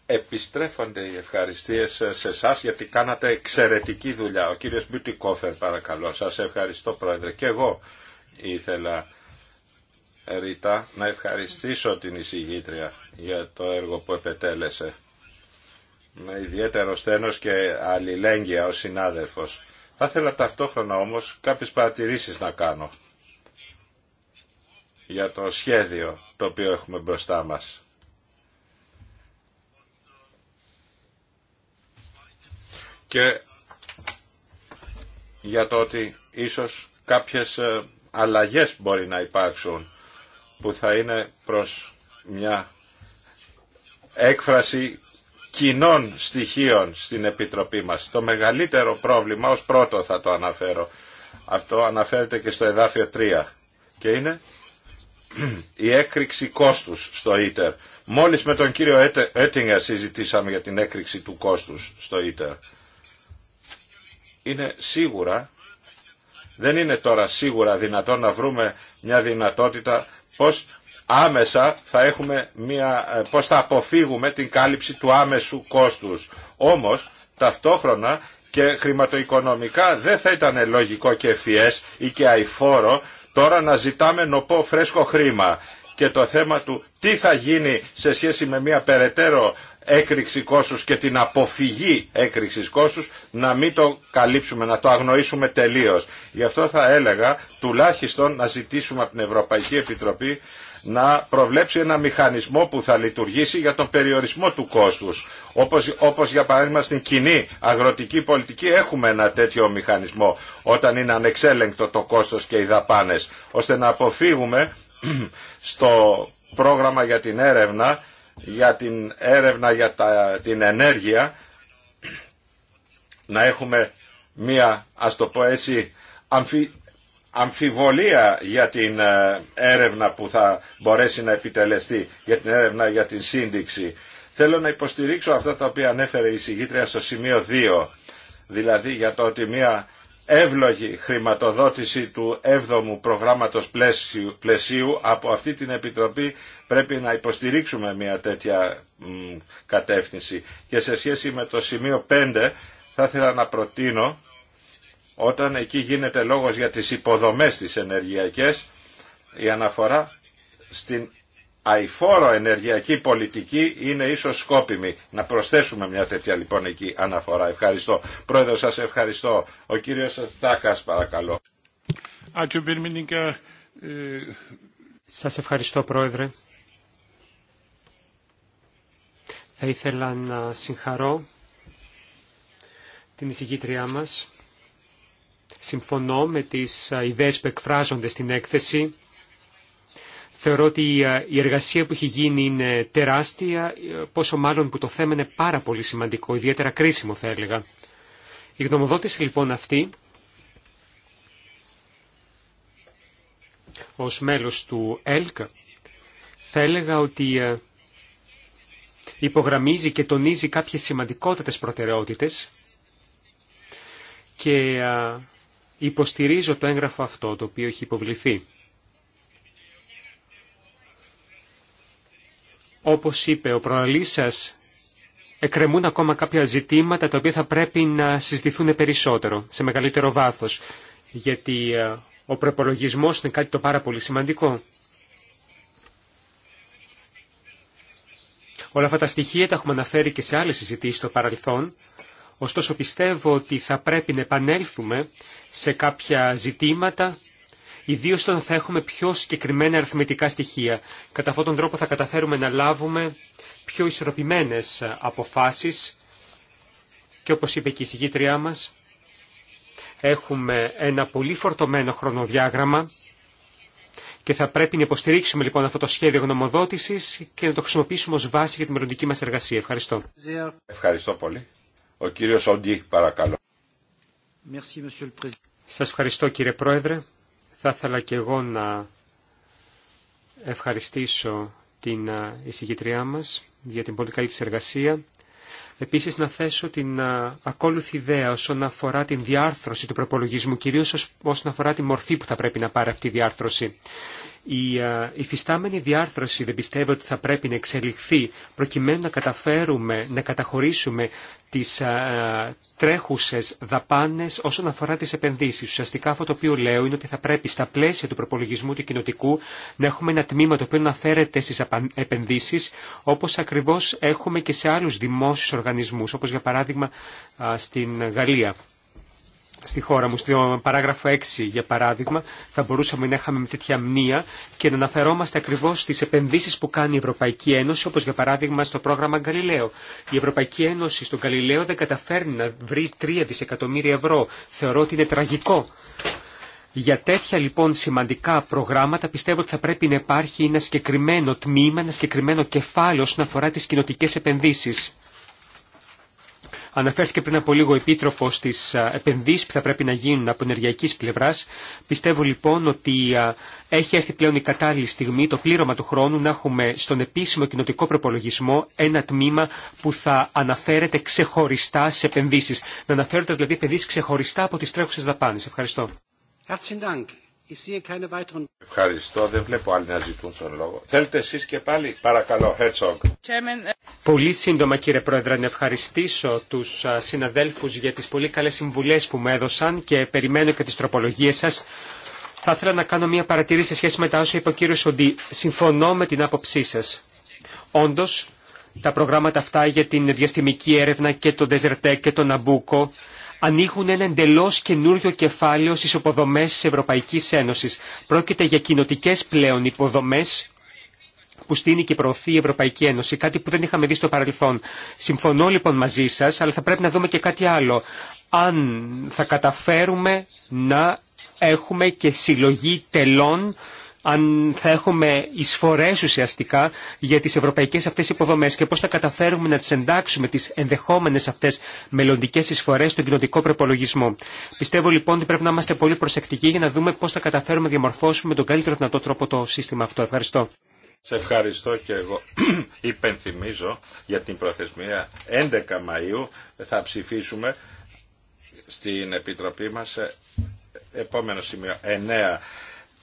επιστρέφονται οι ευχαριστίες σε εσά γιατί κάνατε εξαιρετική δουλειά. Ο κύριος Μπιουτικόφερ παρακαλώ. Σας ευχαριστώ πρόεδρε. Και εγώ ήθελα Ρίτα να ευχαριστήσω την εισηγήτρια για το έργο που επετέλεσε. Με ιδιαίτερο στένος και αλληλέγγυα ως συνάδελφος. Θα ήθελα ταυτόχρονα όμως κάποιες παρατηρήσεις να κάνω για το σχέδιο το οποίο έχουμε μπροστά μας. και για το ότι ίσως κάποιες ε, αλλαγές μπορεί να υπάρξουν που θα είναι προς μια έκφραση κοινών στοιχείων στην Επιτροπή μας. Το μεγαλύτερο πρόβλημα, ως πρώτο θα το αναφέρω, αυτό αναφέρεται και στο εδάφιο 3 και είναι η έκρηξη κόστους στο ΙΤΕΡ. Μόλις με τον κύριο Έτιγκερ συζητήσαμε για την έκρηξη του κόστους στο ΙΤΕΡ είναι σίγουρα, δεν είναι τώρα σίγουρα δυνατόν να βρούμε μια δυνατότητα πώς άμεσα θα έχουμε μια, ε, πώς θα αποφύγουμε την κάλυψη του άμεσου κόστους. Όμως ταυτόχρονα και χρηματοοικονομικά δεν θα ήταν λογικό και ευφιές ή και αηφόρο τώρα να ζητάμε νοπό φρέσκο χρήμα και το θέμα του τι θα γίνει σε σχέση με μια περαιτέρω έκρηξη κόστους και την αποφυγή έκρηξης κόστους να μην το καλύψουμε, να το αγνοήσουμε τελείως. Γι' αυτό θα έλεγα τουλάχιστον να ζητήσουμε από την Ευρωπαϊκή Επιτροπή να προβλέψει ένα μηχανισμό που θα λειτουργήσει για τον περιορισμό του κόστους. Όπως, όπως για παράδειγμα στην κοινή αγροτική πολιτική έχουμε ένα τέτοιο μηχανισμό όταν είναι ανεξέλεγκτο το κόστος και οι δαπάνες, ώστε να αποφύγουμε στο πρόγραμμα για την έρευνα για την έρευνα για τα, την ενέργεια να έχουμε μία ας το πω έτσι αμφιβολία για την ε, έρευνα που θα μπορέσει να επιτελεστεί για την έρευνα για την σύνδεξη. Θέλω να υποστηρίξω αυτά τα οποία ανέφερε η συγγήτρια στο σημείο 2 δηλαδή για το ότι μία εύλογη χρηματοδότηση του 7ου προγράμματος πλαίσιου, από αυτή την Επιτροπή πρέπει να υποστηρίξουμε μια τέτοια μ, κατεύθυνση. Και σε σχέση με το σημείο 5 θα ήθελα να προτείνω όταν εκεί γίνεται λόγος για τις υποδομές της ενεργειακές η αναφορά στην αηφόρο ενεργειακή πολιτική είναι ίσως σκόπιμη. Να προσθέσουμε μια τέτοια λοιπόν εκεί αναφορά. Ευχαριστώ. Πρόεδρο σας ευχαριστώ. Ο κύριος Τάκας παρακαλώ. Ε, σας ευχαριστώ πρόεδρε. Θα ήθελα να συγχαρώ την εισηγήτριά μας. Συμφωνώ με τις ε, ιδέες που εκφράζονται στην έκθεση Θεωρώ ότι ε, η εργασία που έχει γίνει είναι τεράστια, ε, πόσο μάλλον που το θέμα είναι πάρα πολύ σημαντικό, ιδιαίτερα κρίσιμο θα έλεγα. Η γνωμοδότηση λοιπόν αυτή, ως μέλος του ΕΛΚ, θα έλεγα ότι ε, υπογραμμίζει και τονίζει κάποιες σημαντικότατες προτεραιότητες και υποστηρίζω το έγγραφο αυτό το οποίο έχει υποβληθεί. Όπως είπε ο προαλής σας, εκκρεμούν ακόμα κάποια ζητήματα τα οποία θα πρέπει να συζητηθούν περισσότερο, σε μεγαλύτερο βάθος, γιατί ε, ο προπολογισμό είναι κάτι το πάρα πολύ σημαντικό. Όλα αυτά τα στοιχεία τα έχουμε αναφέρει και σε άλλες συζητήσεις στο παρελθόν, ωστόσο πιστεύω ότι θα πρέπει να επανέλθουμε σε κάποια ζητήματα ιδίω όταν θα έχουμε πιο συγκεκριμένα αριθμητικά στοιχεία. Κατά αυτόν τον τρόπο θα καταφέρουμε να λάβουμε πιο ισορροπημένες αποφάσεις και όπως είπε και η συγκήτριά μας, έχουμε ένα πολύ φορτωμένο χρονοδιάγραμμα και θα πρέπει να υποστηρίξουμε λοιπόν αυτό το σχέδιο γνωμοδότησης και να το χρησιμοποιήσουμε ως βάση για τη μελλοντική μας εργασία. Ευχαριστώ. Ευχαριστώ πολύ. Ο κύριος Οντί, παρακαλώ. Σας ευχαριστώ κύριε Πρόεδρε. Θα ήθελα και εγώ να ευχαριστήσω την ε, εισηγητριά μας για την πολύ καλή της εργασία. Επίσης να θέσω την ε, ακόλουθη ιδέα όσον αφορά την διάρθρωση του προπολογισμού, κυρίως όσον αφορά τη μορφή που θα πρέπει να πάρει αυτή η διάρθρωση. Η φυστάμενη διάρθρωση δεν πιστεύω ότι θα πρέπει να εξελιχθεί προκειμένου να καταφέρουμε να καταχωρήσουμε τις α, τρέχουσες δαπάνες όσον αφορά τις επενδύσεις. Ουσιαστικά αυτό το οποίο λέω είναι ότι θα πρέπει στα πλαίσια του προπολογισμού του κοινοτικού να έχουμε ένα τμήμα το οποίο να φέρεται στις επενδύσεις όπως ακριβώς έχουμε και σε άλλους δημόσιους οργανισμούς όπως για παράδειγμα στην Γαλλία στη χώρα μου, στο παράγραφο 6 για παράδειγμα, θα μπορούσαμε να είχαμε τέτοια μνήμα και να αναφερόμαστε ακριβώ στι επενδύσει που κάνει η Ευρωπαϊκή Ένωση, όπω για παράδειγμα στο πρόγραμμα Γκαλιλαίο. Η Ευρωπαϊκή Ένωση στον Γκαλιλαίο δεν καταφέρνει να βρει 3 δισεκατομμύρια ευρώ. Θεωρώ ότι είναι τραγικό. Για τέτοια λοιπόν σημαντικά προγράμματα πιστεύω ότι θα πρέπει να υπάρχει ένα συγκεκριμένο τμήμα, ένα συγκεκριμένο κεφάλαιο όσον αφορά τι κοινοτικέ επενδύσει. Αναφέρθηκε πριν από λίγο ο Επίτροπο στι επενδύσει που θα πρέπει να γίνουν από ενεργειακή πλευρά. Πιστεύω λοιπόν ότι έχει έρθει πλέον η κατάλληλη στιγμή, το πλήρωμα του χρόνου, να έχουμε στον επίσημο κοινοτικό προπολογισμό ένα τμήμα που θα αναφέρεται ξεχωριστά σε επενδύσει. Να αναφέρονται δηλαδή επενδύσει ξεχωριστά από τι τρέχουσε δαπάνε. Ευχαριστώ. Ευχαριστώ. Δεν βλέπω άλλοι να ζητούν τον λόγο. Θέλετε εσεί και πάλι. Παρακαλώ, Herzog. Ε- πολύ σύντομα, κύριε Πρόεδρε, να ευχαριστήσω του συναδέλφου για τι πολύ καλέ συμβουλέ που μου έδωσαν και περιμένω και τι τροπολογίε σα. Θα ήθελα να κάνω μία παρατηρήση σε σχέση με τα όσα είπε ο κύριο Σοντή. Συμφωνώ με την άποψή σα. Όντω, τα προγράμματα αυτά για την διαστημική έρευνα και τον Desert και τον Ναμπούκο ανοίγουν ένα εντελώ καινούριο κεφάλαιο στι υποδομέ τη Ευρωπαϊκή Ένωση. Πρόκειται για κοινοτικέ πλέον υποδομέ που στείνει και προωθεί η Ευρωπαϊκή Ένωση, κάτι που δεν είχαμε δει στο παρελθόν. Συμφωνώ λοιπόν μαζί σα, αλλά θα πρέπει να δούμε και κάτι άλλο. Αν θα καταφέρουμε να έχουμε και συλλογή τελών αν θα έχουμε εισφορές ουσιαστικά για τις ευρωπαϊκές αυτές υποδομές και πώς θα καταφέρουμε να τις εντάξουμε τις ενδεχόμενες αυτές μελλοντικέ εισφορές στον κοινοτικό προπολογισμό. Πιστεύω λοιπόν ότι πρέπει να είμαστε πολύ προσεκτικοί για να δούμε πώς θα καταφέρουμε να διαμορφώσουμε με τον καλύτερο δυνατό τρόπο το σύστημα αυτό. Ευχαριστώ. Σε ευχαριστώ και εγώ υπενθυμίζω για την προθεσμία 11 Μαου. θα ψηφίσουμε στην Επιτροπή μα επόμενο σημείο 9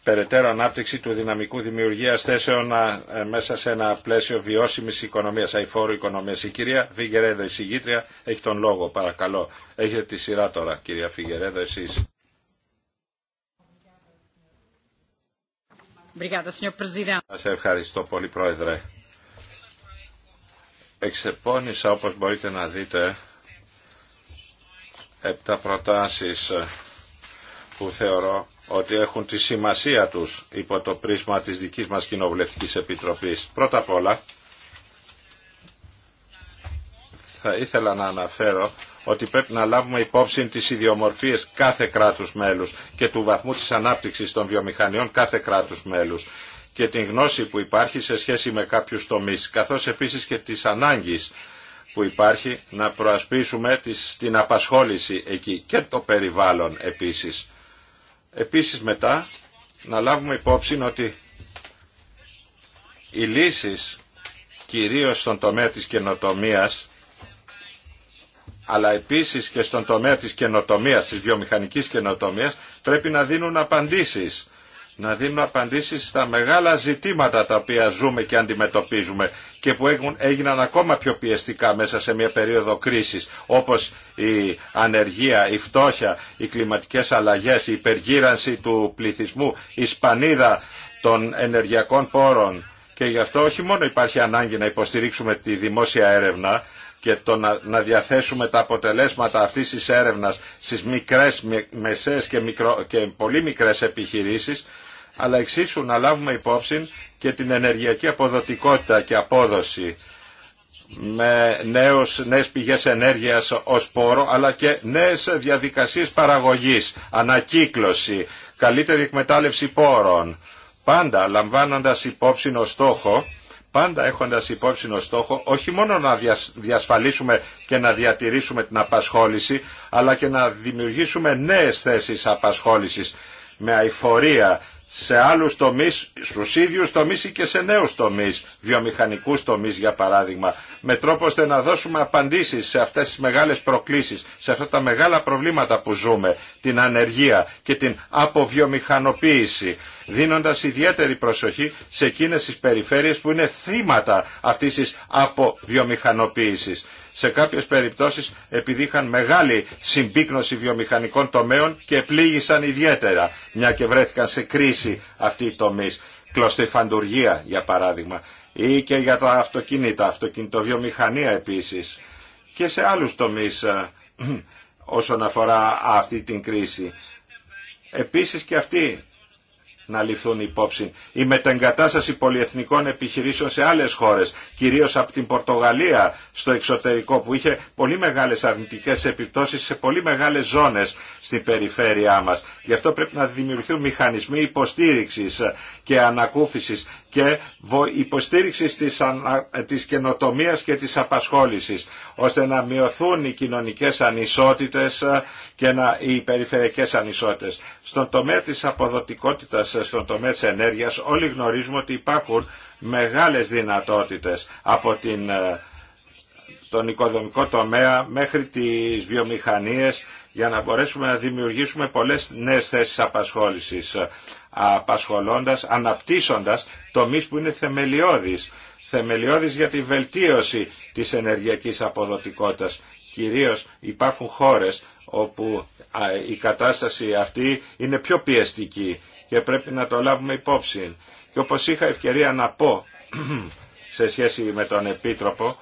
περαιτέρω ανάπτυξη του δυναμικού δημιουργία θέσεων ε, μέσα σε ένα πλαίσιο βιώσιμη οικονομία, αηφόρου οικονομία. Η κυρία Φιγκερέδο, η συγγήτρια, έχει τον λόγο, παρακαλώ. Έχετε τη σειρά τώρα, κυρία Φιγκερέδο, εσεί. Σα ευχαριστώ πολύ, Πρόεδρε. Εξεπώνησα, όπως μπορείτε να δείτε, επτά προτάσεις ε, που θεωρώ ότι έχουν τη σημασία τους υπό το πρίσμα της δικής μας Κοινοβουλευτικής Επιτροπής. Πρώτα απ' όλα, θα ήθελα να αναφέρω ότι πρέπει να λάβουμε υπόψη τις ιδιομορφίες κάθε κράτους μέλους και του βαθμού της ανάπτυξης των βιομηχανιών κάθε κράτους μέλους και την γνώση που υπάρχει σε σχέση με κάποιους τομείς, καθώς επίσης και τις ανάγκης που υπάρχει να προασπίσουμε την απασχόληση εκεί και το περιβάλλον επίσης. Επίσης μετά να λάβουμε υπόψη ότι οι λύσεις κυρίως στον τομέα της καινοτομίας αλλά επίσης και στον τομέα της καινοτομίας, της βιομηχανικής καινοτομίας πρέπει να δίνουν απαντήσεις να δίνουν απαντήσεις στα μεγάλα ζητήματα τα οποία ζούμε και αντιμετωπίζουμε και που έγιναν ακόμα πιο πιεστικά μέσα σε μια περίοδο κρίσης όπως η ανεργία, η φτώχεια, οι κλιματικές αλλαγές, η υπεργύρανση του πληθυσμού, η σπανίδα των ενεργειακών πόρων και γι' αυτό όχι μόνο υπάρχει ανάγκη να υποστηρίξουμε τη δημόσια έρευνα και το να, διαθέσουμε τα αποτελέσματα αυτής της έρευνας στις μικρές, μεσαίες και, μικρο, και πολύ μικρές επιχειρήσεις αλλά εξίσου να λάβουμε υπόψη και την ενεργειακή αποδοτικότητα και απόδοση με νέους, νέες πηγές ενέργειας ως πόρο, αλλά και νέες διαδικασίες παραγωγής, ανακύκλωση, καλύτερη εκμετάλλευση πόρων. Πάντα λαμβάνοντας υπόψη στόχο, πάντα έχοντας υπόψη ως στόχο, όχι μόνο να διασφαλίσουμε και να διατηρήσουμε την απασχόληση, αλλά και να δημιουργήσουμε νέες θέσεις απασχόλησης με αηφορία σε άλλους τομείς, στους ίδιους τομείς ή και σε νέους τομείς, βιομηχανικού τομείς για παράδειγμα, με τρόπο ώστε να δώσουμε απαντήσεις σε αυτές τις μεγάλες προκλήσεις, σε αυτά τα μεγάλα προβλήματα που ζούμε, την ανεργία και την αποβιομηχανοποίηση, δίνοντας ιδιαίτερη προσοχή σε εκείνες τις περιφέρειες που είναι θύματα αυτής της αποβιομηχανοποίησης σε κάποιες περιπτώσεις επειδή είχαν μεγάλη συμπίκνωση βιομηχανικών τομέων και πλήγησαν ιδιαίτερα, μια και βρέθηκαν σε κρίση αυτοί οι τομείς. φαντουργία για παράδειγμα ή και για τα αυτοκίνητα, αυτοκινητοβιομηχανία επίσης και σε άλλους τομείς ε, όσον αφορά αυτή την κρίση. Επίσης και αυτοί να ληφθούν υπόψη. Η μετεγκατάσταση πολυεθνικών επιχειρήσεων σε άλλες χώρες, κυρίως από την Πορτογαλία στο εξωτερικό που είχε πολύ μεγάλες αρνητικές επιπτώσεις σε πολύ μεγάλες ζώνες στην περιφέρειά μας. Γι' αυτό πρέπει να δημιουργηθούν μηχανισμοί υποστήριξης και ανακούφισης και υποστήριξη της, της καινοτομίας και της απασχόλησης, ώστε να μειωθούν οι κοινωνικές ανισότητες ε, και να... οι περιφερειακές ανισότητες. Στον τομέα της αποδοτικότητας, ε, στον τομέα της ενέργειας, όλοι γνωρίζουμε ότι υπάρχουν μεγάλες δυνατότητες από την ε, τον οικοδομικό τομέα μέχρι τις βιομηχανίες για να μπορέσουμε να δημιουργήσουμε πολλές νέες θέσεις απασχόλησης απασχολώντας, αναπτύσσοντας τομείς που είναι θεμελιώδεις. Θεμελιώδης για τη βελτίωση της ενεργειακής αποδοτικότητας. Κυρίως υπάρχουν χώρες όπου η κατάσταση αυτή είναι πιο πιεστική και πρέπει να το λάβουμε υπόψη. Και όπως είχα ευκαιρία να πω σε σχέση με τον Επίτροπο,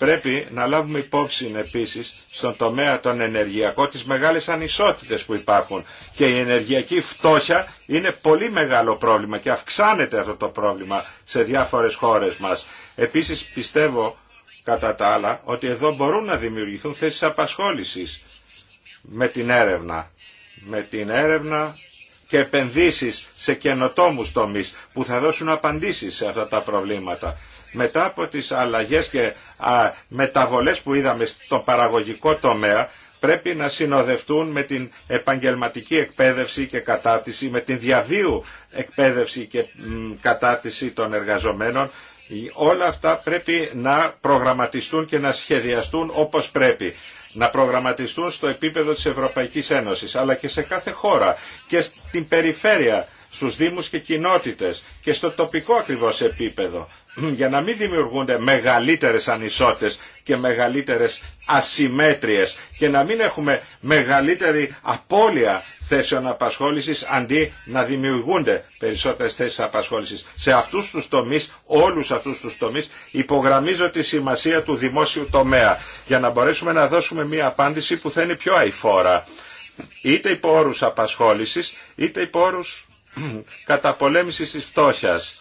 Πρέπει να λάβουμε υπόψη επίσης στον τομέα των ενεργειακών τις μεγάλες ανισότητες που υπάρχουν και η ενεργειακή φτώχεια είναι πολύ μεγάλο πρόβλημα και αυξάνεται αυτό το πρόβλημα σε διάφορες χώρες μας. Επίσης πιστεύω κατά τα άλλα ότι εδώ μπορούν να δημιουργηθούν θέσεις απασχόλησης με την έρευνα. Με την έρευνα και επενδύσεις σε καινοτόμους τομείς που θα δώσουν απαντήσεις σε αυτά τα προβλήματα μετά από τις αλλαγές και μεταβολές που είδαμε στο παραγωγικό τομέα πρέπει να συνοδευτούν με την επαγγελματική εκπαίδευση και κατάρτιση, με την διαβίου εκπαίδευση και κατάρτιση των εργαζομένων. Όλα αυτά πρέπει να προγραμματιστούν και να σχεδιαστούν όπως πρέπει να προγραμματιστούν στο επίπεδο της Ευρωπαϊκής Ένωσης αλλά και σε κάθε χώρα και στην περιφέρεια στους δήμους και κοινότητες και στο τοπικό ακριβώς επίπεδο για να μην δημιουργούνται μεγαλύτερες ανισότητες και μεγαλύτερες ασημέτριες και να μην έχουμε μεγαλύτερη απώλεια θέσεων απασχόλησης αντί να δημιουργούνται περισσότερες θέσεις απασχόλησης. Σε αυτούς τους τομείς, όλους αυτούς τους τομείς, υπογραμμίζω τη σημασία του δημόσιου τομέα για να μπορέσουμε να δώσουμε μια απάντηση που θα είναι πιο αηφόρα. Είτε υπό όρους απασχόλησης, είτε υπό καταπολέμησης της φτώχειας,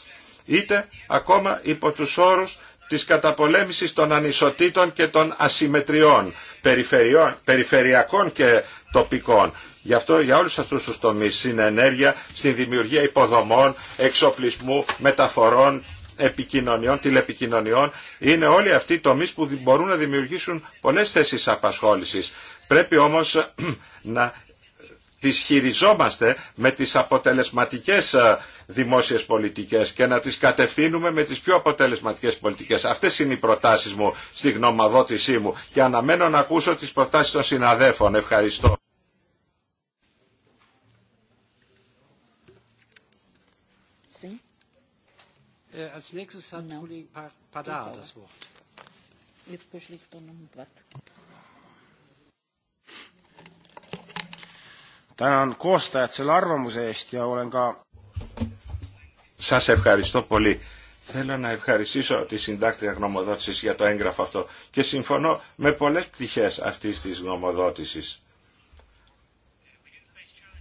είτε ακόμα υπό τους όρους της καταπολέμησης των ανισοτήτων και των ασυμμετριών, περιφερειακών και τοπικών. Γι' αυτό για όλους αυτούς τους τομείς, ενέργεια, στην δημιουργία υποδομών, εξοπλισμού, μεταφορών, επικοινωνιών, τηλεπικοινωνιών, είναι όλοι αυτοί οι τομείς που μπορούν να δημιουργήσουν πολλές θέσεις απασχόλησης. Πρέπει όμως να τις χειριζόμαστε με τις αποτελεσματικές ε, δημόσιες πολιτικές και να τις κατευθύνουμε με τις πιο αποτελεσματικές πολιτικές. Αυτές είναι οι προτάσεις μου στη γνωμαδότησή μου και αναμένω να ακούσω τις προτάσεις των συναδέφων. Ευχαριστώ. Ε, als nächstes Tänan ja olen Σας ευχαριστώ πολύ. Θέλω να ευχαριστήσω τη συντάκτρια γνωμοδότησης για το έγγραφο αυτό και συμφωνώ με πολλές πτυχές αυτής της γνωμοδότησης.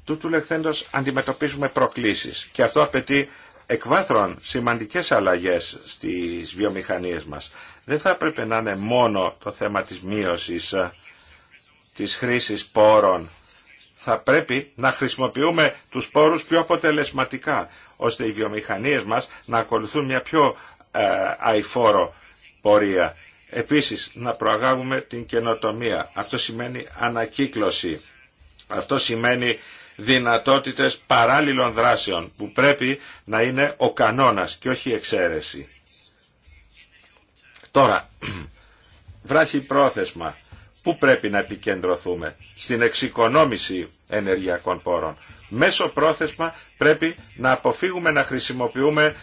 Τούτου λεχθέντος αντιμετωπίζουμε προκλήσεις και αυτό απαιτεί εκβάθρον σημαντικές αλλαγές στις βιομηχανίες μας. Δεν θα έπρεπε να είναι μόνο το θέμα της μείωσης ε, της χρήσης πόρων θα πρέπει να χρησιμοποιούμε τους πόρους πιο αποτελεσματικά, ώστε οι βιομηχανίες μας να ακολουθούν μια πιο ε, αηφόρο πορεία. Επίσης, να προαγάγουμε την καινοτομία. Αυτό σημαίνει ανακύκλωση. Αυτό σημαίνει δυνατότητες παράλληλων δράσεων, που πρέπει να είναι ο κανόνας και όχι η εξαίρεση. Τώρα, βράχει πρόθεσμα. Πού πρέπει να επικεντρωθούμε. Στην εξοικονόμηση ενεργειακών πόρων. Μέσω πρόθεσμα πρέπει να αποφύγουμε να χρησιμοποιούμε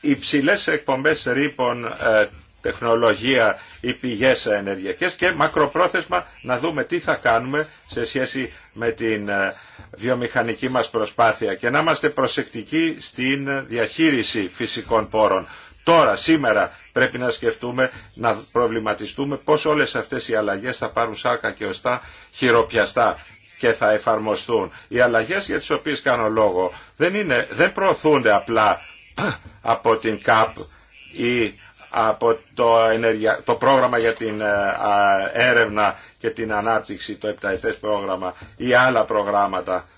υψηλές εκπομπές ρήπων ε, τεχνολογία ή πηγές ενεργειακές και μακροπρόθεσμα να δούμε τι θα κάνουμε σε σχέση με την ε, βιομηχανική μας προσπάθεια και να είμαστε προσεκτικοί στην διαχείριση φυσικών πόρων. Τώρα, σήμερα πρέπει να σκεφτούμε, να προβληματιστούμε πώς όλες αυτές οι αλλαγές θα πάρουν σάρκα και οστά χειροπιαστά και θα εφαρμοστούν. Οι αλλαγές για τις οποίες κάνω λόγο δεν, είναι, δεν προωθούνται απλά από την ΚΑΠ ή από το, ενεργεια... το πρόγραμμα για την ε, έρευνα και την ανάπτυξη, το επταετές πρόγραμμα ή άλλα προγράμματα.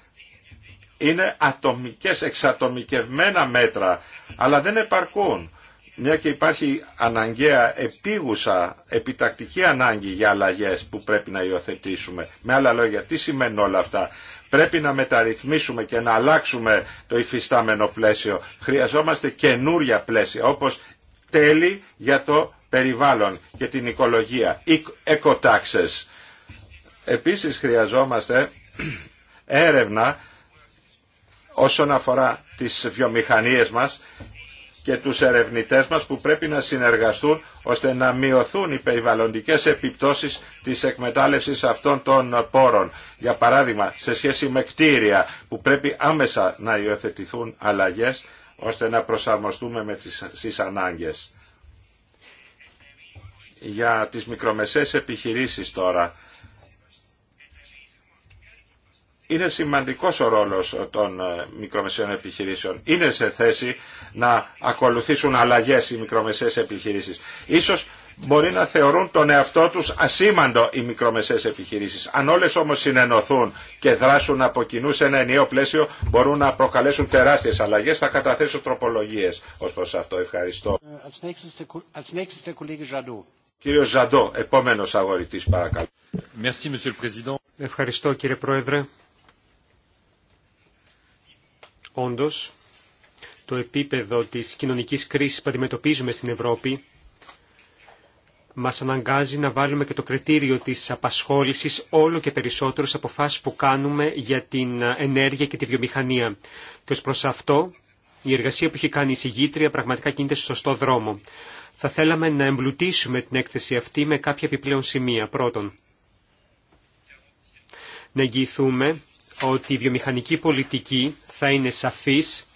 Είναι ατομικές, εξατομικευμένα μέτρα, αλλά δεν επαρκούν μια και υπάρχει αναγκαία επίγουσα επιτακτική ανάγκη για αλλαγές που πρέπει να υιοθετήσουμε. Με άλλα λόγια, τι σημαίνουν όλα αυτά. Πρέπει να μεταρρυθμίσουμε και να αλλάξουμε το υφιστάμενο πλαίσιο. Χρειαζόμαστε καινούρια πλαίσια, όπως τέλη για το περιβάλλον και την οικολογία, εκοτάξες. Επίσης χρειαζόμαστε έρευνα όσον αφορά τις βιομηχανίες μας και τους ερευνητές μας που πρέπει να συνεργαστούν ώστε να μειωθούν οι περιβαλλοντικές επιπτώσεις της εκμετάλλευσης αυτών των πόρων. Για παράδειγμα, σε σχέση με κτίρια που πρέπει άμεσα να υιοθετηθούν αλλαγές ώστε να προσαρμοστούμε με τις, στις ανάγκες. Για τις μικρομεσαίες επιχειρήσεις τώρα είναι σημαντικός ο ρόλος των ε, μικρομεσαίων επιχειρήσεων. Είναι σε θέση να ακολουθήσουν αλλαγές οι μικρομεσαίες επιχειρήσεις. Ίσως μπορεί να θεωρούν τον εαυτό τους ασήμαντο οι μικρομεσαίες επιχειρήσεις. Αν όλες όμως συνενωθούν και δράσουν από κοινού σε ένα ενιαίο πλαίσιο μπορούν να προκαλέσουν τεράστιες αλλαγές. Θα καταθέσω τροπολογίες ως προς αυτό. Ευχαριστώ. Ε, Κύριο Ζαντό, επόμενος αγορητής παρακαλώ. Ευχαριστώ κύριε Πρόεδρε. Όντως, το επίπεδο της κοινωνικής κρίσης που αντιμετωπίζουμε στην Ευρώπη μας αναγκάζει να βάλουμε και το κριτήριο της απασχόλησης όλο και περισσότερο σε αποφάσεις που κάνουμε για την ενέργεια και τη βιομηχανία. Και ως προς αυτό, η εργασία που έχει κάνει η συγγήτρια πραγματικά κινείται στο σωστό δρόμο. Θα θέλαμε να εμπλουτίσουμε την έκθεση αυτή με κάποια επιπλέον σημεία. Πρώτον, να εγγυηθούμε ότι η βιομηχανική πολιτική θα είναι σαφής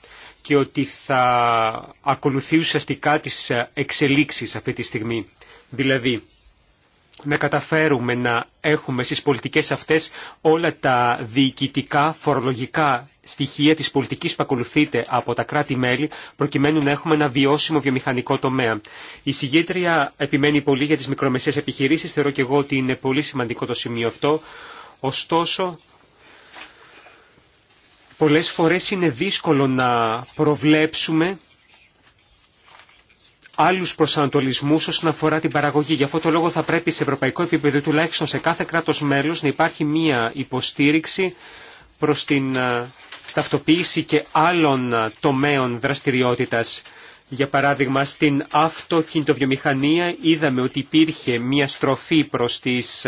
και ότι θα ακολουθεί ουσιαστικά τις εξελίξεις αυτή τη στιγμή. Δηλαδή, να καταφέρουμε να έχουμε στις πολιτικές αυτές όλα τα διοικητικά, φορολογικά στοιχεία της πολιτικής που ακολουθείται από τα κράτη-μέλη, προκειμένου να έχουμε ένα βιώσιμο βιομηχανικό τομέα. Η συγκέντρια επιμένει πολύ για τις μικρομεσαίες επιχειρήσεις, θεωρώ και εγώ ότι είναι πολύ σημαντικό το σημείο αυτό. Ωστόσο, Πολλές φορές είναι δύσκολο να προβλέψουμε άλλους προσανατολισμούς όσον αφορά την παραγωγή. Γι' αυτό το λόγο θα πρέπει σε ευρωπαϊκό επίπεδο, τουλάχιστον σε κάθε κράτος μέλος, να υπάρχει μία υποστήριξη προς την ε, ταυτοποίηση και άλλων ε, τομέων δραστηριότητας. Για παράδειγμα, στην αυτοκινητοβιομηχανία είδαμε ότι υπήρχε μια στροφή προς τις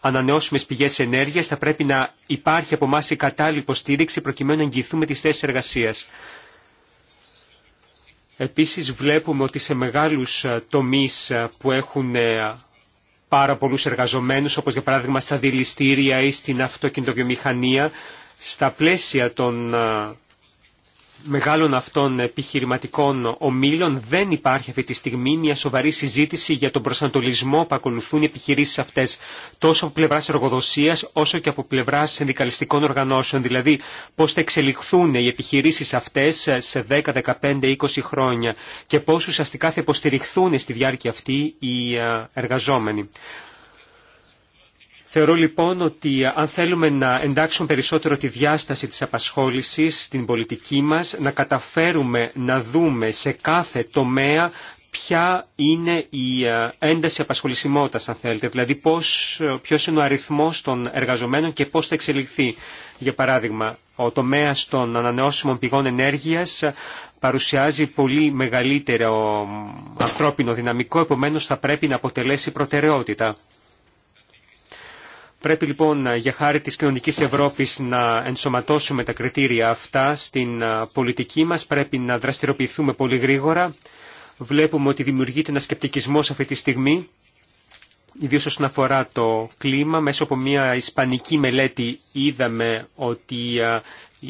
ανανεώσιμες πηγές ενέργειας. Θα πρέπει να υπάρχει από εμάς η κατάλληλη υποστήριξη προκειμένου να εγγυηθούμε τις θέσεις εργασίας. Επίσης βλέπουμε ότι σε μεγάλους τομείς που έχουν ε, πάρα πολλούς εργαζομένους, όπως για παράδειγμα στα δηληστήρια ή στην αυτοκινητοβιομηχανία, στα πλαίσια των μεγάλων αυτών επιχειρηματικών ομίλων δεν υπάρχει αυτή τη στιγμή μια σοβαρή συζήτηση για τον προσανατολισμό που ακολουθούν οι επιχειρήσεις αυτές τόσο από πλευρά εργοδοσίας όσο και από πλευρά συνδικαλιστικών οργανώσεων δηλαδή πώς θα εξελιχθούν οι επιχειρήσεις αυτές σε 10, 15, 20 χρόνια και πώς ουσιαστικά θα υποστηριχθούν στη διάρκεια αυτή οι ε, εργαζόμενοι. Θεωρώ λοιπόν ότι ε, αν θέλουμε να εντάξουμε περισσότερο τη διάσταση της απασχόλησης στην πολιτική μας, να καταφέρουμε να δούμε σε κάθε τομέα ποια είναι η ε, ένταση απασχολησιμότητας, αν θέλετε, δηλαδή πώς, ε, ποιος είναι ο αριθμός των εργαζομένων και πώς θα εξελιχθεί. Για παράδειγμα, ο τομέας των ανανεώσιμων πηγών ενέργειας παρουσιάζει πολύ μεγαλύτερο ανθρώπινο δυναμικό, επομένως θα πρέπει να αποτελέσει προτεραιότητα. Πρέπει λοιπόν για χάρη της κοινωνικής Ευρώπης να ενσωματώσουμε τα κριτήρια αυτά στην πολιτική μας. Πρέπει να δραστηριοποιηθούμε πολύ γρήγορα. Βλέπουμε ότι δημιουργείται ένα σκεπτικισμός αυτή τη στιγμή, ιδίω όσον αφορά το κλίμα. Μέσω από μια ισπανική μελέτη είδαμε ότι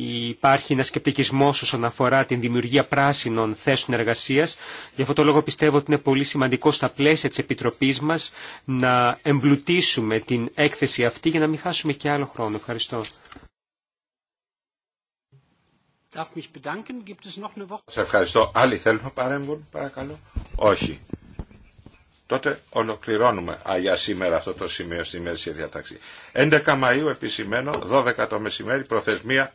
υπάρχει ένα σκεπτικισμό όσον αφορά την δημιουργία πράσινων θέσεων εργασία. Γι' αυτό το λόγο πιστεύω ότι είναι πολύ σημαντικό στα πλαίσια τη Επιτροπή μα να εμπλουτίσουμε την έκθεση αυτή για να μην χάσουμε και άλλο χρόνο. Ευχαριστώ. Σε ευχαριστώ. Άλλοι θέλουν να παρέμβουν, παρακαλώ. Όχι. Τότε ολοκληρώνουμε α, για σήμερα αυτό το σημείο στη μέση διατάξη. 11 Μαΐου επισημένο, 12 το μεσημέρι, προθεσμία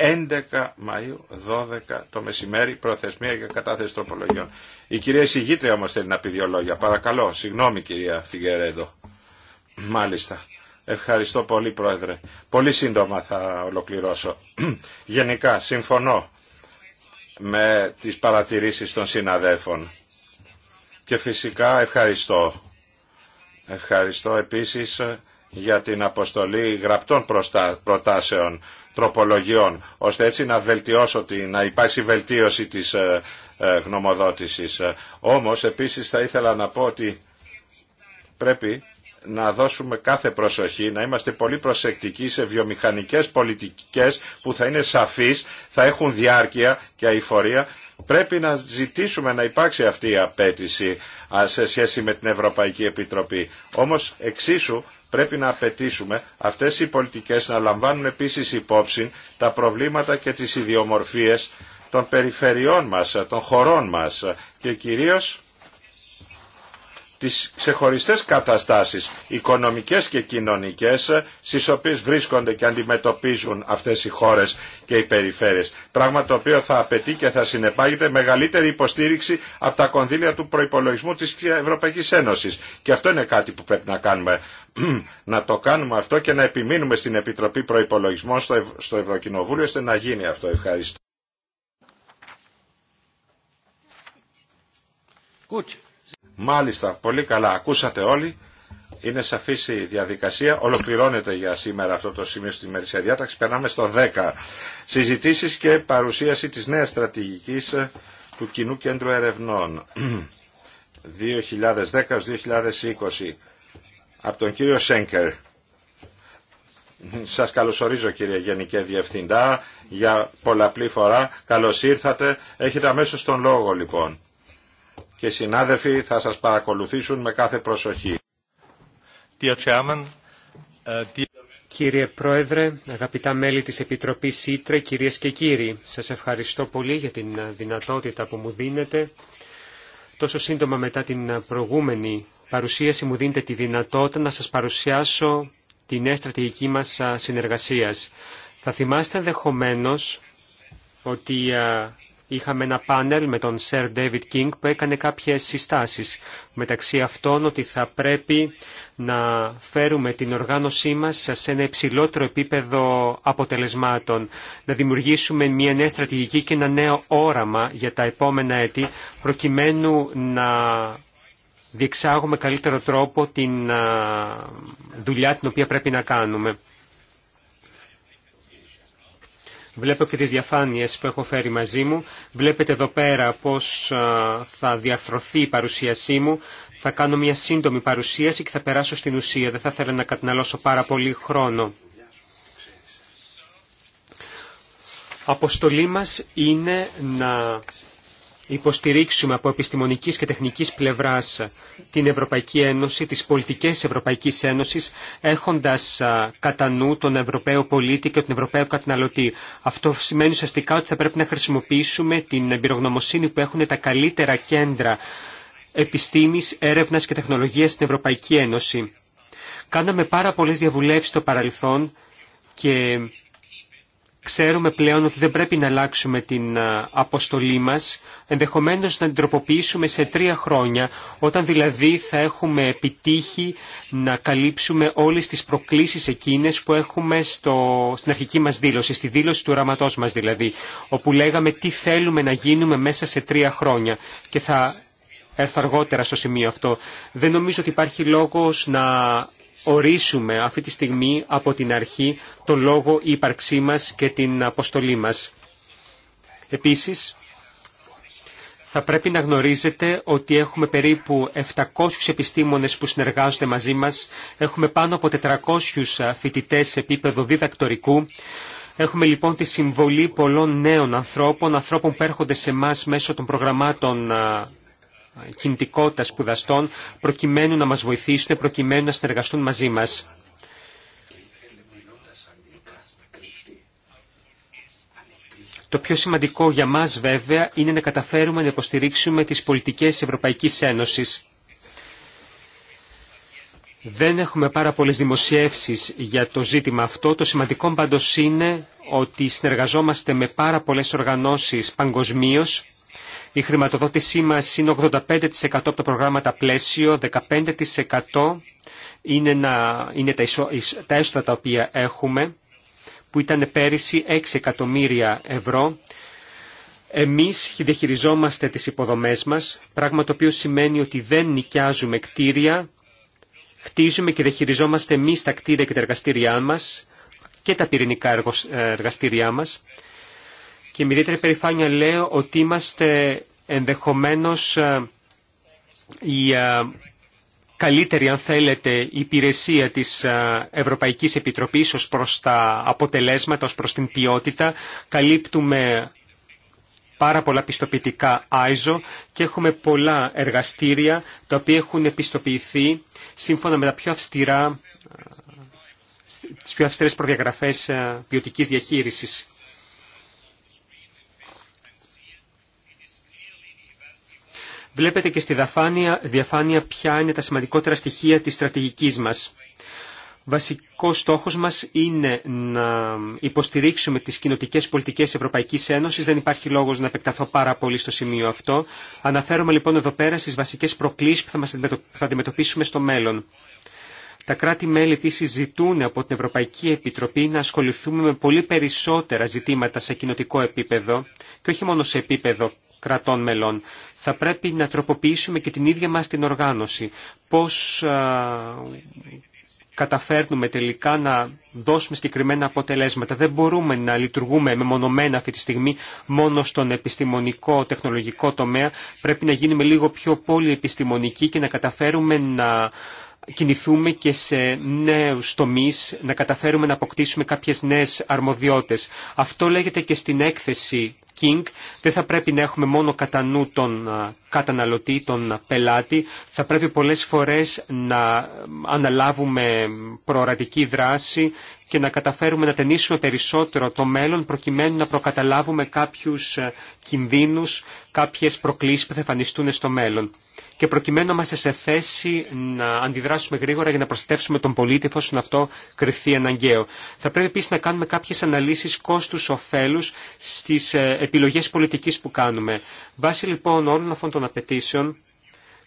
11 Μαΐου 12 το μεσημέρι προθεσμία για κατάθεση τροπολογιών. Η κυρία Σιγήτρια όμως θέλει να πει δύο λόγια. Παρακαλώ, συγγνώμη κυρία Φιγερέδο. Μάλιστα. Ευχαριστώ πολύ πρόεδρε. Πολύ σύντομα θα ολοκληρώσω. Γενικά συμφωνώ με τις παρατηρήσεις των συναδέλφων. Και φυσικά ευχαριστώ. Ευχαριστώ επίσης για την αποστολή γραπτών προτάσεων τροπολογιών, ώστε έτσι να, βελτιώσω, να υπάρξει βελτίωση της ε, ε, γνωμοδότησης. Ε, όμως, επίσης, θα ήθελα να πω ότι πρέπει να δώσουμε κάθε προσοχή, να είμαστε πολύ προσεκτικοί σε βιομηχανικές πολιτικές που θα είναι σαφείς, θα έχουν διάρκεια και αηφορία. Πρέπει να ζητήσουμε να υπάρξει αυτή η απέτηση σε σχέση με την Ευρωπαϊκή Επιτροπή. Όμως εξίσου πρέπει να απαιτήσουμε αυτές οι πολιτικές να λαμβάνουν επίσης υπόψη τα προβλήματα και τις ιδιομορφίες των περιφερειών μας, των χωρών μας και κυρίως τις ξεχωριστές καταστάσεις οικονομικές και κοινωνικές στις οποίες βρίσκονται και αντιμετωπίζουν αυτές οι χώρες και οι περιφέρειες. Πράγμα το οποίο θα απαιτεί και θα συνεπάγεται μεγαλύτερη υποστήριξη από τα κονδύλια του προϋπολογισμού της Ευρωπαϊκής Ένωσης. Και αυτό είναι κάτι που πρέπει να κάνουμε. να το κάνουμε αυτό και να επιμείνουμε στην Επιτροπή Προϋπολογισμών στο, στο Ευρωκοινοβούλιο ώστε να γίνει αυτό. Ευχαριστώ. Good. Μάλιστα, πολύ καλά. Ακούσατε όλοι. Είναι σαφή η διαδικασία. Ολοκληρώνεται για σήμερα αυτό το σημείο στη ημερήσια διάταξη. Περνάμε στο 10. Συζητήσεις και παρουσίαση της νέας στρατηγικής ε, του Κοινού Κέντρου Ερευνών 2010-2020 από τον κύριο Σέγκερ. Σας καλωσορίζω κύριε Γενικέ Διευθυντά για πολλαπλή φορά. Καλώς ήρθατε. Έχετε αμέσως τον λόγο λοιπόν και οι συνάδελφοι θα σας παρακολουθήσουν με κάθε προσοχή. Uh, Κύριε Πρόεδρε, αγαπητά μέλη της Επιτροπής Ήτρε, κυρίες και κύριοι, σας ευχαριστώ πολύ για την δυνατότητα που μου δίνετε. Τόσο σύντομα μετά την προηγούμενη παρουσίαση μου δίνετε τη δυνατότητα να σας παρουσιάσω τη νέα στρατηγική μας συνεργασίας. Θα θυμάστε ενδεχομένω ότι είχαμε ένα πάνελ με τον Sir David King που έκανε κάποιες συστάσεις. Μεταξύ αυτών ότι θα πρέπει να φέρουμε την οργάνωσή μας σε ένα υψηλότερο επίπεδο αποτελεσμάτων, να δημιουργήσουμε μια νέα στρατηγική και ένα νέο όραμα για τα επόμενα έτη, προκειμένου να διεξάγουμε καλύτερο τρόπο την δουλειά την οποία πρέπει να κάνουμε. Βλέπω και τις διαφάνειες που έχω φέρει μαζί μου. Βλέπετε εδώ πέρα πώς θα διαρθρωθεί η παρουσίασή μου. Θα κάνω μια σύντομη παρουσίαση και θα περάσω στην ουσία. Δεν θα ήθελα να καταναλώσω πάρα πολύ χρόνο. Αποστολή μας είναι να υποστηρίξουμε από επιστημονικής και τεχνικής πλευράς την Ευρωπαϊκή Ένωση, τις πολιτικές Ευρωπαϊκής Ένωσης, έχοντας κατά νου τον Ευρωπαίο πολίτη και τον Ευρωπαίο καταναλωτή. Αυτό σημαίνει ουσιαστικά ότι θα πρέπει να χρησιμοποιήσουμε την εμπειρογνωμοσύνη που έχουν τα καλύτερα κέντρα επιστήμης, έρευνας και τεχνολογίας στην Ευρωπαϊκή Ένωση. Κάναμε πάρα πολλές διαβουλεύσεις στο παρελθόν και Ξέρουμε πλέον ότι δεν πρέπει να αλλάξουμε την αποστολή μας, ενδεχομένως να την τροποποιήσουμε σε τρία χρόνια, όταν δηλαδή θα έχουμε επιτύχει να καλύψουμε όλες τις προκλήσεις εκείνες που έχουμε στο, στην αρχική μας δήλωση, στη δήλωση του οραματός μας δηλαδή, όπου λέγαμε τι θέλουμε να γίνουμε μέσα σε τρία χρόνια και θα έρθω αργότερα στο σημείο αυτό. Δεν νομίζω ότι υπάρχει λόγος να ορίσουμε αυτή τη στιγμή από την αρχή το λόγο ύπαρξή μας και την αποστολή μας. Επίσης, θα πρέπει να γνωρίζετε ότι έχουμε περίπου 700 επιστήμονες που συνεργάζονται μαζί μας, έχουμε πάνω από 400 φοιτητές σε επίπεδο διδακτορικού, Έχουμε λοιπόν τη συμβολή πολλών νέων ανθρώπων, ανθρώπων που έρχονται σε εμά μέσω των προγραμμάτων κινητικότητα σπουδαστών προκειμένου να μας βοηθήσουν, προκειμένου να συνεργαστούν μαζί μας. Το πιο σημαντικό για μας βέβαια είναι να καταφέρουμε να υποστηρίξουμε τις πολιτικές της Ευρωπαϊκής Ένωσης. Δεν έχουμε πάρα πολλές δημοσιεύσεις για το ζήτημα αυτό. Το σημαντικό πάντως είναι ότι συνεργαζόμαστε με πάρα πολλές οργανώσεις παγκοσμίως η χρηματοδότησή μας είναι 85% από τα προγράμματα πλαίσιο, 15% είναι, τα, ισο, έσοδα τα οποία έχουμε, που ήταν πέρυσι 6 εκατομμύρια ευρώ. Εμείς διαχειριζόμαστε τις υποδομές μας, πράγμα το οποίο σημαίνει ότι δεν νοικιάζουμε κτίρια, χτίζουμε και διαχειριζόμαστε εμείς τα κτίρια και τα εργαστήριά μας και τα πυρηνικά ε, εργαστήριά μας και με ιδιαίτερη περηφάνεια λέω ότι είμαστε ενδεχομένως ε, η ε, καλύτερη, αν θέλετε, υπηρεσία της ε, Ευρωπαϊκής Επιτροπής ως προς τα αποτελέσματα, ως προς την ποιότητα. Καλύπτουμε πάρα πολλά πιστοποιητικά ISO και έχουμε πολλά εργαστήρια τα οποία έχουν επιστοποιηθεί σύμφωνα με τα πιο αυστηρά τις πιο αυστηρές προδιαγραφές ποιοτικής διαχείρισης. Βλέπετε και στη διαφάνεια, διαφάνεια ποια είναι τα σημαντικότερα στοιχεία της στρατηγικής μας. Βασικός στόχος μας είναι να υποστηρίξουμε τις κοινοτικές πολιτικές Ευρωπαϊκής Ένωσης. Δεν υπάρχει λόγος να επεκταθώ πάρα πολύ στο σημείο αυτό. Αναφέρομαι λοιπόν εδώ πέρα στις βασικές προκλήσεις που θα αντιμετωπίσουμε στο μέλλον. Τα κράτη-μέλη επίση ζητούν από την Ευρωπαϊκή Επιτροπή να ασχοληθούμε με πολύ περισσότερα ζητήματα σε κοινοτικό επίπεδο και όχι μόνο σε επίπεδο κρατών μελών. Θα πρέπει να τροποποιήσουμε και την ίδια μας την οργάνωση. Πώς καταφέρνουμε τελικά να δώσουμε συγκεκριμένα αποτελέσματα. Δεν μπορούμε να λειτουργούμε μεμονωμένα αυτή τη στιγμή μόνο στον επιστημονικό, τεχνολογικό τομέα. Πρέπει να γίνουμε λίγο πιο πολυεπιστημονικοί και να καταφέρουμε να κινηθούμε και σε νέους τομείς, να καταφέρουμε να αποκτήσουμε κάποιες νέες αρμοδιότητες. Αυτό λέγεται και στην έκθεση King, δεν θα πρέπει να έχουμε μόνο κατά νου τον καταναλωτή, τον πελάτη. Θα πρέπει πολλές φορές να αναλάβουμε προορατική δράση και να καταφέρουμε να ταινίσουμε περισσότερο το μέλλον προκειμένου να προκαταλάβουμε κάποιους κινδύνους, κάποιες προκλήσεις που θα εμφανιστούν στο μέλλον. Και προκειμένου να είμαστε σε θέση να αντιδράσουμε γρήγορα για να προστατεύσουμε τον πολίτη εφόσον αυτό κρυφθεί αναγκαίο. Θα πρέπει επίσης να κάνουμε κάποιες αναλύσεις κόστους-οφέλους στις ε, επιλογές πολιτικής που κάνουμε. Βάσει λοιπόν όλων αυτών των απαιτήσεων,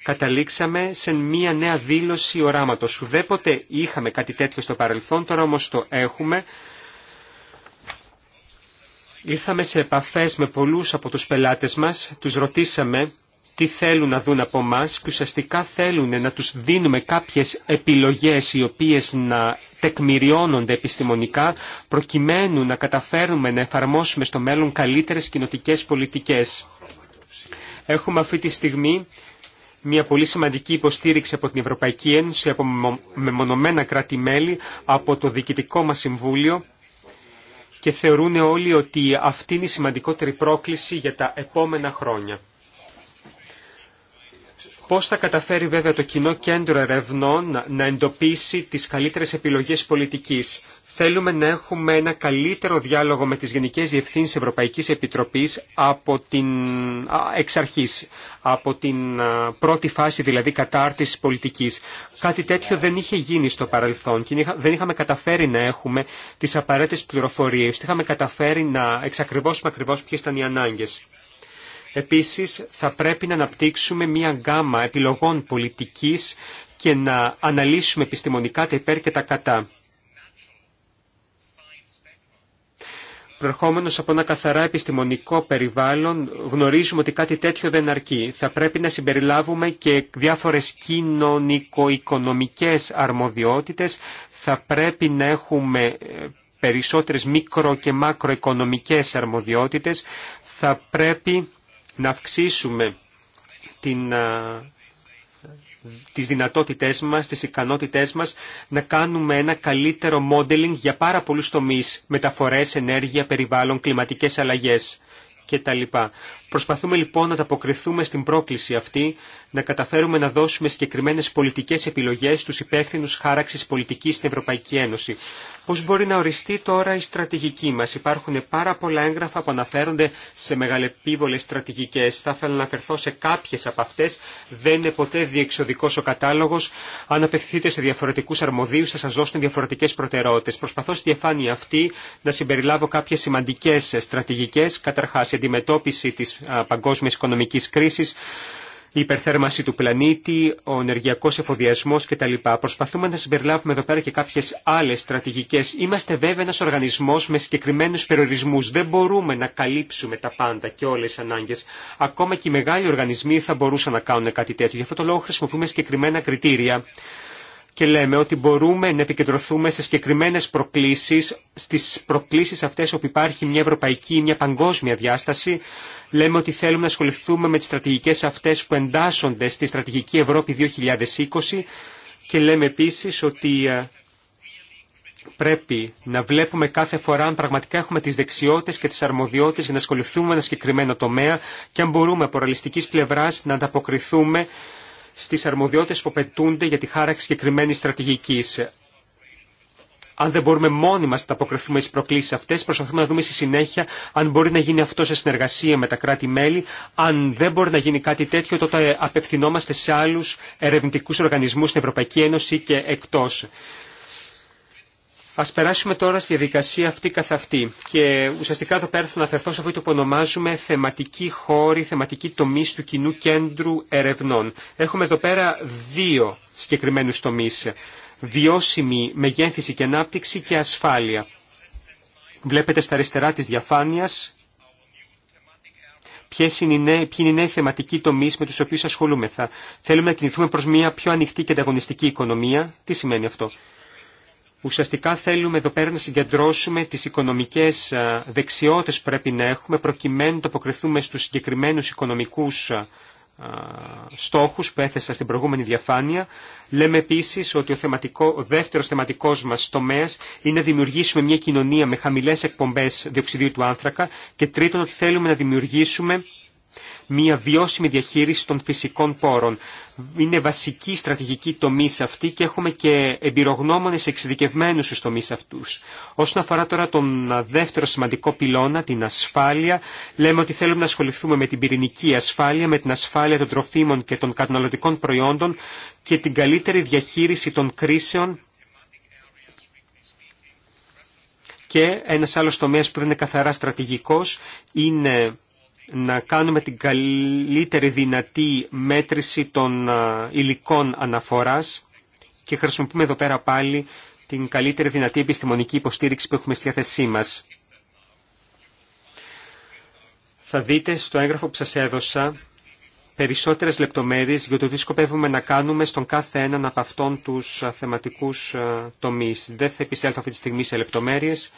καταλήξαμε σε μία νέα δήλωση οράματος. Ουδέποτε είχαμε κάτι τέτοιο στο παρελθόν, τώρα όμως το έχουμε. Ήρθαμε σε επαφές με πολλούς από τους πελάτες μας, τους ρωτήσαμε τι θέλουν να δουν από εμά και ουσιαστικά θέλουν να τους δίνουμε κάποιες επιλογές οι οποίες να τεκμηριώνονται επιστημονικά προκειμένου να καταφέρουμε να εφαρμόσουμε στο μέλλον καλύτερες κοινοτικές πολιτικές. Έχουμε αυτή τη στιγμή μια πολύ σημαντική υποστήριξη από την Ευρωπαϊκή Ένωση, από μεμονωμένα κράτη-μέλη, από το Διοικητικό μας Συμβούλιο και θεωρούν όλοι ότι αυτή είναι η σημαντικότερη πρόκληση για τα επόμενα χρόνια. Πώς θα καταφέρει βέβαια το κοινό κέντρο ερευνών να εντοπίσει τις καλύτερες επιλογές πολιτικής. Θέλουμε να έχουμε ένα καλύτερο διάλογο με τις Γενικές Διευθύνσεις Ευρωπαϊκής Επιτροπής από την, εξ από την πρώτη φάση δηλαδή κατάρτισης πολιτικής. Κάτι τέτοιο δεν είχε γίνει στο παρελθόν και δεν είχαμε καταφέρει να έχουμε τις απαραίτητες πληροφορίες, είχαμε καταφέρει να εξακριβώσουμε ακριβώς ποιες ήταν οι ανάγκες. Επίσης, θα πρέπει να αναπτύξουμε μία γκάμα επιλογών πολιτικής και να αναλύσουμε επιστημονικά τα υπέρ και τα κατά. προερχόμενος από ένα καθαρά επιστημονικό περιβάλλον, γνωρίζουμε ότι κάτι τέτοιο δεν αρκεί. Θα πρέπει να συμπεριλάβουμε και διάφορες κοινωνικο-οικονομικές αρμοδιότητες. Θα πρέπει να έχουμε ε, περισσότερες μικρο- και μακροοικονομικές αρμοδιότητες. Θα πρέπει να αυξήσουμε την, τις δυνατότητές μας, τις ικανότητές μας να κάνουμε ένα καλύτερο modeling για πάρα πολλούς τομείς, μεταφορές, ενέργεια, περιβάλλον, κλιματικές αλλαγές κτλ. Προσπαθούμε λοιπόν να ταποκριθούμε στην πρόκληση αυτή, να καταφέρουμε να δώσουμε συγκεκριμένε πολιτικέ επιλογέ στους υπεύθυνου χάραξη πολιτική στην Ευρωπαϊκή Ένωση. Πώ μπορεί να οριστεί τώρα η στρατηγική μα, Υπάρχουν πάρα πολλά έγγραφα που αναφέρονται σε μεγάλεπίβολε στρατηγικέ. Θα ήθελα να αναφερθώ σε κάποιες από αυτέ. Δεν είναι ποτέ διεξοδικό ο κατάλογο, Αν απευθύνετε σε διαφορετικού αρμοδίου, θα σα δώσουν διαφορετικέ προτεραιότητες. Προσπαθώ στη διαφάνεια αυτή να συμπεριλάβω κάποιε σημαντικέ στρατηγικέ καταρχά η αντιμετώπιση τη Παγκόσμια οικονομική κρίση, η υπερθέρμανση του πλανήτη, ο ενεργειακό εφοδιασμό κτλ. Προσπαθούμε να συμπεριλάβουμε εδώ πέρα και κάποιε άλλε στρατηγικέ. Είμαστε βέβαια ένα οργανισμό με συγκεκριμένου περιορισμού. Δεν μπορούμε να καλύψουμε τα πάντα και όλε τι ανάγκε. Ακόμα και οι μεγάλοι οργανισμοί θα μπορούσαν να κάνουν κάτι τέτοιο. Γι' αυτό το λόγο χρησιμοποιούμε συγκεκριμένα κριτήρια και λέμε ότι μπορούμε να επικεντρωθούμε σε συγκεκριμένε προκλήσει, στι προκλήσει αυτέ όπου υπάρχει μια ευρωπαϊκή ή μια παγκόσμια διάσταση. Λέμε ότι θέλουμε να ασχοληθούμε με τι στρατηγικέ αυτέ που εντάσσονται στη στρατηγική Ευρώπη 2020 και λέμε επίση ότι ε, πρέπει να βλέπουμε κάθε φορά αν πραγματικά έχουμε τις δεξιότητες και τις αρμοδιότητες για να ασχοληθούμε με ένα συγκεκριμένο τομέα και αν μπορούμε από ρεαλιστικής πλευράς να ανταποκριθούμε στις αρμοδιότητες που απαιτούνται για τη χάραξη συγκεκριμένη στρατηγικής. Αν δεν μπορούμε μόνοι μας να αποκριθούμε στις προκλήσεις αυτές, προσπαθούμε να δούμε στη συνέχεια αν μπορεί να γίνει αυτό σε συνεργασία με τα κράτη-μέλη. Αν δεν μπορεί να γίνει κάτι τέτοιο, τότε απευθυνόμαστε σε άλλους ερευνητικούς οργανισμούς στην Ευρωπαϊκή Ένωση και εκτός. Ας περάσουμε τώρα στη διαδικασία αυτή καθ' αυτή και ουσιαστικά εδώ πέρα θα αναφερθώ σε αυτό το που ονομάζουμε θεματική χώρη, θεματική τομή του κοινού κέντρου ερευνών. Έχουμε εδώ πέρα δύο συγκεκριμένους τομείς, βιώσιμη μεγέθυνση και ανάπτυξη και ασφάλεια. Βλέπετε στα αριστερά της διαφάνειας ποιοι είναι οι νέοι θεματικοί τομεί με του οποίου ασχολούμεθα. Θέλουμε να κινηθούμε προ μια πιο ανοιχτή και ανταγωνιστική οικονομία. Τι σημαίνει αυτό. Ουσιαστικά θέλουμε εδώ πέρα να συγκεντρώσουμε τις οικονομικές ε, δεξιότητες που πρέπει να έχουμε προκειμένου να αποκριθούμε στους συγκεκριμένους οικονομικούς ε, στόχους που έθεσα στην προηγούμενη διαφάνεια. Λέμε επίσης ότι ο, θεματικό, ο δεύτερος θεματικός μας τομέας είναι να δημιουργήσουμε μια κοινωνία με χαμηλές εκπομπές διοξιδίου του άνθρακα και τρίτον ότι θέλουμε να δημιουργήσουμε Μία βιώσιμη διαχείριση των φυσικών πόρων. Είναι βασική στρατηγική τομή σε αυτή και έχουμε και εμπειρογνώμονε εξειδικευμένου στου τομεί αυτού. Όσον αφορά τώρα τον δεύτερο σημαντικό πυλώνα, την ασφάλεια, λέμε ότι θέλουμε να ασχοληθούμε με την πυρηνική ασφάλεια, με την ασφάλεια των τροφίμων και των καταναλωτικών προϊόντων και την καλύτερη διαχείριση των κρίσεων και ένα άλλος τομέας που δεν είναι καθαρά στρατηγικός είναι να κάνουμε την καλύτερη δυνατή μέτρηση των υλικών αναφοράς και χρησιμοποιούμε εδώ πέρα πάλι την καλύτερη δυνατή επιστημονική υποστήριξη που έχουμε στη θέση μας. Θα δείτε στο έγγραφο που σας έδωσα περισσότερες λεπτομέρειες για το τι σκοπεύουμε να κάνουμε στον κάθε έναν από αυτών τους θεματικούς τομείς. Δεν θα επιστέλθω αυτή τη στιγμή σε λεπτομέρειες.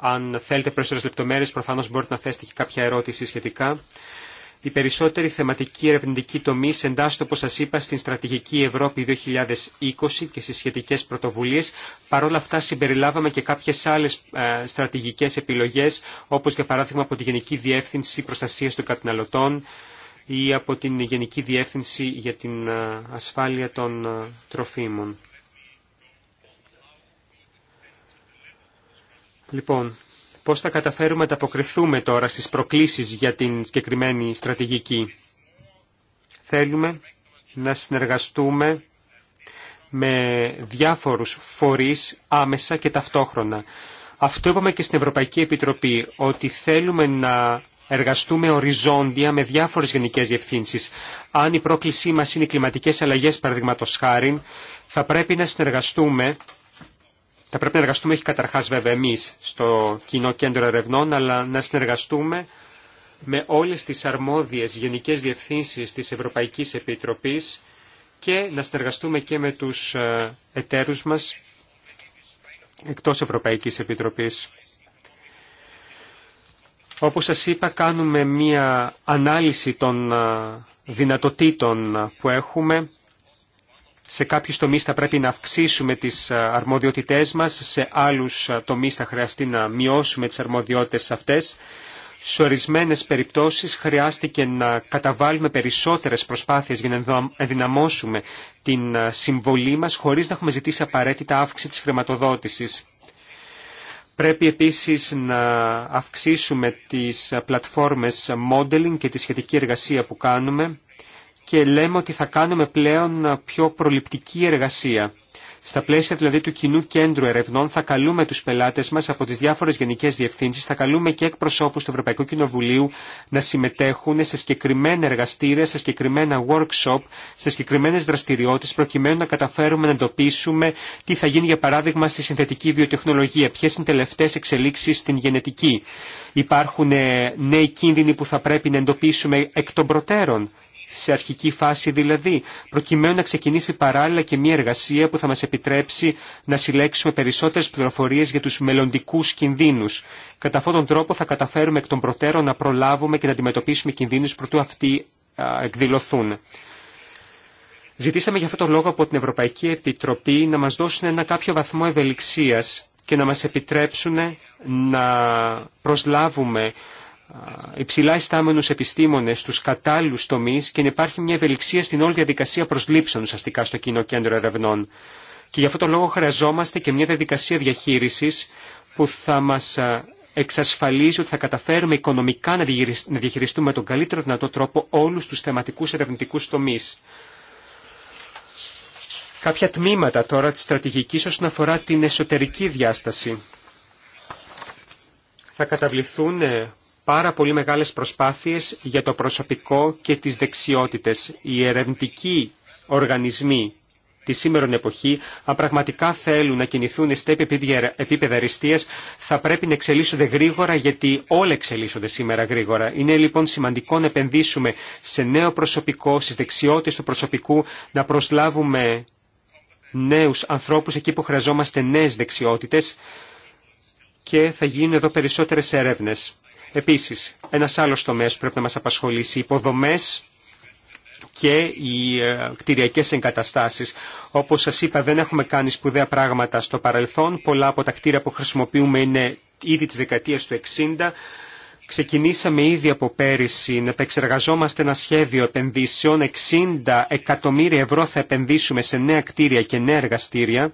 Αν θέλετε περισσότερε λεπτομέρειε προφανώ μπορείτε να θέσετε και κάποια ερώτηση σχετικά. Η περισσότερη θεματική ερευνητική τομή εντάσσονται, όπω σα είπα, στην Στρατηγική Ευρώπη 2020 και στι σχετικέ πρωτοβουλίε. Παρ' όλα αυτά, συμπεριλάβαμε και κάποιε άλλε στρατηγικέ επιλογέ, όπω για παράδειγμα από τη Γενική Διεύθυνση Προστασία των Καταναλωτών ή από την Γενική Διεύθυνση για την ε, Ασφάλεια των ε, Τροφίμων. Λοιπόν, πώς θα καταφέρουμε να αποκριθούμε τώρα στις προκλήσεις για την συγκεκριμένη στρατηγική. Θέλουμε να συνεργαστούμε με διάφορους φορείς άμεσα και ταυτόχρονα. Αυτό είπαμε και στην Ευρωπαϊκή Επιτροπή, ότι θέλουμε να εργαστούμε οριζόντια με διάφορες γενικές διευθύνσεις. Αν η πρόκλησή μας είναι οι κλιματικές αλλαγές, παραδείγματος χάρη, θα πρέπει να συνεργαστούμε θα πρέπει να εργαστούμε όχι καταρχάς βέβαια εμείς στο Κοινό Κέντρο Ερευνών, αλλά να συνεργαστούμε με όλες τις αρμόδιες γενικές διευθύνσεις της Ευρωπαϊκής Επιτροπής και να συνεργαστούμε και με τους ε, εταίρους μας εκτός Ευρωπαϊκής Επιτροπής. Όπως σας είπα, κάνουμε μία ανάλυση των ε, δυνατοτήτων που έχουμε σε κάποιους τομείς θα πρέπει να αυξήσουμε τις ε, αρμοδιότητές μας, σε άλλους ε, τομείς θα χρειαστεί να μειώσουμε τις αρμοδιότητες αυτές. Σε ορισμένες περιπτώσεις χρειάστηκε να καταβάλουμε περισσότερες προσπάθειες για να ενδυναμώσουμε την ε, συμβολή μας χωρίς να έχουμε ζητήσει απαραίτητα αύξηση της χρηματοδότησης. Πρέπει επίσης να αυξήσουμε τις πλατφόρμες modeling και τη σχετική εργασία που κάνουμε και λέμε ότι θα κάνουμε πλέον πιο προληπτική εργασία. Στα πλαίσια δηλαδή του κοινού κέντρου ερευνών θα καλούμε τους πελάτες μας από τις διάφορες γενικές διευθύνσεις, θα καλούμε και εκπροσώπους του Ευρωπαϊκού Κοινοβουλίου να συμμετέχουν σε συγκεκριμένα εργαστήρια, σε συγκεκριμένα workshop, σε συγκεκριμένες δραστηριότητες προκειμένου να καταφέρουμε να εντοπίσουμε τι θα γίνει για παράδειγμα στη συνθετική βιοτεχνολογία, ποιες είναι τελευταίες εξελίξεις στην γενετική. Υπάρχουν ε, νέοι κίνδυνοι που θα πρέπει να εντοπίσουμε εκ των προτέρων σε αρχική φάση δηλαδή, προκειμένου να ξεκινήσει παράλληλα και μια εργασία που θα μας επιτρέψει να συλλέξουμε περισσότερες πληροφορίες για τους μελλοντικού κινδύνους. Κατά αυτόν τον τρόπο θα καταφέρουμε εκ των προτέρων να προλάβουμε και να αντιμετωπίσουμε κινδύνους προτού αυτοί εκδηλωθούν. Ζητήσαμε για αυτόν τον λόγο από την Ευρωπαϊκή Επιτροπή να μας δώσουν ένα κάποιο βαθμό ευελιξίας και να μας επιτρέψουν να προσλάβουμε υψηλά ειστάμενους επιστήμονες στους κατάλληλους τομείς και να υπάρχει μια ευελιξία στην όλη διαδικασία προσλήψεων ουσιαστικά στο κοινό κέντρο ερευνών. Και γι' αυτό τον λόγο χρειαζόμαστε και μια διαδικασία διαχείρισης που θα μας εξασφαλίζει ότι θα καταφέρουμε οικονομικά να διαχειριστούμε με τον καλύτερο δυνατό τρόπο όλους τους θεματικούς ερευνητικούς τομείς. Κάποια τμήματα τώρα της στρατηγικής όσον αφορά την εσωτερική διάσταση. Θα καταβληθούν ε, πάρα πολύ μεγάλες προσπάθειες για το προσωπικό και τις δεξιότητες. Οι ερευνητικοί οργανισμοί τη σήμερον εποχή, αν πραγματικά θέλουν να κινηθούν στα επίπεδα αριστείας, θα πρέπει να εξελίσσονται γρήγορα, γιατί όλοι εξελίσσονται σήμερα γρήγορα. Είναι λοιπόν σημαντικό να επενδύσουμε σε νέο προσωπικό, στις δεξιότητες του προσωπικού, να προσλάβουμε νέους ανθρώπους εκεί που χρειαζόμαστε νέες δεξιότητες και θα γίνουν εδώ περισσότερες έρευνες. Επίση, ένα άλλο τομέα που πρέπει να μα απασχολήσει, οι υποδομές και οι ε, κτηριακές εγκαταστάσεις. Όπως σας είπα, δεν έχουμε κάνει σπουδαία πράγματα στο παρελθόν. Πολλά από τα κτίρια που χρησιμοποιούμε είναι ήδη της δεκαετίας του 60. Ξεκινήσαμε ήδη από πέρυσι να επεξεργαζόμαστε ένα σχέδιο επενδύσεων. 60 εκατομμύρια ευρώ θα επενδύσουμε σε νέα κτίρια και νέα εργαστήρια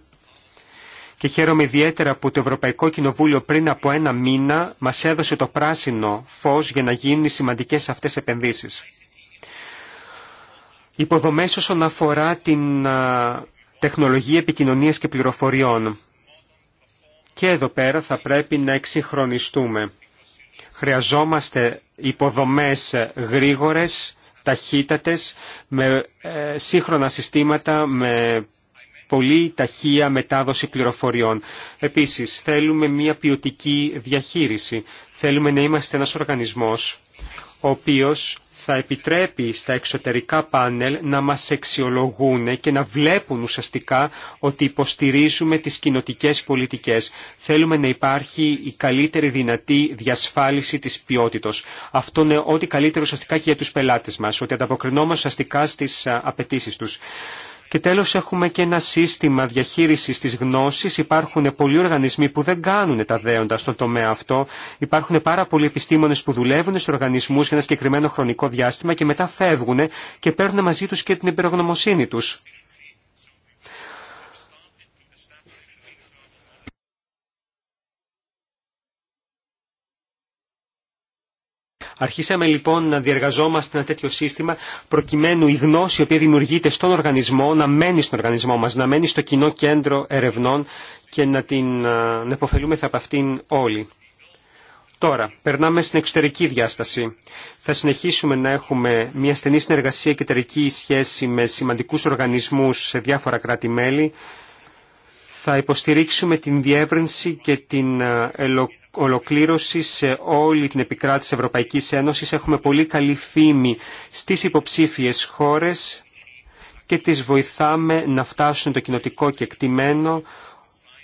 και χαίρομαι ιδιαίτερα που το Ευρωπαϊκό Κοινοβούλιο πριν από ένα μήνα μας έδωσε το πράσινο φως για να γίνουν οι σημαντικές αυτές επενδύσεις. Υποδομές όσον αφορά την τεχνολογία επικοινωνίας και πληροφοριών. Και εδώ πέρα θα πρέπει να εξυγχρονιστούμε. Χρειαζόμαστε υποδομές γρήγορες, ταχύτατες, με ε, σύγχρονα συστήματα, με πολύ ταχεία μετάδοση πληροφοριών. Επίσης, θέλουμε μια ποιοτική διαχείριση. Θέλουμε να είμαστε ένας οργανισμός ο οποίος θα επιτρέπει στα εξωτερικά πάνελ να μας εξιολογούν και να βλέπουν ουσιαστικά ότι υποστηρίζουμε τις κοινοτικέ πολιτικές. Θέλουμε να υπάρχει η καλύτερη δυνατή διασφάλιση της ποιότητος. Αυτό είναι ό,τι καλύτερο ουσιαστικά και για τους πελάτες μας, ότι ανταποκρινόμαστε ουσιαστικά στις απαιτήσει τους. Και τέλος έχουμε και ένα σύστημα διαχείρισης της γνώσης. Υπάρχουν πολλοί οργανισμοί που δεν κάνουν τα δέοντα στον τομέα αυτό. Υπάρχουν πάρα πολλοί επιστήμονες που δουλεύουν στους οργανισμούς για ένα συγκεκριμένο χρονικό διάστημα και μετά φεύγουν και παίρνουν μαζί τους και την υπερογνωμοσύνη τους. Αρχίσαμε λοιπόν να διεργαζόμαστε ένα τέτοιο σύστημα προκειμένου η γνώση η οποία δημιουργείται στον οργανισμό να μένει στον οργανισμό μας, να μένει στο κοινό κέντρο ερευνών και να, την, να από αυτήν όλοι. Τώρα, περνάμε στην εξωτερική διάσταση. Θα συνεχίσουμε να έχουμε μια στενή συνεργασία και εταιρική σχέση με σημαντικούς οργανισμούς σε διάφορα κράτη-μέλη. Θα υποστηρίξουμε την διεύρυνση και την ελοκ ολοκλήρωση σε όλη την επικράτηση Ευρωπαϊκής Ένωσης. Έχουμε πολύ καλή φήμη στις υποψήφιες χώρες και τις βοηθάμε να φτάσουν το κοινοτικό κεκτημένο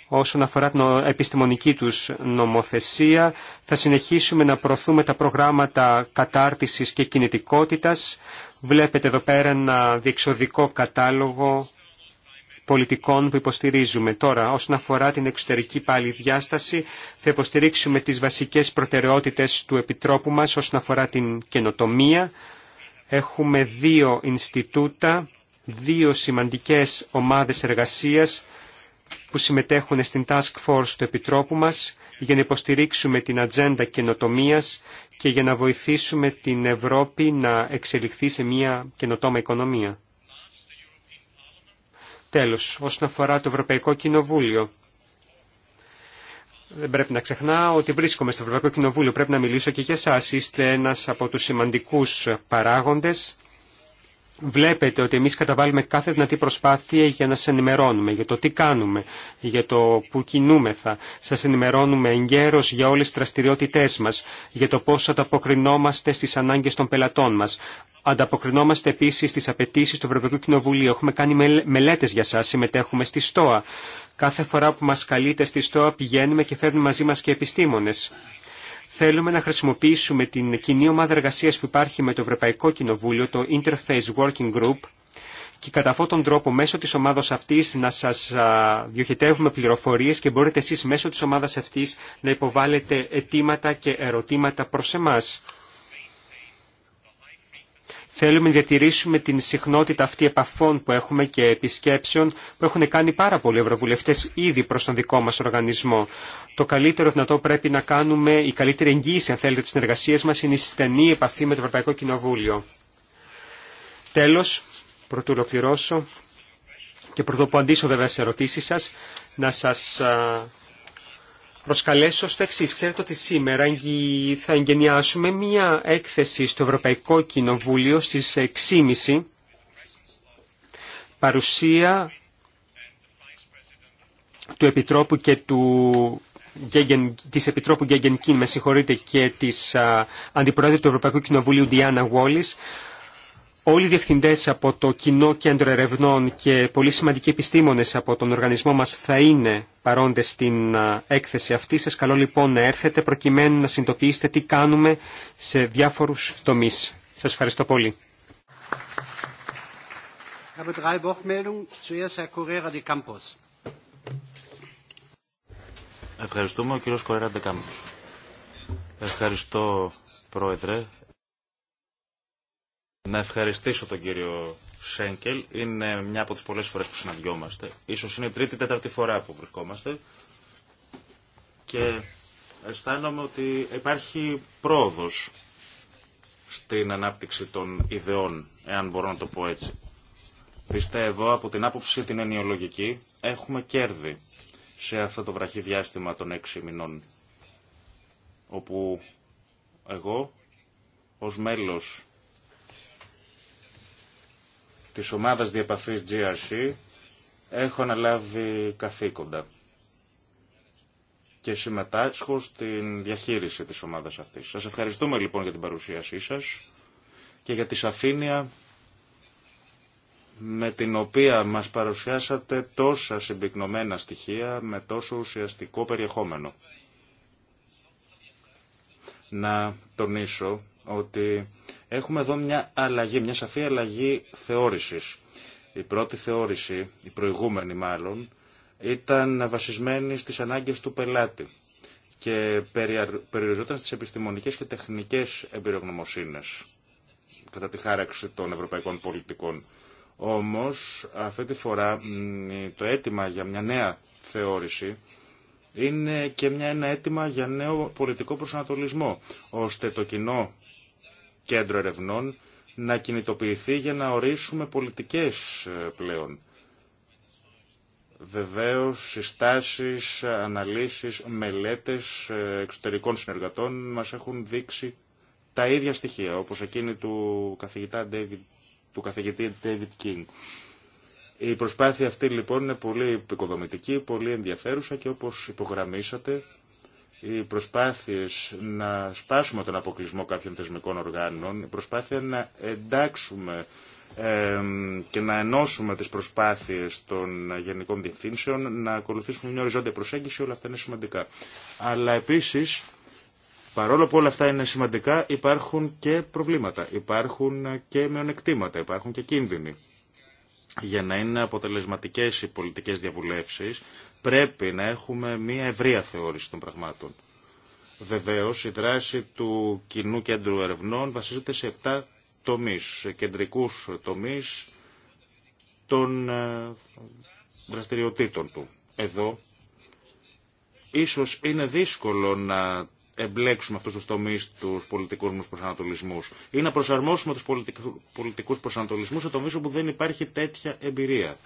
όσον αφορά την επιστημονική τους νομοθεσία. Θα συνεχίσουμε να προωθούμε τα προγράμματα κατάρτισης και κινητικότητας. Βλέπετε εδώ πέρα ένα διεξοδικό κατάλογο πολιτικών που υποστηρίζουμε. Τώρα, όσον αφορά την εξωτερική πάλι διάσταση, θα υποστηρίξουμε τις βασικές προτεραιότητες του Επιτρόπου μας όσον αφορά την καινοτομία. Έχουμε δύο Ινστιτούτα, δύο σημαντικές ομάδες εργασίας που συμμετέχουν στην Task Force του Επιτρόπου μας για να υποστηρίξουμε την ατζέντα καινοτομία και για να βοηθήσουμε την Ευρώπη να εξελιχθεί σε μια καινοτόμα οικονομία. Τέλος, όσον αφορά το Ευρωπαϊκό Κοινοβούλιο. Δεν πρέπει να ξεχνάω ότι βρίσκομαι στο Ευρωπαϊκό Κοινοβούλιο. Πρέπει να μιλήσω και για εσά. Είστε ένας από τους σημαντικούς παράγοντες βλέπετε ότι εμείς καταβάλουμε κάθε δυνατή προσπάθεια για να σας ενημερώνουμε, για το τι κάνουμε, για το που κινούμεθα. Σας ενημερώνουμε εγκαίρως για όλες τις δραστηριότητές μας, για το πώς ανταποκρινόμαστε στις ανάγκες των πελατών μας. Ανταποκρινόμαστε επίση στις απαιτήσει του Ευρωπαϊκού Κοινοβουλίου. Έχουμε κάνει μελέτε για σας, συμμετέχουμε στη ΣΤΟΑ. Κάθε φορά που μα καλείτε στη ΣΤΟΑ πηγαίνουμε και φέρνουμε μαζί μα και επιστήμονε. Θέλουμε να χρησιμοποιήσουμε την κοινή ομάδα εργασίας που υπάρχει με το Ευρωπαϊκό Κοινοβούλιο, το Interface Working Group, και κατά αυτόν τον τρόπο μέσω της ομάδας αυτής να σας διοχετεύουμε πληροφορίες και μπορείτε εσείς μέσω της ομάδας αυτής να υποβάλλετε αιτήματα και ερωτήματα προς εμάς. Θέλουμε να διατηρήσουμε την συχνότητα αυτή επαφών που έχουμε και επισκέψεων που έχουν κάνει πάρα πολλοί ευρωβουλευτέ ήδη προ τον δικό μα οργανισμό. Το καλύτερο δυνατό πρέπει να κάνουμε, η καλύτερη εγγύηση, αν θέλετε, τη συνεργασία μα είναι η στενή επαφή με το Ευρωπαϊκό Κοινοβούλιο. Τέλο, πρωτού ολοκληρώσω και πρωτού που βέβαια σε ερωτήσει σα, να σα προσκαλέσω στο εξή. Ξέρετε ότι σήμερα θα εγγενιάσουμε μία έκθεση στο Ευρωπαϊκό Κοινοβούλιο στις 6.30 παρουσία του Επιτρόπου και του της Επιτρόπου Γκέγγεν Κίν, με συγχωρείτε, και της α, Αντιπρόεδρου του Ευρωπαϊκού Κοινοβουλίου Διάννα Γουόλης, Όλοι οι διευθυντέ από το Κοινό Κέντρο Ερευνών και πολύ σημαντικοί επιστήμονε από τον οργανισμό μα θα είναι παρόντε στην έκθεση αυτή. Σα καλώ λοιπόν να έρθετε προκειμένου να συνειδητοποιήσετε τι κάνουμε σε διάφορου τομεί. Σα ευχαριστώ πολύ. Ευχαριστούμε ο κύριος Κορέρα Ντεκάμπος. Ευχαριστώ πρόεδρε. Να ευχαριστήσω τον κύριο Σέγκελ. Είναι μια από τις πολλές φορές που συναντιόμαστε. Ίσως είναι η τρίτη, τέταρτη φορά που βρισκόμαστε. Και αισθάνομαι ότι υπάρχει πρόοδος στην ανάπτυξη των ιδεών, εάν μπορώ να το πω έτσι. Πιστεύω από την άποψη την ενοιολογική έχουμε κέρδη σε αυτό το βραχή διάστημα των έξι μηνών. Όπου εγώ ως μέλος της ομάδας διαπαθής GRC έχω αναλάβει καθήκοντα και συμμετάσχω στην διαχείριση της ομάδας αυτής. Σας ευχαριστούμε λοιπόν για την παρουσίασή σας και για τη σαφήνεια με την οποία μας παρουσιάσατε τόσα συμπυκνωμένα στοιχεία με τόσο ουσιαστικό περιεχόμενο. Να τονίσω ότι Έχουμε εδώ μια αλλαγή, μια σαφή αλλαγή θεώρησης. Η πρώτη θεώρηση, η προηγούμενη μάλλον, ήταν βασισμένη στις ανάγκες του πελάτη και περιοριζόταν στις επιστημονικές και τεχνικές εμπειρογνωμοσύνες κατά τη χάραξη των ευρωπαϊκών πολιτικών. Όμως αυτή τη φορά το αίτημα για μια νέα θεώρηση είναι και μια, ένα αίτημα για νέο πολιτικό προσανατολισμό, ώστε το κοινό κέντρο ερευνών να κινητοποιηθεί για να ορίσουμε πολιτικές ε, πλέον. Βεβαίως, συστάσεις, αναλύσεις, μελέτες ε, εξωτερικών συνεργατών μας έχουν δείξει τα ίδια στοιχεία, όπως εκείνη του, καθηγητά του καθηγητή David King. Η προσπάθεια αυτή λοιπόν είναι πολύ επικοδομητική, πολύ ενδιαφέρουσα και όπως υπογραμμίσατε οι προσπάθειες να σπάσουμε τον αποκλεισμό κάποιων θεσμικών οργάνων, η προσπάθεια να εντάξουμε και να ενώσουμε τις προσπάθειες των γενικών διευθύνσεων, να ακολουθήσουμε μια οριζόντια προσέγγιση, όλα αυτά είναι σημαντικά. Αλλά επίσης, παρόλο που όλα αυτά είναι σημαντικά, υπάρχουν και προβλήματα, υπάρχουν και μειονεκτήματα, υπάρχουν και κίνδυνοι. Για να είναι αποτελεσματικές οι πολιτικές διαβουλεύσεις, Πρέπει να έχουμε μια ευρεία θεώρηση των πραγμάτων. Βεβαίω, η δράση του Κοινού Κέντρου Ερευνών βασίζεται σε 7 τομεί, κεντρικού τομεί των ε, δραστηριοτήτων του. Εδώ, ίσως είναι δύσκολο να εμπλέξουμε αυτούς τους τομείς τους πολιτικούς μας προσανατολισμούς ή να προσαρμόσουμε τους πολιτικούς προσανατολισμούς σε τομείς όπου δεν υπάρχει τέτοια εμπειρία.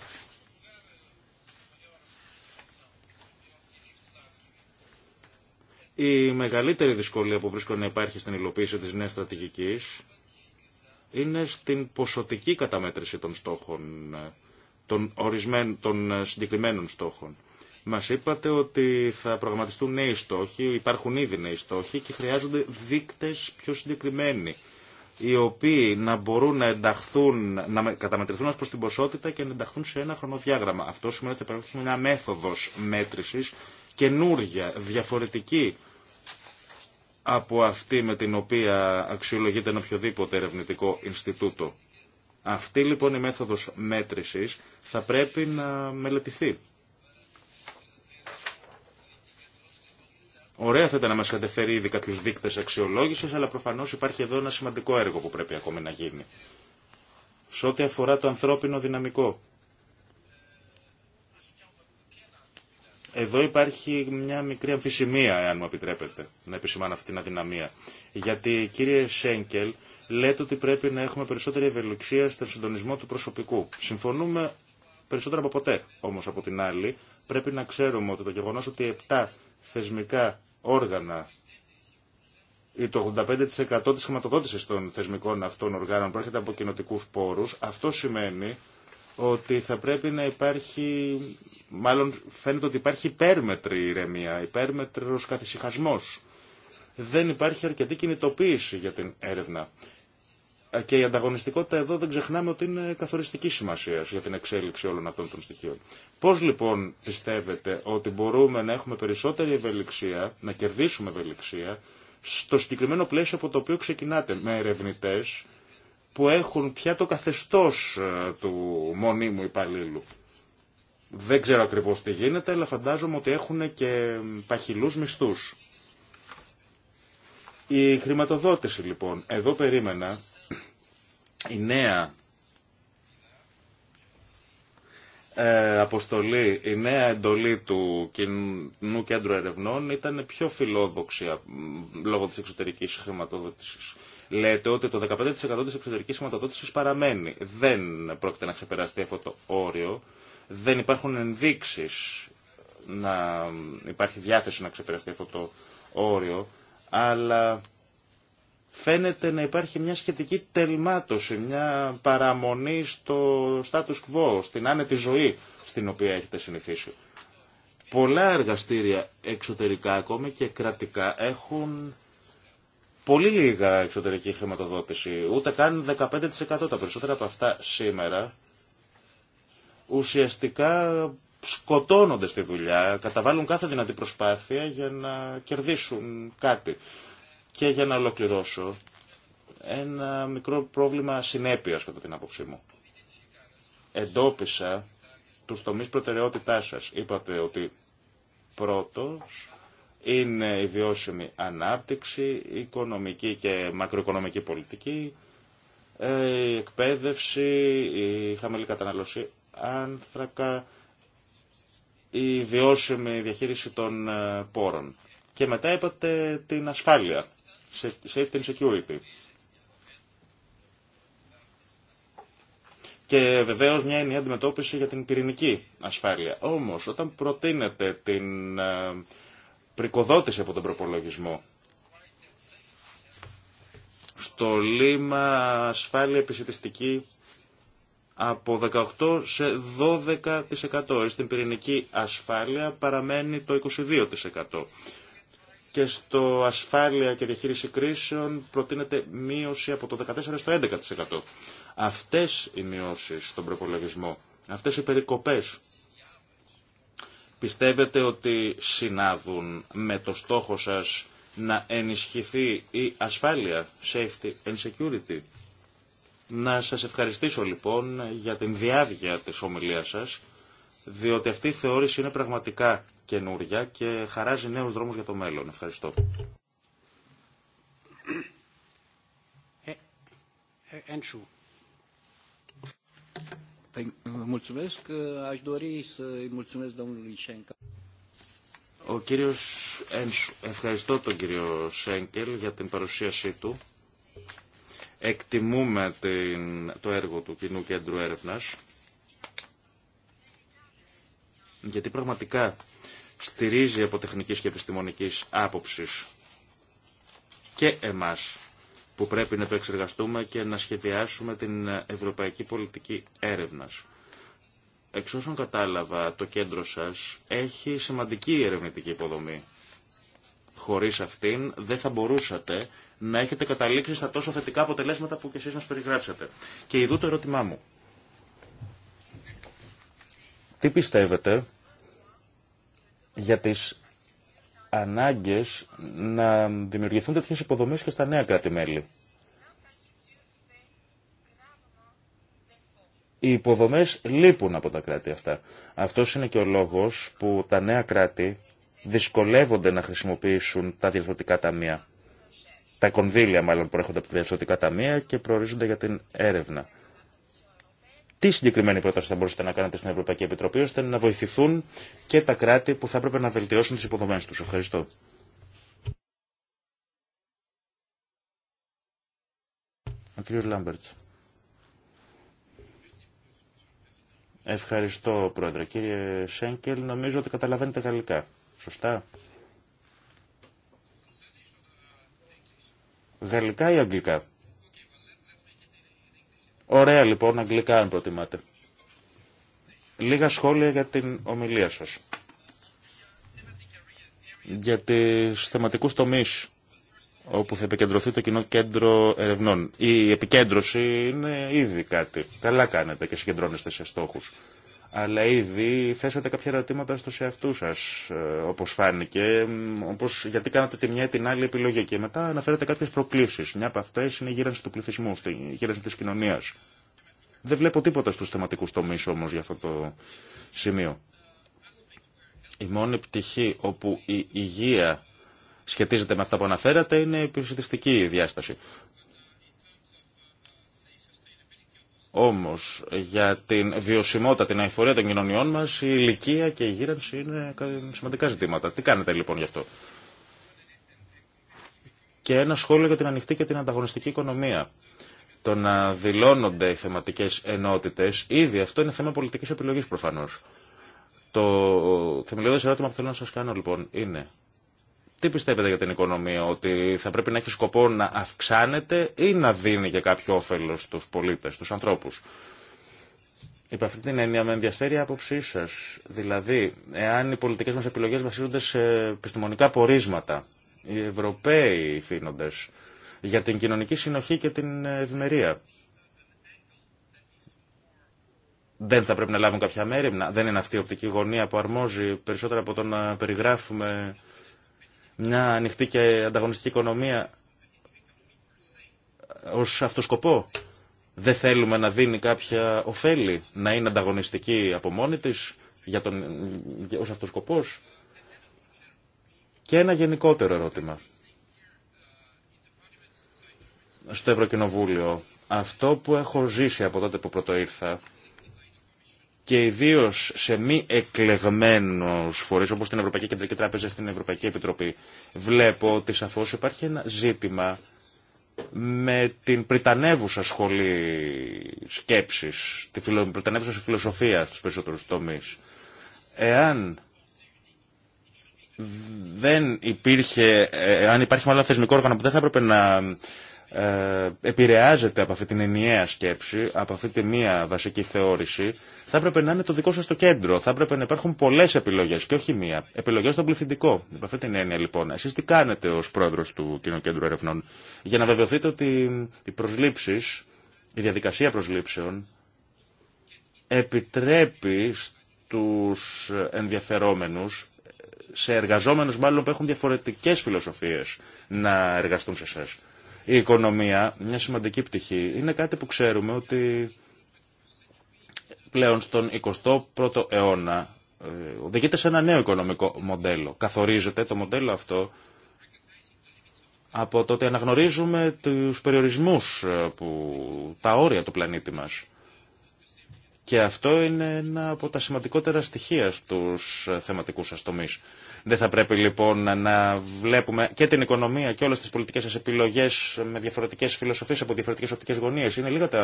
Η μεγαλύτερη δυσκολία που βρίσκω να υπάρχει στην υλοποίηση της νέας στρατηγικής είναι στην ποσοτική καταμέτρηση των στόχων, των, των συγκεκριμένων στόχων. Μας είπατε ότι θα προγραμματιστούν νέοι στόχοι, υπάρχουν ήδη νέοι στόχοι και χρειάζονται δείκτες πιο συγκεκριμένοι, οι οποίοι να μπορούν να ενταχθούν, να καταμετρηθούν ως προς την ποσότητα και να ενταχθούν σε ένα χρονοδιάγραμμα. Αυτό σημαίνει ότι θα υπάρχει μια μέθοδος μέτρησης Καινούργια, διαφορετική από αυτή με την οποία αξιολογείται ένα οποιοδήποτε ερευνητικό Ινστιτούτο. Αυτή λοιπόν η μέθοδος μέτρησης θα πρέπει να μελετηθεί. Ωραία θα ήταν να μας κατεφέρει ήδη κάποιους δείκτες αξιολόγησης, αλλά προφανώς υπάρχει εδώ ένα σημαντικό έργο που πρέπει ακόμη να γίνει. Σε ό,τι αφορά το ανθρώπινο δυναμικό. Εδώ υπάρχει μια μικρή αμφισημία, αν μου επιτρέπετε, να επισημάνω αυτή την αδυναμία. Γιατί, κύριε Σέγκελ, λέτε ότι πρέπει να έχουμε περισσότερη ευελιξία στον συντονισμό του προσωπικού. Συμφωνούμε περισσότερο από ποτέ. Όμω, από την άλλη, πρέπει να ξέρουμε ότι το γεγονό ότι 7 θεσμικά όργανα ή το 85% της χρηματοδότηση των θεσμικών αυτών οργάνων προέρχεται από κοινοτικού πόρους, αυτό σημαίνει ότι θα πρέπει να υπάρχει μάλλον φαίνεται ότι υπάρχει υπέρμετρη ηρεμία, υπέρμετρος καθησυχασμός. Δεν υπάρχει αρκετή κινητοποίηση για την έρευνα. Ε, και η ανταγωνιστικότητα εδώ δεν ξεχνάμε ότι είναι καθοριστική σημασία για την εξέλιξη όλων αυτών των στοιχείων. Πώ λοιπόν πιστεύετε ότι μπορούμε να έχουμε περισσότερη ευελιξία, να κερδίσουμε ευελιξία, στο συγκεκριμένο πλαίσιο από το οποίο ξεκινάτε, με ερευνητέ που έχουν πια το καθεστώ ε, του μονίμου υπαλλήλου. Δεν ξέρω ακριβώς τι γίνεται, αλλά φαντάζομαι ότι έχουν και παχυλούς μισθούς. Η χρηματοδότηση λοιπόν, εδώ περίμενα η νέα ε, αποστολή, η νέα εντολή του Κοινού Κέντρου Ερευνών ήταν πιο φιλόδοξη λόγω της εξωτερικής χρηματοδότησης. Λέτε ότι το 15% της εξωτερικής χρηματοδότησης παραμένει. Δεν πρόκειται να ξεπεραστεί αυτό το όριο δεν υπάρχουν ενδείξεις να υπάρχει διάθεση να ξεπεραστεί αυτό το όριο, αλλά φαίνεται να υπάρχει μια σχετική τελμάτωση, μια παραμονή στο status quo, στην άνετη ζωή στην οποία έχετε συνηθίσει. Πολλά εργαστήρια εξωτερικά ακόμη και κρατικά έχουν πολύ λίγα εξωτερική χρηματοδότηση, ούτε καν 15% τα περισσότερα από αυτά σήμερα ουσιαστικά σκοτώνονται στη δουλειά, καταβάλουν κάθε δυνατή προσπάθεια για να κερδίσουν κάτι. Και για να ολοκληρώσω, ένα μικρό πρόβλημα συνέπειας κατά την άποψή μου. Εντόπισα τους τομείς προτεραιότητάς σας. Είπατε ότι πρώτος είναι η βιώσιμη ανάπτυξη, η οικονομική και μακροοικονομική πολιτική, ε, η εκπαίδευση, η χαμηλή καταναλωσία άνθρακα, η βιώσιμη διαχείριση των ε, πόρων. Και μετά είπατε την ασφάλεια, safety and security. Και βεβαίω μια ενιαία αντιμετώπιση για την πυρηνική ασφάλεια. Όμω, όταν προτείνετε την ε, πρικοδότηση από τον προπολογισμό στο λίμα ασφάλεια επισητιστική από 18% σε 12%. Στην πυρηνική ασφάλεια παραμένει το 22%. Και στο ασφάλεια και διαχείριση κρίσεων προτείνεται μείωση από το 14% στο 11%. Αυτές οι μειώσεις στον προπολογισμό, αυτές οι περικοπές πιστεύετε ότι συνάδουν με το στόχο σας να ενισχυθεί η ασφάλεια, safety and security να σας ευχαριστήσω λοιπόν για την διάβγεια της ομιλίας σας, διότι αυτή η θεώρηση είναι πραγματικά καινούρια και χαράζει νέους δρόμους για το μέλλον. Ευχαριστώ. Ε, ε, Ο κύριος Ένσου. Ευχαριστώ τον κύριο Σέγκελ για την παρουσίασή του. Εκτιμούμε την, το έργο του Κοινού Κέντρου Έρευνας, γιατί πραγματικά στηρίζει από τεχνικής και επιστημονικής άποψης και εμάς που πρέπει να το εξεργαστούμε και να σχεδιάσουμε την ευρωπαϊκή πολιτική έρευνας. Εξ όσων κατάλαβα, το κέντρο σας έχει σημαντική ερευνητική υποδομή. Χωρίς αυτήν δεν θα μπορούσατε να έχετε καταλήξει στα τόσο θετικά αποτελέσματα που και εσείς μας περιγράψατε. Και ειδού το ερώτημά μου. Τι πιστεύετε για τις ανάγκες να δημιουργηθούν τέτοιες υποδομές και στα νέα κράτη-μέλη. Οι υποδομές λείπουν από τα κράτη αυτά. Αυτός είναι και ο λόγος που τα νέα κράτη δυσκολεύονται να χρησιμοποιήσουν τα διευθυντικά ταμεία τα κονδύλια μάλλον προέρχονται από τη διαστοτικά ταμεία και προορίζονται για την έρευνα. Τι συγκεκριμένη πρόταση θα μπορούσατε να κάνετε στην Ευρωπαϊκή Επιτροπή ώστε να βοηθηθούν και τα κράτη που θα έπρεπε να βελτιώσουν τι υποδομέ του. Ευχαριστώ. Ο Ευχαριστώ, Πρόεδρε. Κύριε Σέγκελ, νομίζω ότι καταλαβαίνετε γαλλικά. Σωστά. Γαλλικά ή αγγλικά. Ωραία λοιπόν, αγγλικά αν προτιμάτε. Λίγα σχόλια για την ομιλία σας. Για τις θεματικούς τομείς όπου θα επικεντρωθεί το κοινό κέντρο ερευνών. Η επικέντρωση είναι ήδη κάτι. Καλά κάνετε και συγκεντρώνεστε σε στόχους αλλά ήδη θέσατε κάποια ερωτήματα στους εαυτούς σας, ε, όπως φάνηκε, όπως γιατί κάνατε τη μια ή την άλλη επιλογή και μετά αναφέρατε κάποιες προκλήσεις. Μια από αυτές είναι η γύρανση του πληθυσμού, η γύρανση της κοινωνίας. Δεν βλέπω τίποτα στους θεματικούς τομείς όμως για αυτό το σημείο. Η μόνη πτυχή όπου η υγεία σχετίζεται με αυτά που αναφέρατε είναι η πιστιστική αναφερατε ειναι η διασταση Όμως για την βιωσιμότητα, την αηφορία των κοινωνιών μας η ηλικία και η γύρανση είναι σημαντικά ζητήματα. Τι κάνετε λοιπόν γι' αυτό. Και ένα σχόλιο για την ανοιχτή και την ανταγωνιστική οικονομία. Το να δηλώνονται οι θεματικές ενότητες, ήδη αυτό είναι θέμα πολιτικής επιλογής προφανώς. Το θεμελιώδες ερώτημα που θέλω να σας κάνω λοιπόν είναι τι πιστεύετε για την οικονομία, ότι θα πρέπει να έχει σκοπό να αυξάνεται ή να δίνει και κάποιο όφελο στους πολίτες, στους ανθρώπους. Υπ' αυτή την έννοια με ενδιαφέρει η να δινει και καποιο οφελο στους πολίτε, στους ανθρώπου. υπ αυτη την εννοια με ενδιαφερει η αποψη σα. Δηλαδή, εάν οι πολιτικέ μα επιλογέ βασίζονται σε επιστημονικά πορίσματα, οι Ευρωπαίοι φύνοντε για την κοινωνική συνοχή και την ευημερία. Δεν θα πρέπει να λάβουν κάποια μέρη, Δεν είναι αυτή η οπτική γωνία που αρμόζει περισσότερο από το να περιγράφουμε μια ανοιχτή και ανταγωνιστική οικονομία ως αυτό Δεν θέλουμε να δίνει κάποια ωφέλη, να είναι ανταγωνιστική από μόνη της για τον, ως αυτό Και ένα γενικότερο ερώτημα. Στο Ευρωκοινοβούλιο, αυτό που έχω ζήσει από τότε που πρώτο ήρθα και ιδίω σε μη εκλεγμένου φορεί όπω την Ευρωπαϊκή Κεντρική Τράπεζα στην Ευρωπαϊκή Επιτροπή, βλέπω ότι σαφώ υπάρχει ένα ζήτημα με την πριτανεύουσα σχολή σκέψη, την φιλο... πριτανεύουσα φιλοσοφία στου περισσότερου τομεί. Εάν δεν υπήρχε, ε, αν υπάρχει μάλλον θεσμικό όργανο που δεν θα έπρεπε να ε, επηρεάζεται από αυτή την ενιαία σκέψη, από αυτή τη μία βασική θεώρηση, θα έπρεπε να είναι το δικό σα το κέντρο. Θα έπρεπε να υπάρχουν πολλέ επιλογέ και όχι μία. Επιλογέ στον πληθυντικό. Από αυτή την έννοια λοιπόν, εσεί τι κάνετε ω πρόεδρο του Κοινού Κέντρου Ερευνών για να βεβαιωθείτε ότι οι προσλήψει, η διαδικασία προσλήψεων επιτρέπει στους ενδιαφερόμενους, σε εργαζόμενους μάλλον που έχουν διαφορετικές φιλοσοφίες, να εργαστούν σε εσά. Η οικονομία, μια σημαντική πτυχή, είναι κάτι που ξέρουμε ότι πλέον στον 21ο αιώνα ε, οδηγείται σε ένα νέο οικονομικό μοντέλο. Καθορίζεται το μοντέλο αυτό από το ότι αναγνωρίζουμε τους περιορισμούς, ε, που, τα όρια του πλανήτη μας. Και αυτό είναι ένα από τα σημαντικότερα στοιχεία στους ε, θεματικούς αστομείς. Δεν θα πρέπει λοιπόν να βλέπουμε και την οικονομία και όλε τι πολιτικέ σα επιλογέ με διαφορετικέ φιλοσοφίε από διαφορετικέ οπτικέ γωνίε. Είναι λίγα τα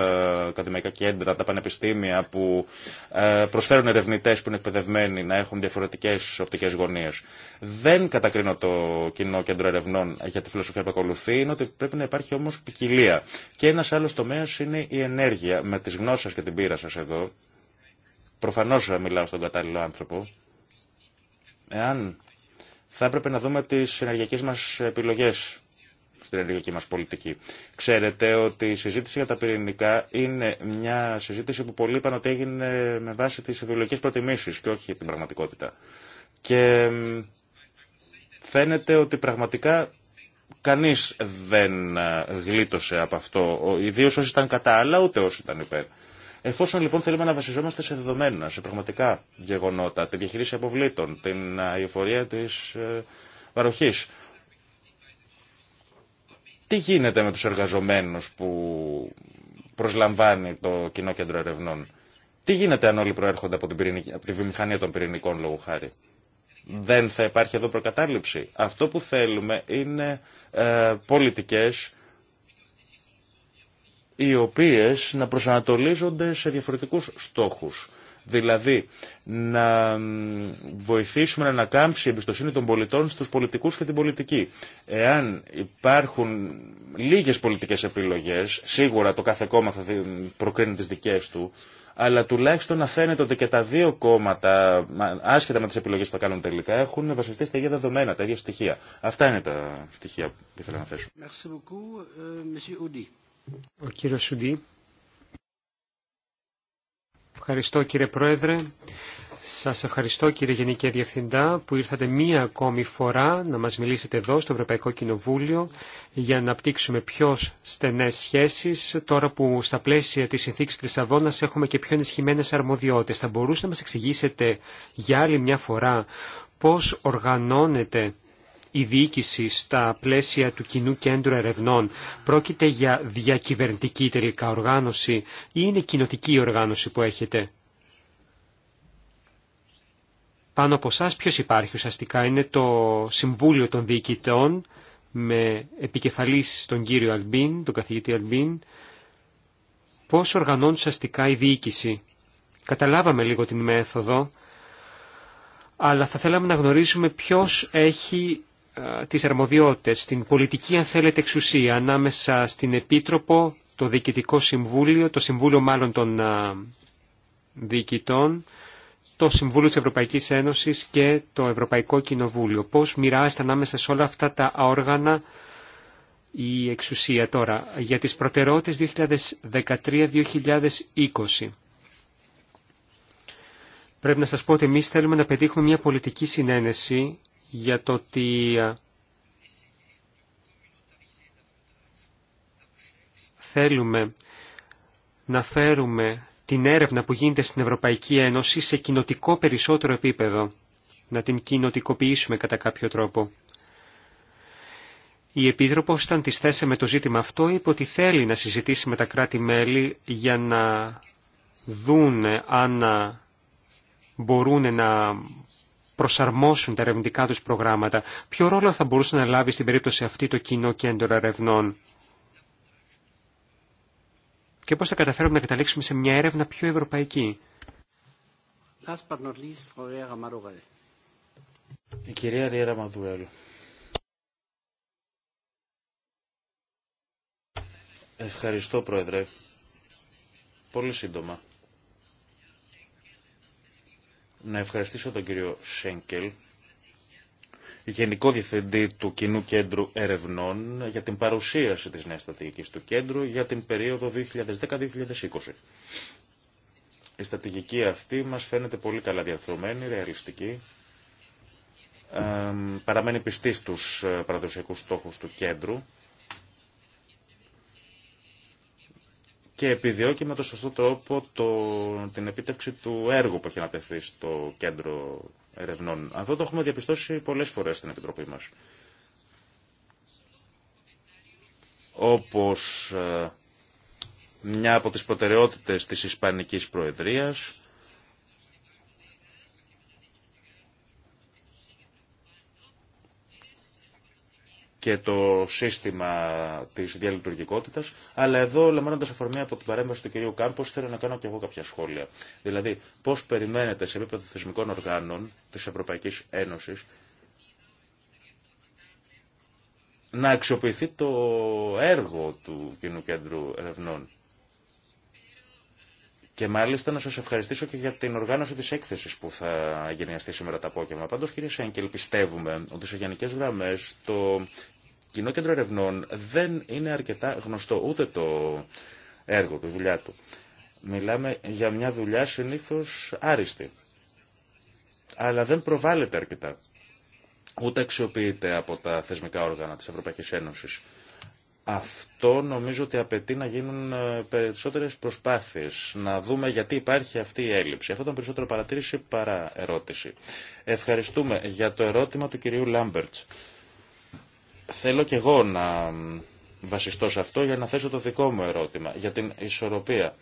ακαδημαϊκά κέντρα, τα πανεπιστήμια που ε, προσφέρουν ερευνητέ που είναι εκπαιδευμένοι να έχουν διαφορετικέ οπτικέ γωνίε. Δεν κατακρίνω το κοινό κέντρο ερευνών για τη φιλοσοφία που ακολουθεί, είναι ότι πρέπει να υπάρχει όμω ποικιλία. Και ένα άλλο τομέα είναι η ενέργεια. Με τι γνώσει σα και την πείρα σα εδώ, προφανώ μιλάω στον κατάλληλο άνθρωπο. Εάν θα έπρεπε να δούμε τις ενεργειακές μας επιλογές στην ενεργειακή μας πολιτική. Ξέρετε ότι η συζήτηση για τα πυρηνικά είναι μια συζήτηση που πολλοί είπαν ότι έγινε με βάση τις ιδεολογικές προτιμήσεις και όχι την πραγματικότητα. Και φαίνεται ότι πραγματικά κανείς δεν ε, γλίτωσε από αυτό, ιδίως όσοι ήταν κατά, αλλά ούτε όσοι ήταν υπέρ. Εφόσον λοιπόν θέλουμε να βασιζόμαστε σε δεδομένα, σε πραγματικά γεγονότα, τη διαχείριση αποβλήτων, την αηφορία τη ε, παροχή, τι γίνεται με τους εργαζομένους που προσλαμβάνει το κοινό κέντρο ερευνών. Τι γίνεται αν όλοι προέρχονται από, την πυρηνική, από τη βιομηχανία των πυρηνικών λόγου χάρη. Δεν θα υπάρχει εδώ προκατάληψη. Αυτό που θέλουμε είναι ε, πολιτικές οι οποίες να προσανατολίζονται σε διαφορετικούς στόχους. Δηλαδή, να βοηθήσουμε να ανακάμψει η εμπιστοσύνη των πολιτών στους πολιτικούς και την πολιτική. Εάν υπάρχουν λίγες πολιτικές επιλογές, σίγουρα το κάθε κόμμα θα προκρίνει τις δικές του, αλλά τουλάχιστον να φαίνεται ότι και τα δύο κόμματα, άσχετα με τις επιλογές που θα κάνουν τελικά, έχουν βασιστεί στα ίδια δεδομένα, τα ίδια στοιχεία. Αυτά είναι τα στοιχεία που ήθελα να θέσω. Euh, ο κύριος Σουντή. Ευχαριστώ κύριε Πρόεδρε. Σας ευχαριστώ κύριε Γενική Διευθυντά που ήρθατε μία ακόμη φορά να μας μιλήσετε εδώ στο Ευρωπαϊκό Κοινοβούλιο για να απτύξουμε πιο στενές σχέσεις τώρα που στα πλαίσια της συνθήκης της Λισαβόνας έχουμε και πιο ενισχυμένε αρμοδιότητες. Θα μπορούσατε να μας εξηγήσετε για άλλη μια φορά πώς οργανώνεται η διοίκηση στα πλαίσια του κοινού κέντρου ερευνών πρόκειται για διακυβερνητική τελικά οργάνωση ή είναι κοινοτική η οργάνωση που έχετε. Πάνω από εσά ποιος υπάρχει ουσιαστικά είναι το Συμβούλιο των Διοικητών με επικεφαλής τον κύριο Αλμπίν, τον καθηγητή Αλμπίν, πώς οργανώνει ουσιαστικά διοίκηση. Καταλάβαμε λίγο την μέθοδο, αλλά θα θέλαμε να γνωρίζουμε ποιος υπαρχει ουσιαστικα ειναι το συμβουλιο των διοικητων με επικεφαλης τον κυριο αλμπιν τον καθηγητη αλμπιν πως οργανωνει ουσιαστικα η διοικηση καταλαβαμε λιγο την μεθοδο αλλα θα θελαμε να γνωρίσουμε ποιος εχει ε, τις αρμοδιότητες, την πολιτική αν θέλετε εξουσία ανάμεσα στην Επίτροπο, το Διοικητικό Συμβούλιο, το Συμβούλιο μάλλον των ε, Διοικητών, το Συμβούλιο της Ευρωπαϊκής Ένωσης και το Ευρωπαϊκό Κοινοβούλιο. Πώς μοιράζεται ανάμεσα σε όλα αυτά τα όργανα η εξουσία τώρα για τις προτεραιότητες 2013-2020. Πρέπει να σας πω ότι εμεί θέλουμε να πετύχουμε μια πολιτική συνένεση για το ότι ε, θέλουμε να φέρουμε την έρευνα που γίνεται στην Ευρωπαϊκή Ένωση σε κοινοτικό περισσότερο επίπεδο, να την κοινοτικοποιήσουμε κατά κάποιο τρόπο. Η Επίτροπο, όταν τη θέσε με το ζήτημα αυτό, είπε ότι θέλει να συζητήσει με τα κράτη-μέλη για να δούνε αν μπορούν να προσαρμόσουν τα ερευνητικά τους προγράμματα. Ποιο ρόλο θα μπορούσε να λάβει στην περίπτωση αυτή το κοινό κέντρο ερευνών και πώς θα καταφέρουμε να καταλήξουμε σε μια έρευνα πιο ευρωπαϊκή. Η κυρία Ριέρα Ευχαριστώ, Πρόεδρε. Πολύ σύντομα να ευχαριστήσω τον κύριο Σέγκελ, Γενικό Διευθυντή του Κοινού Κέντρου Ερευνών, για την παρουσίαση της νέας στρατηγικής του κέντρου για την περίοδο 2010-2020. Η στρατηγική αυτή μας φαίνεται πολύ καλά διαρθρωμένη, ρεαλιστική. παραμένει πιστή στους ε, παραδοσιακούς στόχους του κέντρου και επιδιώκει με το σωστό τρόπο το, την επίτευξη του έργου που έχει ανατεθεί στο κέντρο ερευνών. Αυτό το έχουμε διαπιστώσει πολλές φορές στην Επιτροπή μας. Όπως ε, μια από τις προτεραιότητες της Ισπανικής Προεδρίας, και το σύστημα τη διαλειτουργικότητα, αλλά εδώ, λαμβάνοντα αφορμή από την παρέμβαση του κυρίου Κάμπο, θέλω να κάνω και εγώ κάποια σχόλια. Δηλαδή, πώ περιμένετε σε επίπεδο θεσμικών οργάνων τη Ευρωπαϊκή Ένωση να αξιοποιηθεί το έργο του Κοινού Κέντρου Ερευνών. Και μάλιστα να σα ευχαριστήσω και για την οργάνωση τη έκθεση που θα γενιαστεί σήμερα το απόγευμα. Πάντω, κύριε Σέγκελ, πιστεύουμε ότι σε γενικέ γραμμέ το Κοινό Κέντρο Ερευνών δεν είναι αρκετά γνωστό ούτε το έργο, τη δουλειά του. Μιλάμε για μια δουλειά συνήθω άριστη. Αλλά δεν προβάλλεται αρκετά. Ούτε αξιοποιείται από τα θεσμικά όργανα τη Ευρωπαϊκή Ένωση. Αυτό νομίζω ότι απαιτεί να γίνουν ε, περισσότερες προσπάθειες, να δούμε γιατί υπάρχει αυτή η έλλειψη. Αυτό ήταν περισσότερο παρατήρηση παρά ερώτηση. Ευχαριστούμε για το ερώτημα του κυρίου Λάμπερτ. Θέλω και εγώ να βασιστώ σε αυτό για να θέσω το δικό μου ερώτημα για την ισορροπία.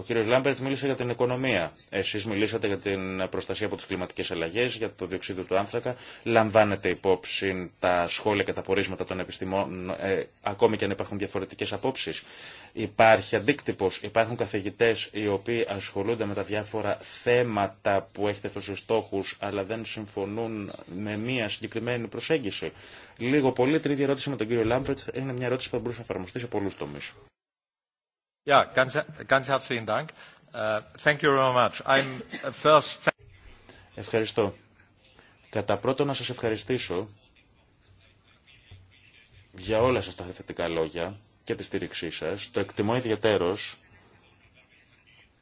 Ο κύριος Λάμπερτ μίλησε για την οικονομία. Εσείς μιλήσατε για την προστασία από τις κλιματικές αλλαγές, για το διοξείδιο του άνθρακα. Λαμβάνετε υπόψη τα σχόλια και τα πορίσματα των επιστημών, ε, ακόμη και αν υπάρχουν διαφορετικές απόψεις. Υπάρχει αντίκτυπος, υπάρχουν καθηγητές οι οποίοι ασχολούνται με τα διάφορα θέματα που έχετε θέσει στόχου, αλλά δεν συμφωνούν με μία συγκεκριμένη προσέγγιση. Λίγο πολύ, την ίδια ερώτηση με τον κύριο Λάμπερτ είναι μια ερώτηση που θα μπορούσε να εφαρμοστεί σε πολλού τομεί. Ευχαριστώ. Κατά πρώτον να σας ευχαριστήσω για όλα σας τα θετικά λόγια και τη στήριξή σας. Το εκτιμώ ιδιαίτερος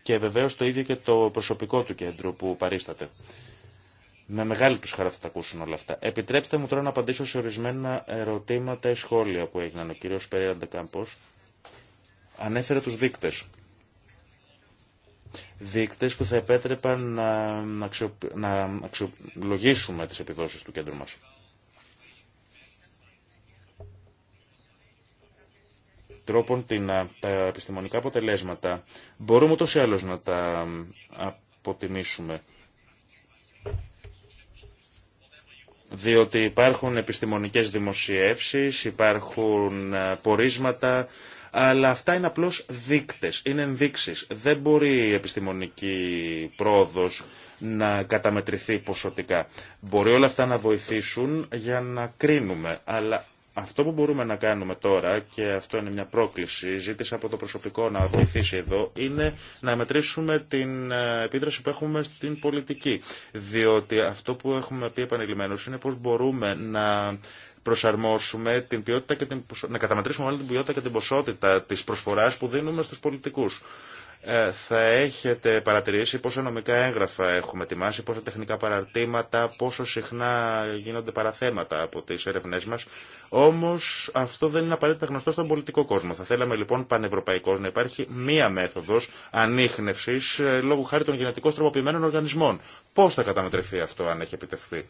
και βεβαίως το ίδιο και το προσωπικό του κέντρο που παρίσταται. Με μεγάλη τους χαρά θα τα ακούσουν όλα αυτά. Επιτρέψτε μου τώρα να απαντήσω σε ορισμένα ερωτήματα ή σχόλια που έγιναν ο κύριος Περίραντε Κάμπος ανέφερε τους δείκτες. Δείκτες που θα επέτρεπαν να, να αξιολογήσουμε τις επιδόσεις του κέντρου μας. Τρόπον την, τα επιστημονικά αποτελέσματα μπορούμε ούτως ή άλλως να τα αποτιμήσουμε. Διότι υπάρχουν επιστημονικές δημοσιεύσεις, υπάρχουν πορίσματα αλλά αυτά είναι απλώς δείκτες, είναι ενδείξεις. Δεν μπορεί η επιστημονική πρόοδος να καταμετρηθεί ποσοτικά. Μπορεί όλα αυτά να βοηθήσουν για να κρίνουμε, αλλά αυτό που μπορούμε να κάνουμε τώρα, και αυτό είναι μια πρόκληση, ζήτησα από το προσωπικό να βοηθήσει εδώ, είναι να μετρήσουμε την ε, επίδραση που έχουμε στην πολιτική. Διότι αυτό που έχουμε πει επανειλημμένω είναι πώς μπορούμε να προσαρμόσουμε την ποιότητα και την, να καταμετρήσουμε όλη την ποιότητα και την ποσότητα της προσφοράς που δίνουμε στους πολιτικούς. Ε, θα έχετε παρατηρήσει πόσα νομικά έγγραφα έχουμε ετοιμάσει, πόσα τεχνικά παραρτήματα, πόσο συχνά γίνονται παραθέματα από τις έρευνές μας. Όμως αυτό δεν είναι απαραίτητα γνωστό στον πολιτικό κόσμο. Θα θέλαμε λοιπόν πανευρωπαϊκός να υπάρχει μία μέθοδος ανείχνευσης ε, λόγω χάρη των γενετικώς τροποποιημένων οργανισμών. Πώς θα καταμετρηθεί αυτό αν έχει επιτευχθεί.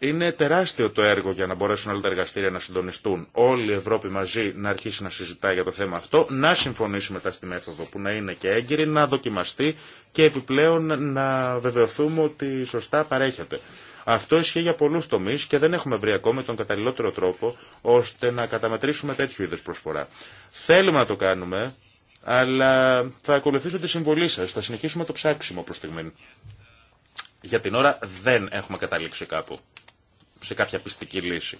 Είναι τεράστιο το έργο για να μπορέσουν όλα τα εργαστήρια να συντονιστούν. Όλη η Ευρώπη μαζί να αρχίσει να συζητάει για το θέμα αυτό, να συμφωνήσει μετά στη μέθοδο που να είναι και έγκυρη, να δοκιμαστεί και επιπλέον να βεβαιωθούμε ότι σωστά παρέχεται. Αυτό ισχύει για πολλού τομεί και δεν έχουμε βρει ακόμη τον καταλληλότερο τρόπο ώστε να καταμετρήσουμε τέτοιου είδου προσφορά. Θέλουμε να το κάνουμε, αλλά θα ακολουθήσω τη συμβολή σα. Θα συνεχίσουμε το ψάξιμο προ στιγμή. Για την ώρα δεν έχουμε καταλήξει κάπου σε κάποια πιστική λύση.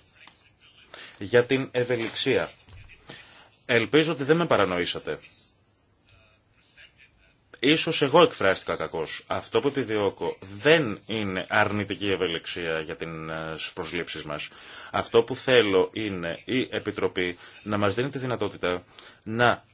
Για την ευελιξία. Ελπίζω ότι δεν με παρανοήσατε. Ίσως εγώ εκφράστηκα κακώς. Αυτό που επιδιώκω δεν είναι αρνητική ευελιξία για την ε, προσλήψεις μας. Αυτό που θέλω είναι η Επιτροπή να μας δίνει τη δυνατότητα να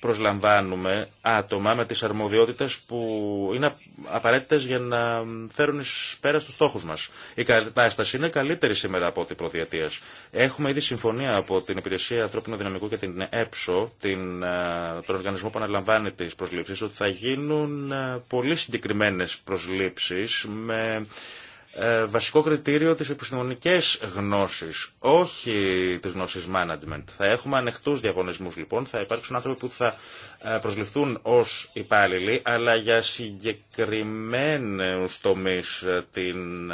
προσλαμβάνουμε άτομα με τις αρμοδιότητες που είναι απαραίτητες για να φέρουν πέρα στους στόχους μας. Η κατάσταση είναι καλύτερη σήμερα από την προδιατίας. Έχουμε ήδη συμφωνία από την Υπηρεσία Ανθρώπινου Δυναμικού και την ΕΠΣΟ, την, τον οργανισμό που αναλαμβάνει τις προσλήψεις, ότι θα γίνουν πολύ συγκεκριμένες προσλήψεις με ε, βασικό κριτήριο τις επιστημονικές γνώσεις, όχι τις γνώσεις management. Θα έχουμε ανεχτούς διαγωνισμούς λοιπόν, θα υπάρξουν άνθρωποι που θα ε, προσληφθούν ως υπάλληλοι, αλλά για συγκεκριμένους τομείς ε, την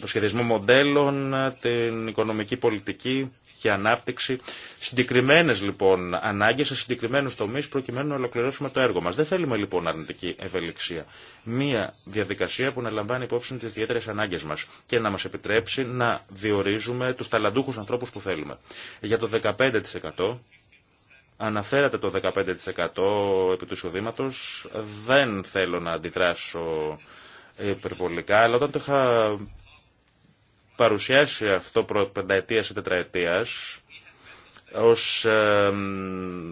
το σχεδιασμό μοντέλων, την οικονομική πολιτική και ανάπτυξη. Συγκεκριμένε λοιπόν ανάγκε σε συγκεκριμένου τομεί προκειμένου να ολοκληρώσουμε το έργο μα. Δεν θέλουμε λοιπόν αρνητική ευελιξία. Μία διαδικασία που να λαμβάνει υπόψη τι ιδιαίτερε ανάγκε μα και να μα επιτρέψει να διορίζουμε του ταλαντούχου ανθρώπου που θέλουμε. Για το 15% αναφέρατε το 15% επί του εισοδήματο. Δεν θέλω να αντιδράσω υπερβολικά, αλλά όταν το είχα παρουσιάσει αυτό πενταετία ή τετραετία ω ε,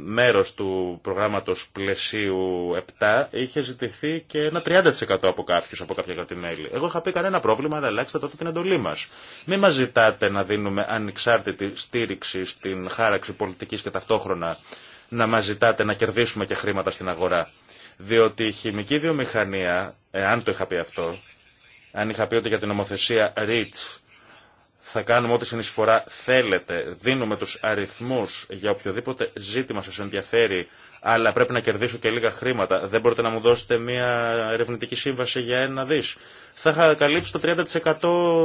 μέρος του προγράμματο πλαισίου 7 είχε ζητηθεί και ένα 30% από κάποιου από κάποια κρατημέλη. Εγώ είχα πει κανένα πρόβλημα, αλλά ελάχιστα τότε την εντολή μα. Μην μα ζητάτε να δίνουμε ανεξάρτητη στήριξη στην χάραξη πολιτική και ταυτόχρονα να μα ζητάτε να κερδίσουμε και χρήματα στην αγορά. Διότι η χημική βιομηχανία, εάν το είχα πει αυτό, αν είχα πει ότι για την νομοθεσία REACH θα κάνουμε ό,τι συνεισφορά θέλετε. Δίνουμε τους αριθμούς για οποιοδήποτε ζήτημα σας ενδιαφέρει, αλλά πρέπει να κερδίσω και λίγα χρήματα. Δεν μπορείτε να μου δώσετε μια ερευνητική σύμβαση για ένα δις. Θα είχα καλύψει το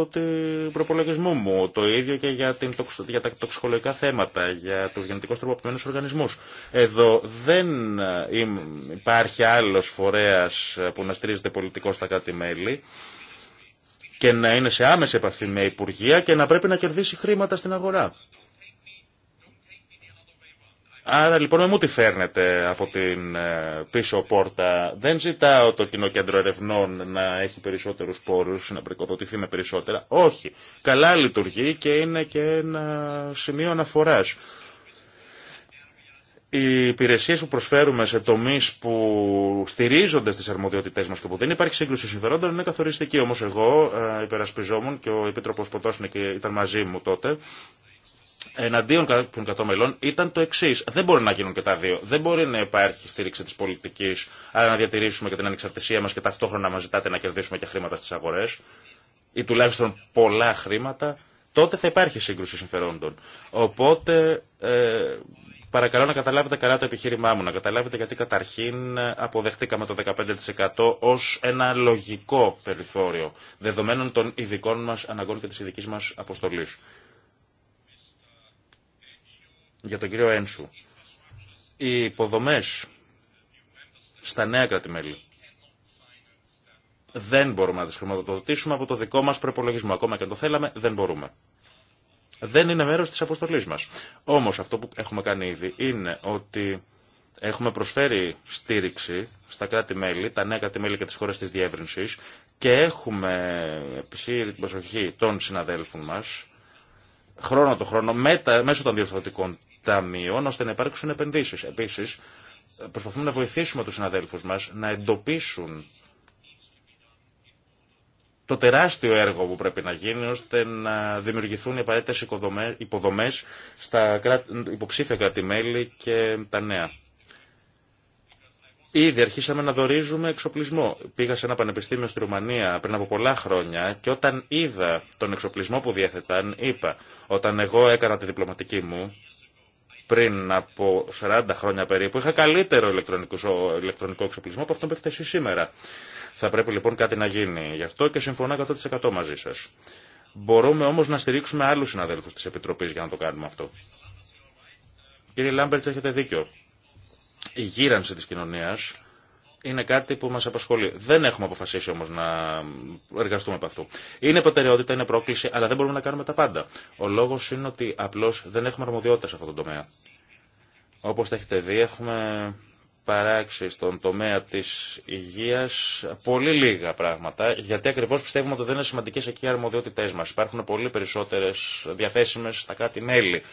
30% του προπολογισμού μου. Το ίδιο και για, την, για τα τοξικολογικά θέματα, για τους γενετικώς τροποποιημένους οργανισμούς. Εδώ δεν ε, υπάρχει άλλος φορέας που να στηρίζεται πολιτικό στα κάτι μέλη και να είναι σε άμεση επαφή με Υπουργεία και να πρέπει να κερδίσει χρήματα στην αγορά. Άρα λοιπόν με μου τη φέρνετε από την ε, πίσω πόρτα. Δεν ζητάω το κέντρο ερευνών να έχει περισσότερους πόρους, να πρικοδοτηθεί με περισσότερα. Όχι. Καλά λειτουργεί και είναι και ένα σημείο αναφοράς οι υπηρεσίε που προσφέρουμε σε τομεί που στηρίζονται στι αρμοδιότητέ μα και που δεν υπάρχει σύγκρουση συμφερόντων είναι καθοριστική. Όμω εγώ ε, υπερασπιζόμουν και ο Επίτροπο και ήταν μαζί μου τότε εναντίον κάποιων κατώμελων ήταν το εξή. Δεν μπορεί να γίνουν και τα δύο. Δεν μπορεί να υπάρχει στήριξη τη πολιτική, αλλά να διατηρήσουμε και την ανεξαρτησία μα και ταυτόχρονα να μα ζητάτε να κερδίσουμε και χρήματα στι αγορέ, ή τουλάχιστον πολλά χρήματα, τότε θα υπάρχει σύγκρουση συμφερόντων. Οπότε ε, Παρακαλώ να καταλάβετε καλά το επιχείρημά μου, να καταλάβετε γιατί καταρχήν αποδεχτήκαμε το 15% ως ένα λογικό περιθώριο δεδομένων των ειδικών μας αναγκών και της ειδικής μας αποστολής. Για τον κύριο Ένσου, οι υποδομές στα νέα κρατημέλη δεν μπορούμε να τις χρηματοδοτήσουμε από το δικό μας προπολογισμό. Ακόμα και αν το θέλαμε, δεν μπορούμε δεν είναι μέρος της αποστολής μας. Όμως αυτό που έχουμε κάνει ήδη είναι ότι έχουμε προσφέρει στήριξη στα κράτη-μέλη, τα νέα κράτη-μέλη και τις χώρες της διεύρυνσης και έχουμε επισύρει την προσοχή των συναδέλφων μας χρόνο το χρόνο μετα, μέσω των διορθωτικών ταμείων ώστε να υπάρξουν επενδύσεις. Επίσης, προσπαθούμε να βοηθήσουμε τους συναδέλφους μας να εντοπίσουν το τεράστιο έργο που πρέπει να γίνει ώστε να δημιουργηθούν οι απαραίτητε υποδομές στα υποψήφια κράτη-μέλη και τα νέα. Ήδη αρχίσαμε να δορίζουμε εξοπλισμό. Πήγα σε ένα πανεπιστήμιο στη Ρουμανία πριν από πολλά χρόνια και όταν είδα τον εξοπλισμό που διέθεταν, είπα, όταν εγώ έκανα τη διπλωματική μου, πριν από 40 χρόνια περίπου, είχα καλύτερο ηλεκτρονικό, εξοπλισμό από αυτό που έχετε σήμερα. Θα πρέπει λοιπόν κάτι να γίνει γι' αυτό και συμφωνώ 100% μαζί σα. Μπορούμε όμω να στηρίξουμε άλλου συναδέλφου τη Επιτροπή για να το κάνουμε αυτό. Κύριε Λάμπερτ, έχετε δίκιο. Η γύρανση τη κοινωνία είναι κάτι που μα απασχολεί. Δεν έχουμε αποφασίσει όμω να εργαστούμε από αυτού. Είναι προτεραιότητα, είναι πρόκληση, αλλά δεν μπορούμε να κάνουμε τα πάντα. Ο λόγο είναι ότι απλώ δεν έχουμε αρμοδιότητα σε αυτό το τομέα. Όπω τα έχετε δει, έχουμε παράξει στον τομέα της υγείας πολύ λίγα πράγματα, γιατί ακριβώς πιστεύουμε ότι δεν είναι σημαντικές εκεί οι αρμοδιότητές μας. Υπάρχουν πολύ περισσότερες διαθέσιμες στα κράτη-μέλη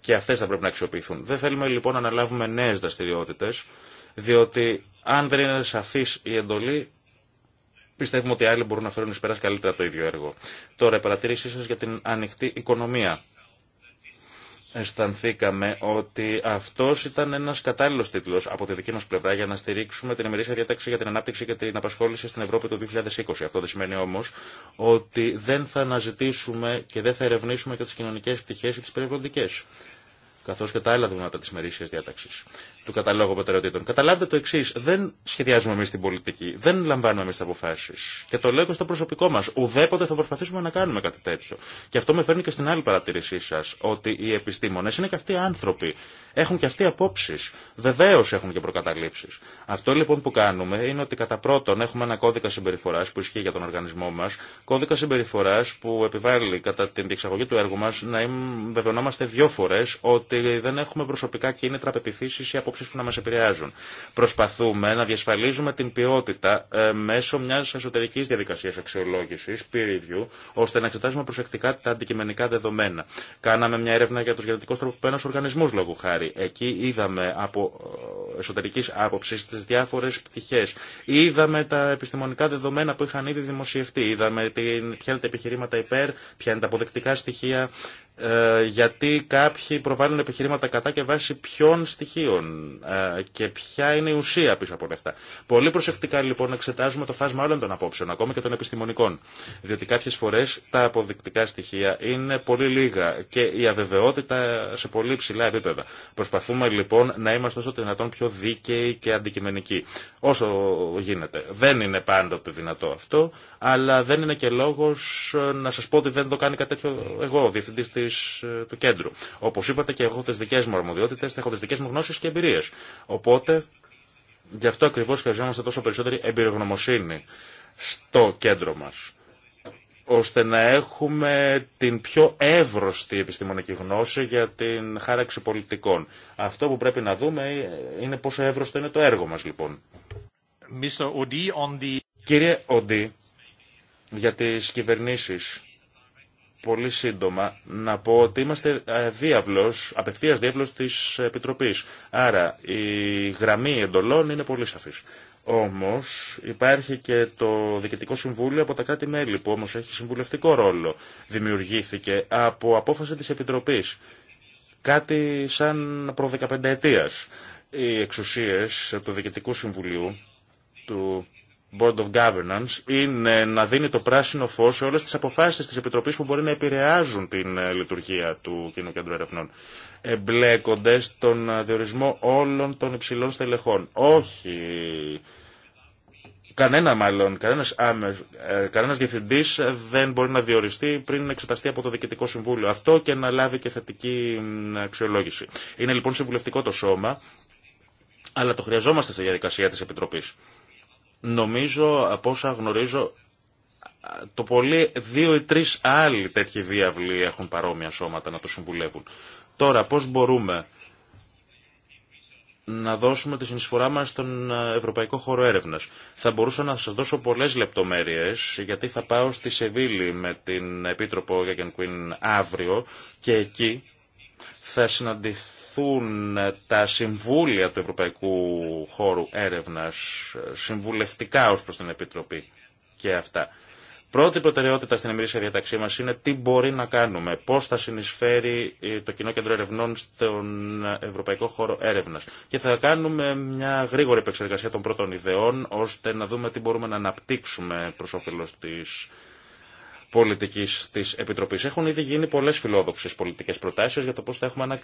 και αυτές θα πρέπει να αξιοποιηθούν. Δεν θέλουμε λοιπόν να αναλάβουμε νέες δραστηριότητες, διότι αν δεν είναι σαφής η εντολή, πιστεύουμε ότι άλλοι μπορούν να φέρουν εις καλύτερα το ίδιο έργο. Τώρα, η παρατήρησή σας για την ανοιχτή οικονομία αισθανθήκαμε ότι αυτό ήταν ένα κατάλληλο τίτλο από τη δική μα πλευρά για να στηρίξουμε την ημερήσια διάταξη για την ανάπτυξη και την απασχόληση στην Ευρώπη το 2020. Αυτό δεν σημαίνει όμω ότι δεν θα αναζητήσουμε και δεν θα ερευνήσουμε και τι κοινωνικέ πτυχέ ή τι περιβαλλοντικέ, καθώ και τα άλλα δυνατά τη ημερήσια διάταξη του καταλόγου προτεραιοτήτων. Καταλάβετε το εξή. Δεν σχεδιάζουμε εμεί την πολιτική. Δεν λαμβάνουμε εμεί τι αποφάσει. Και το λέω και στο προσωπικό μα. Ουδέποτε θα προσπαθήσουμε να κάνουμε κάτι τέτοιο. Και αυτό με φέρνει και στην άλλη παρατηρήσή σα. Ότι οι επιστήμονε είναι και αυτοί άνθρωποι. Έχουν και αυτοί απόψει. Βεβαίω έχουν και προκαταλήψει. Αυτό λοιπόν που κάνουμε είναι ότι κατά πρώτον έχουμε ένα κώδικα συμπεριφορά που ισχύει για τον οργανισμό μα. Κώδικα συμπεριφορά που επιβάλλει κατά την διεξαγωγή του έργου μα να βεβαιωνόμαστε δύο φορέ ότι δεν έχουμε προσωπικά κίνητρα πεπιθήσει ή απόψει που να μα επηρεάζουν. Προσπαθούμε να διασφαλίζουμε την ποιότητα ε, μέσω μια εσωτερική διαδικασία αξιολόγηση, peer review, ώστε να εξετάζουμε προσεκτικά τα αντικειμενικά δεδομένα. Κάναμε μια έρευνα για του γενετικώ τροποποιημένου οργανισμού, λόγου χάρη. Εκεί είδαμε από ε, εσωτερική άποψη τι διάφορε πτυχέ. Είδαμε τα επιστημονικά δεδομένα που είχαν ήδη δημοσιευτεί. Είδαμε την, ποια είναι τα επιχειρήματα υπέρ, ποια είναι τα αποδεκτικά στοιχεία ε, γιατί κάποιοι προβάλλουν επιχειρήματα κατά και βάσει ποιών στοιχείων ε, και ποια είναι η ουσία πίσω από όλα αυτά. Πολύ προσεκτικά λοιπόν εξετάζουμε το φάσμα όλων των απόψεων, ακόμα και των επιστημονικών. Διότι κάποιε φορέ τα αποδεικτικά στοιχεία είναι πολύ λίγα και η αβεβαιότητα σε πολύ ψηλά επίπεδα. Προσπαθούμε λοιπόν να είμαστε όσο δυνατόν πιο δίκαιοι και αντικειμενικοί. Όσο γίνεται. Δεν είναι πάντοτε δυνατό αυτό, αλλά δεν είναι και λόγο να σα πω ότι δεν το κάνει κάτι τέτοιο εγώ, διευθυντή τη της, ε, του κέντρου. Όπως είπατε και εγώ τις δικές μου αρμοδιότητες, έχω τις δικές μου γνώσεις και εμπειρίες. Οπότε, γι' αυτό ακριβώς χρειαζόμαστε τόσο περισσότερη εμπειρογνωμοσύνη στο κέντρο μας ώστε να έχουμε την πιο εύρωστη επιστημονική γνώση για την χάραξη πολιτικών. Αυτό που πρέπει να δούμε είναι πόσο εύρωστο είναι το έργο μας λοιπόν. Κύριε Οντή για τις κυβερνήσεις πολύ σύντομα να πω ότι είμαστε ε, διάβλος, απευθείας διάβλος της Επιτροπής. Άρα η γραμμή εντολών είναι πολύ σαφής. Όμως υπάρχει και το Διοικητικό Συμβούλιο από τα κράτη-μέλη που όμως έχει συμβουλευτικό ρόλο. Δημιουργήθηκε από απόφαση της Επιτροπής. Κάτι σαν προ 15 ετίας. Οι εξουσίες του Διοικητικού Συμβουλίου του Board of Governance είναι να δίνει το πράσινο φως σε όλες τις αποφάσεις της Επιτροπής που μπορεί να επηρεάζουν την ε, λειτουργία του Κοινού Κέντρου Ερευνών. Εμπλέκονται τον ε, διορισμό όλων των υψηλών στελεχών. Όχι κανένα μάλλον, κανένας, ε, κανένας διευθυντής δεν μπορεί να διοριστεί πριν να εξεταστεί από το Διοικητικό Συμβούλιο. Αυτό και να λάβει και θετική αξιολόγηση. Είναι λοιπόν συμβουλευτικό το σώμα, αλλά το χρειαζόμαστε στη διαδικασία της Επιτροπής. Νομίζω από όσα γνωρίζω το πολύ δύο ή τρεις άλλοι τέτοιοι διάβλοι έχουν παρόμοια σώματα να το συμβουλεύουν. Τώρα πώς μπορούμε να δώσουμε τη συνεισφορά μας στον Ευρωπαϊκό Χώρο Έρευνας. Θα μπορούσα να σας δώσω πολλές λεπτομέρειες, γιατί θα πάω στη Σεβίλη με την Επίτροπο για Κουίν αύριο και εκεί θα συναντηθώ ενισχυθούν τα συμβούλια του Ευρωπαϊκού Χώρου Έρευνας ε, συμβουλευτικά ως προς την Επιτροπή και αυτά. Πρώτη προτεραιότητα στην εμμυρίσια διαταξή μας είναι τι μπορεί να κάνουμε, πώς θα συνεισφέρει ε, το Κοινό Κέντρο Ερευνών στον Ευρωπαϊκό Χώρο Έρευνας. Και θα κάνουμε μια γρήγορη επεξεργασία των πρώτων ιδεών, ώστε να δούμε τι μπορούμε να αναπτύξουμε προς όφελος της πολιτική τη Επιτροπή. Έχουν ήδη γίνει πολλέ φιλόδοξε πολιτικέ προτάσει για το πώ θα έχουμε ένα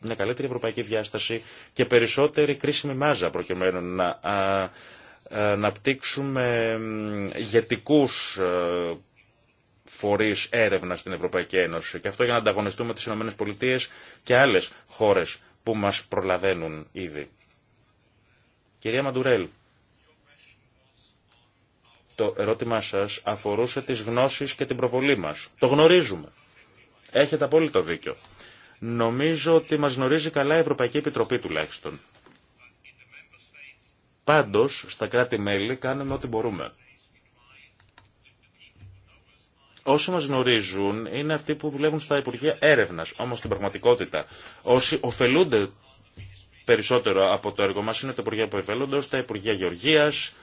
μια καλύτερη ευρωπαϊκή διάσταση και περισσότερη κρίσιμη μάζα προκειμένου να αναπτύξουμε ε, ηγετικού ε, φορεί έρευνα στην Ευρωπαϊκή Ένωση. Και αυτό για να ανταγωνιστούμε τι ΗΠΑ και άλλε χώρε που μα προλαβαίνουν ήδη. Κυρία Μαντουρέλ, το ερώτημά σας αφορούσε τις γνώσεις και την προβολή μας. Το γνωρίζουμε. Έχετε απόλυτο δίκιο. Νομίζω ότι μας γνωρίζει καλά η Ευρωπαϊκή Επιτροπή τουλάχιστον. Πάντως, στα κράτη-μέλη κάνουμε ό,τι μπορούμε. Όσοι μας γνωρίζουν είναι αυτοί που δουλεύουν στα Υπουργεία Έρευνας. Όμως, στην πραγματικότητα, όσοι ωφελούνται περισσότερο από το έργο μας είναι το Υπουργείο Περιβάλλοντος, τα Υπουργεία Γεωργίας,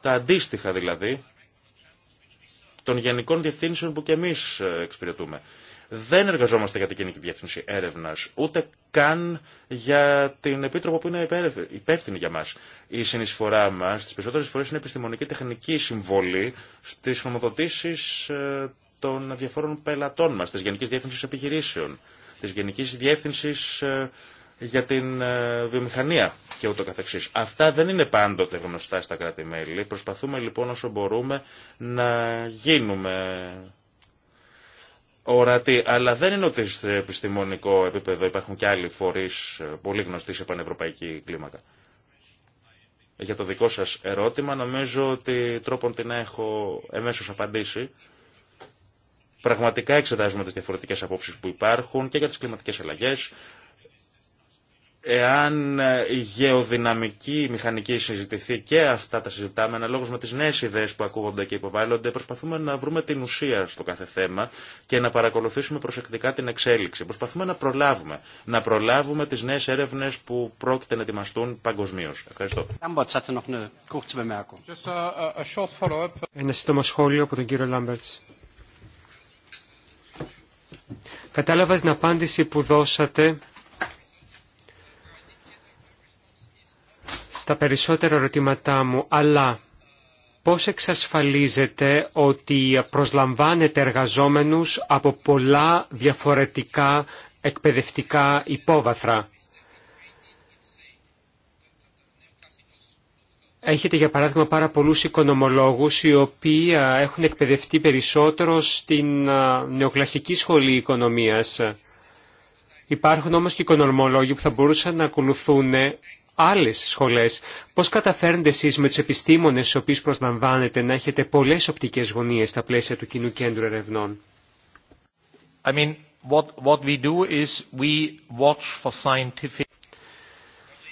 τα αντίστοιχα δηλαδή, των γενικών διευθύνσεων που και εμείς ε, εξυπηρετούμε. Δεν εργαζόμαστε για την Γενική Διεύθυνση Έρευνα, ούτε καν για την Επίτροπο που είναι υπεύθυνη για μα. Η συνεισφορά μα τι περισσότερε φορέ είναι επιστημονική τεχνική συμβολή στι χρηματοδοτήσει ε, των διαφόρων πελατών μα, τη Γενική Διεύθυνση Επιχειρήσεων, τη Γενική Διεύθυνση ε, για την ε, βιομηχανία και ούτω καθεξής. Αυτά δεν είναι πάντοτε γνωστά στα κράτη-μέλη. Προσπαθούμε λοιπόν όσο μπορούμε να γίνουμε ορατοί. Αλλά δεν είναι ότι σε επιστημονικό επίπεδο υπάρχουν και άλλοι φορείς ε, πολύ γνωστοί σε πανευρωπαϊκή κλίμακα. Για το δικό σας ερώτημα νομίζω ότι τρόπον την έχω εμέσως απαντήσει. Πραγματικά εξετάζουμε τις διαφορετικές απόψεις που υπάρχουν και για τις κλιματικές αλλαγές, Εάν ε, η γεωδυναμική η μηχανική συζητηθεί και αυτά τα συζητάμε, αναλόγω με τι νέε ιδέε που ακούγονται και υποβάλλονται, προσπαθούμε να βρούμε την ουσία στο κάθε θέμα και να παρακολουθήσουμε προσεκτικά την εξέλιξη. Προσπαθούμε να προλάβουμε. Να προλάβουμε τι νέε έρευνε που πρόκειται να ετοιμαστούν παγκοσμίω. Ευχαριστώ. σχόλιο τον κύριο Κατάλαβα την απάντηση που δώσατε στα περισσότερα ερωτήματά μου, αλλά πώς εξασφαλίζεται ότι προσλαμβάνετε εργαζόμενους από πολλά διαφορετικά εκπαιδευτικά υπόβαθρα. Έχετε για παράδειγμα πάρα πολλούς οικονομολόγους οι οποίοι έχουν εκπαιδευτεί περισσότερο στην νεοκλασική σχολή οικονομίας. Υπάρχουν όμως και οικονομολόγοι που θα μπορούσαν να ακολουθούν Άλλε σχολές. Πώς καταφέρνετε εσεί με του επιστήμονε στους οποίου προσλαμβάνετε να έχετε πολλές οπτικές γωνίε στα πλαίσια του κοινού κέντρου ερευνών. I mean, what, what we do is we watch for scientific...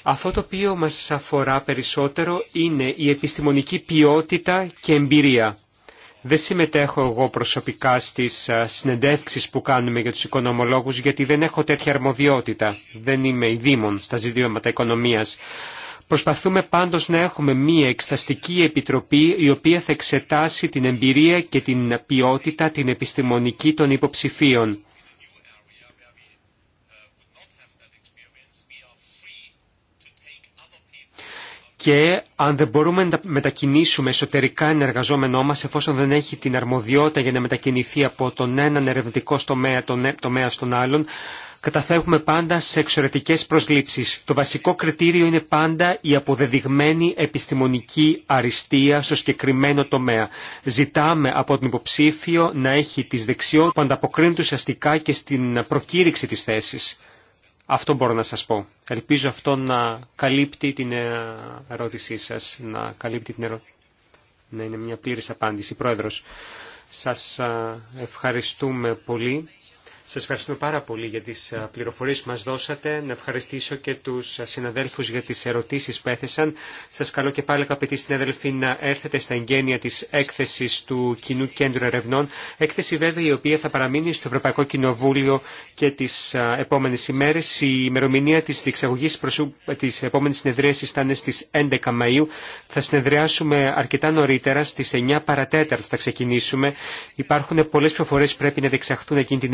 Αυτό το οποίο μας αφορά περισσότερο είναι η επιστημονική ποιότητα και εμπειρία. Δεν συμμετέχω εγώ προσωπικά στις συνεντεύξεις που κάνουμε για τους οικονομολόγους γιατί δεν έχω τέτοια αρμοδιότητα. Δεν είμαι η στα ζητήματα οικονομίας. Προσπαθούμε πάντως να έχουμε μία εξεταστική επιτροπή η οποία θα εξετάσει την εμπειρία και την ποιότητα την επιστημονική των υποψηφίων. και αν δεν μπορούμε να μετακινήσουμε εσωτερικά εργαζόμενό μας εφόσον δεν έχει την αρμοδιότητα για να μετακινηθεί από τον έναν ερευνητικό τομέα, τον, ε, τομέα στον άλλον, καταφέρουμε πάντα σε εξαιρετικές προσλήψεις. Το βασικό κριτήριο είναι πάντα η αποδεδειγμένη επιστημονική αριστεία στο συγκεκριμένο τομέα. Ζητάμε από τον υποψήφιο να έχει τις δεξιότητες που ανταποκρίνουν ουσιαστικά και στην προκήρυξη της θέσης. Αυτό μπορώ να σας πω. Ελπίζω αυτό να καλύπτει την ε, ερώτησή σας, να καλύπτει την ερώτηση. Να είναι μια πλήρης απάντηση. Πρόεδρος, σας ε, ευχαριστούμε πολύ. Σας ευχαριστούμε πάρα πολύ για τις πληροφορίες που μας δώσατε. Να ευχαριστήσω και τους συναδέλφους για τις ερωτήσεις που έθεσαν. Σας καλώ και πάλι αγαπητοί συναδελφοί να έρθετε στα εγγένεια της έκθεσης του Κοινού Κέντρου Ερευνών. Έκθεση βέβαια η οποία θα παραμείνει στο Ευρωπαϊκό Κοινοβούλιο και τις επόμενες ημέρες. Η ημερομηνία της διεξαγωγής προσου... της επόμενης συνεδρίασης θα στις 11 Μαΐου. Θα συνεδριάσουμε αρκετά νωρίτερα στις 9 παρατέταρτο θα ξεκινήσουμε. Υπάρχουν πολλές πληροφορίες πρέπει να διεξαχθούν εκείνη την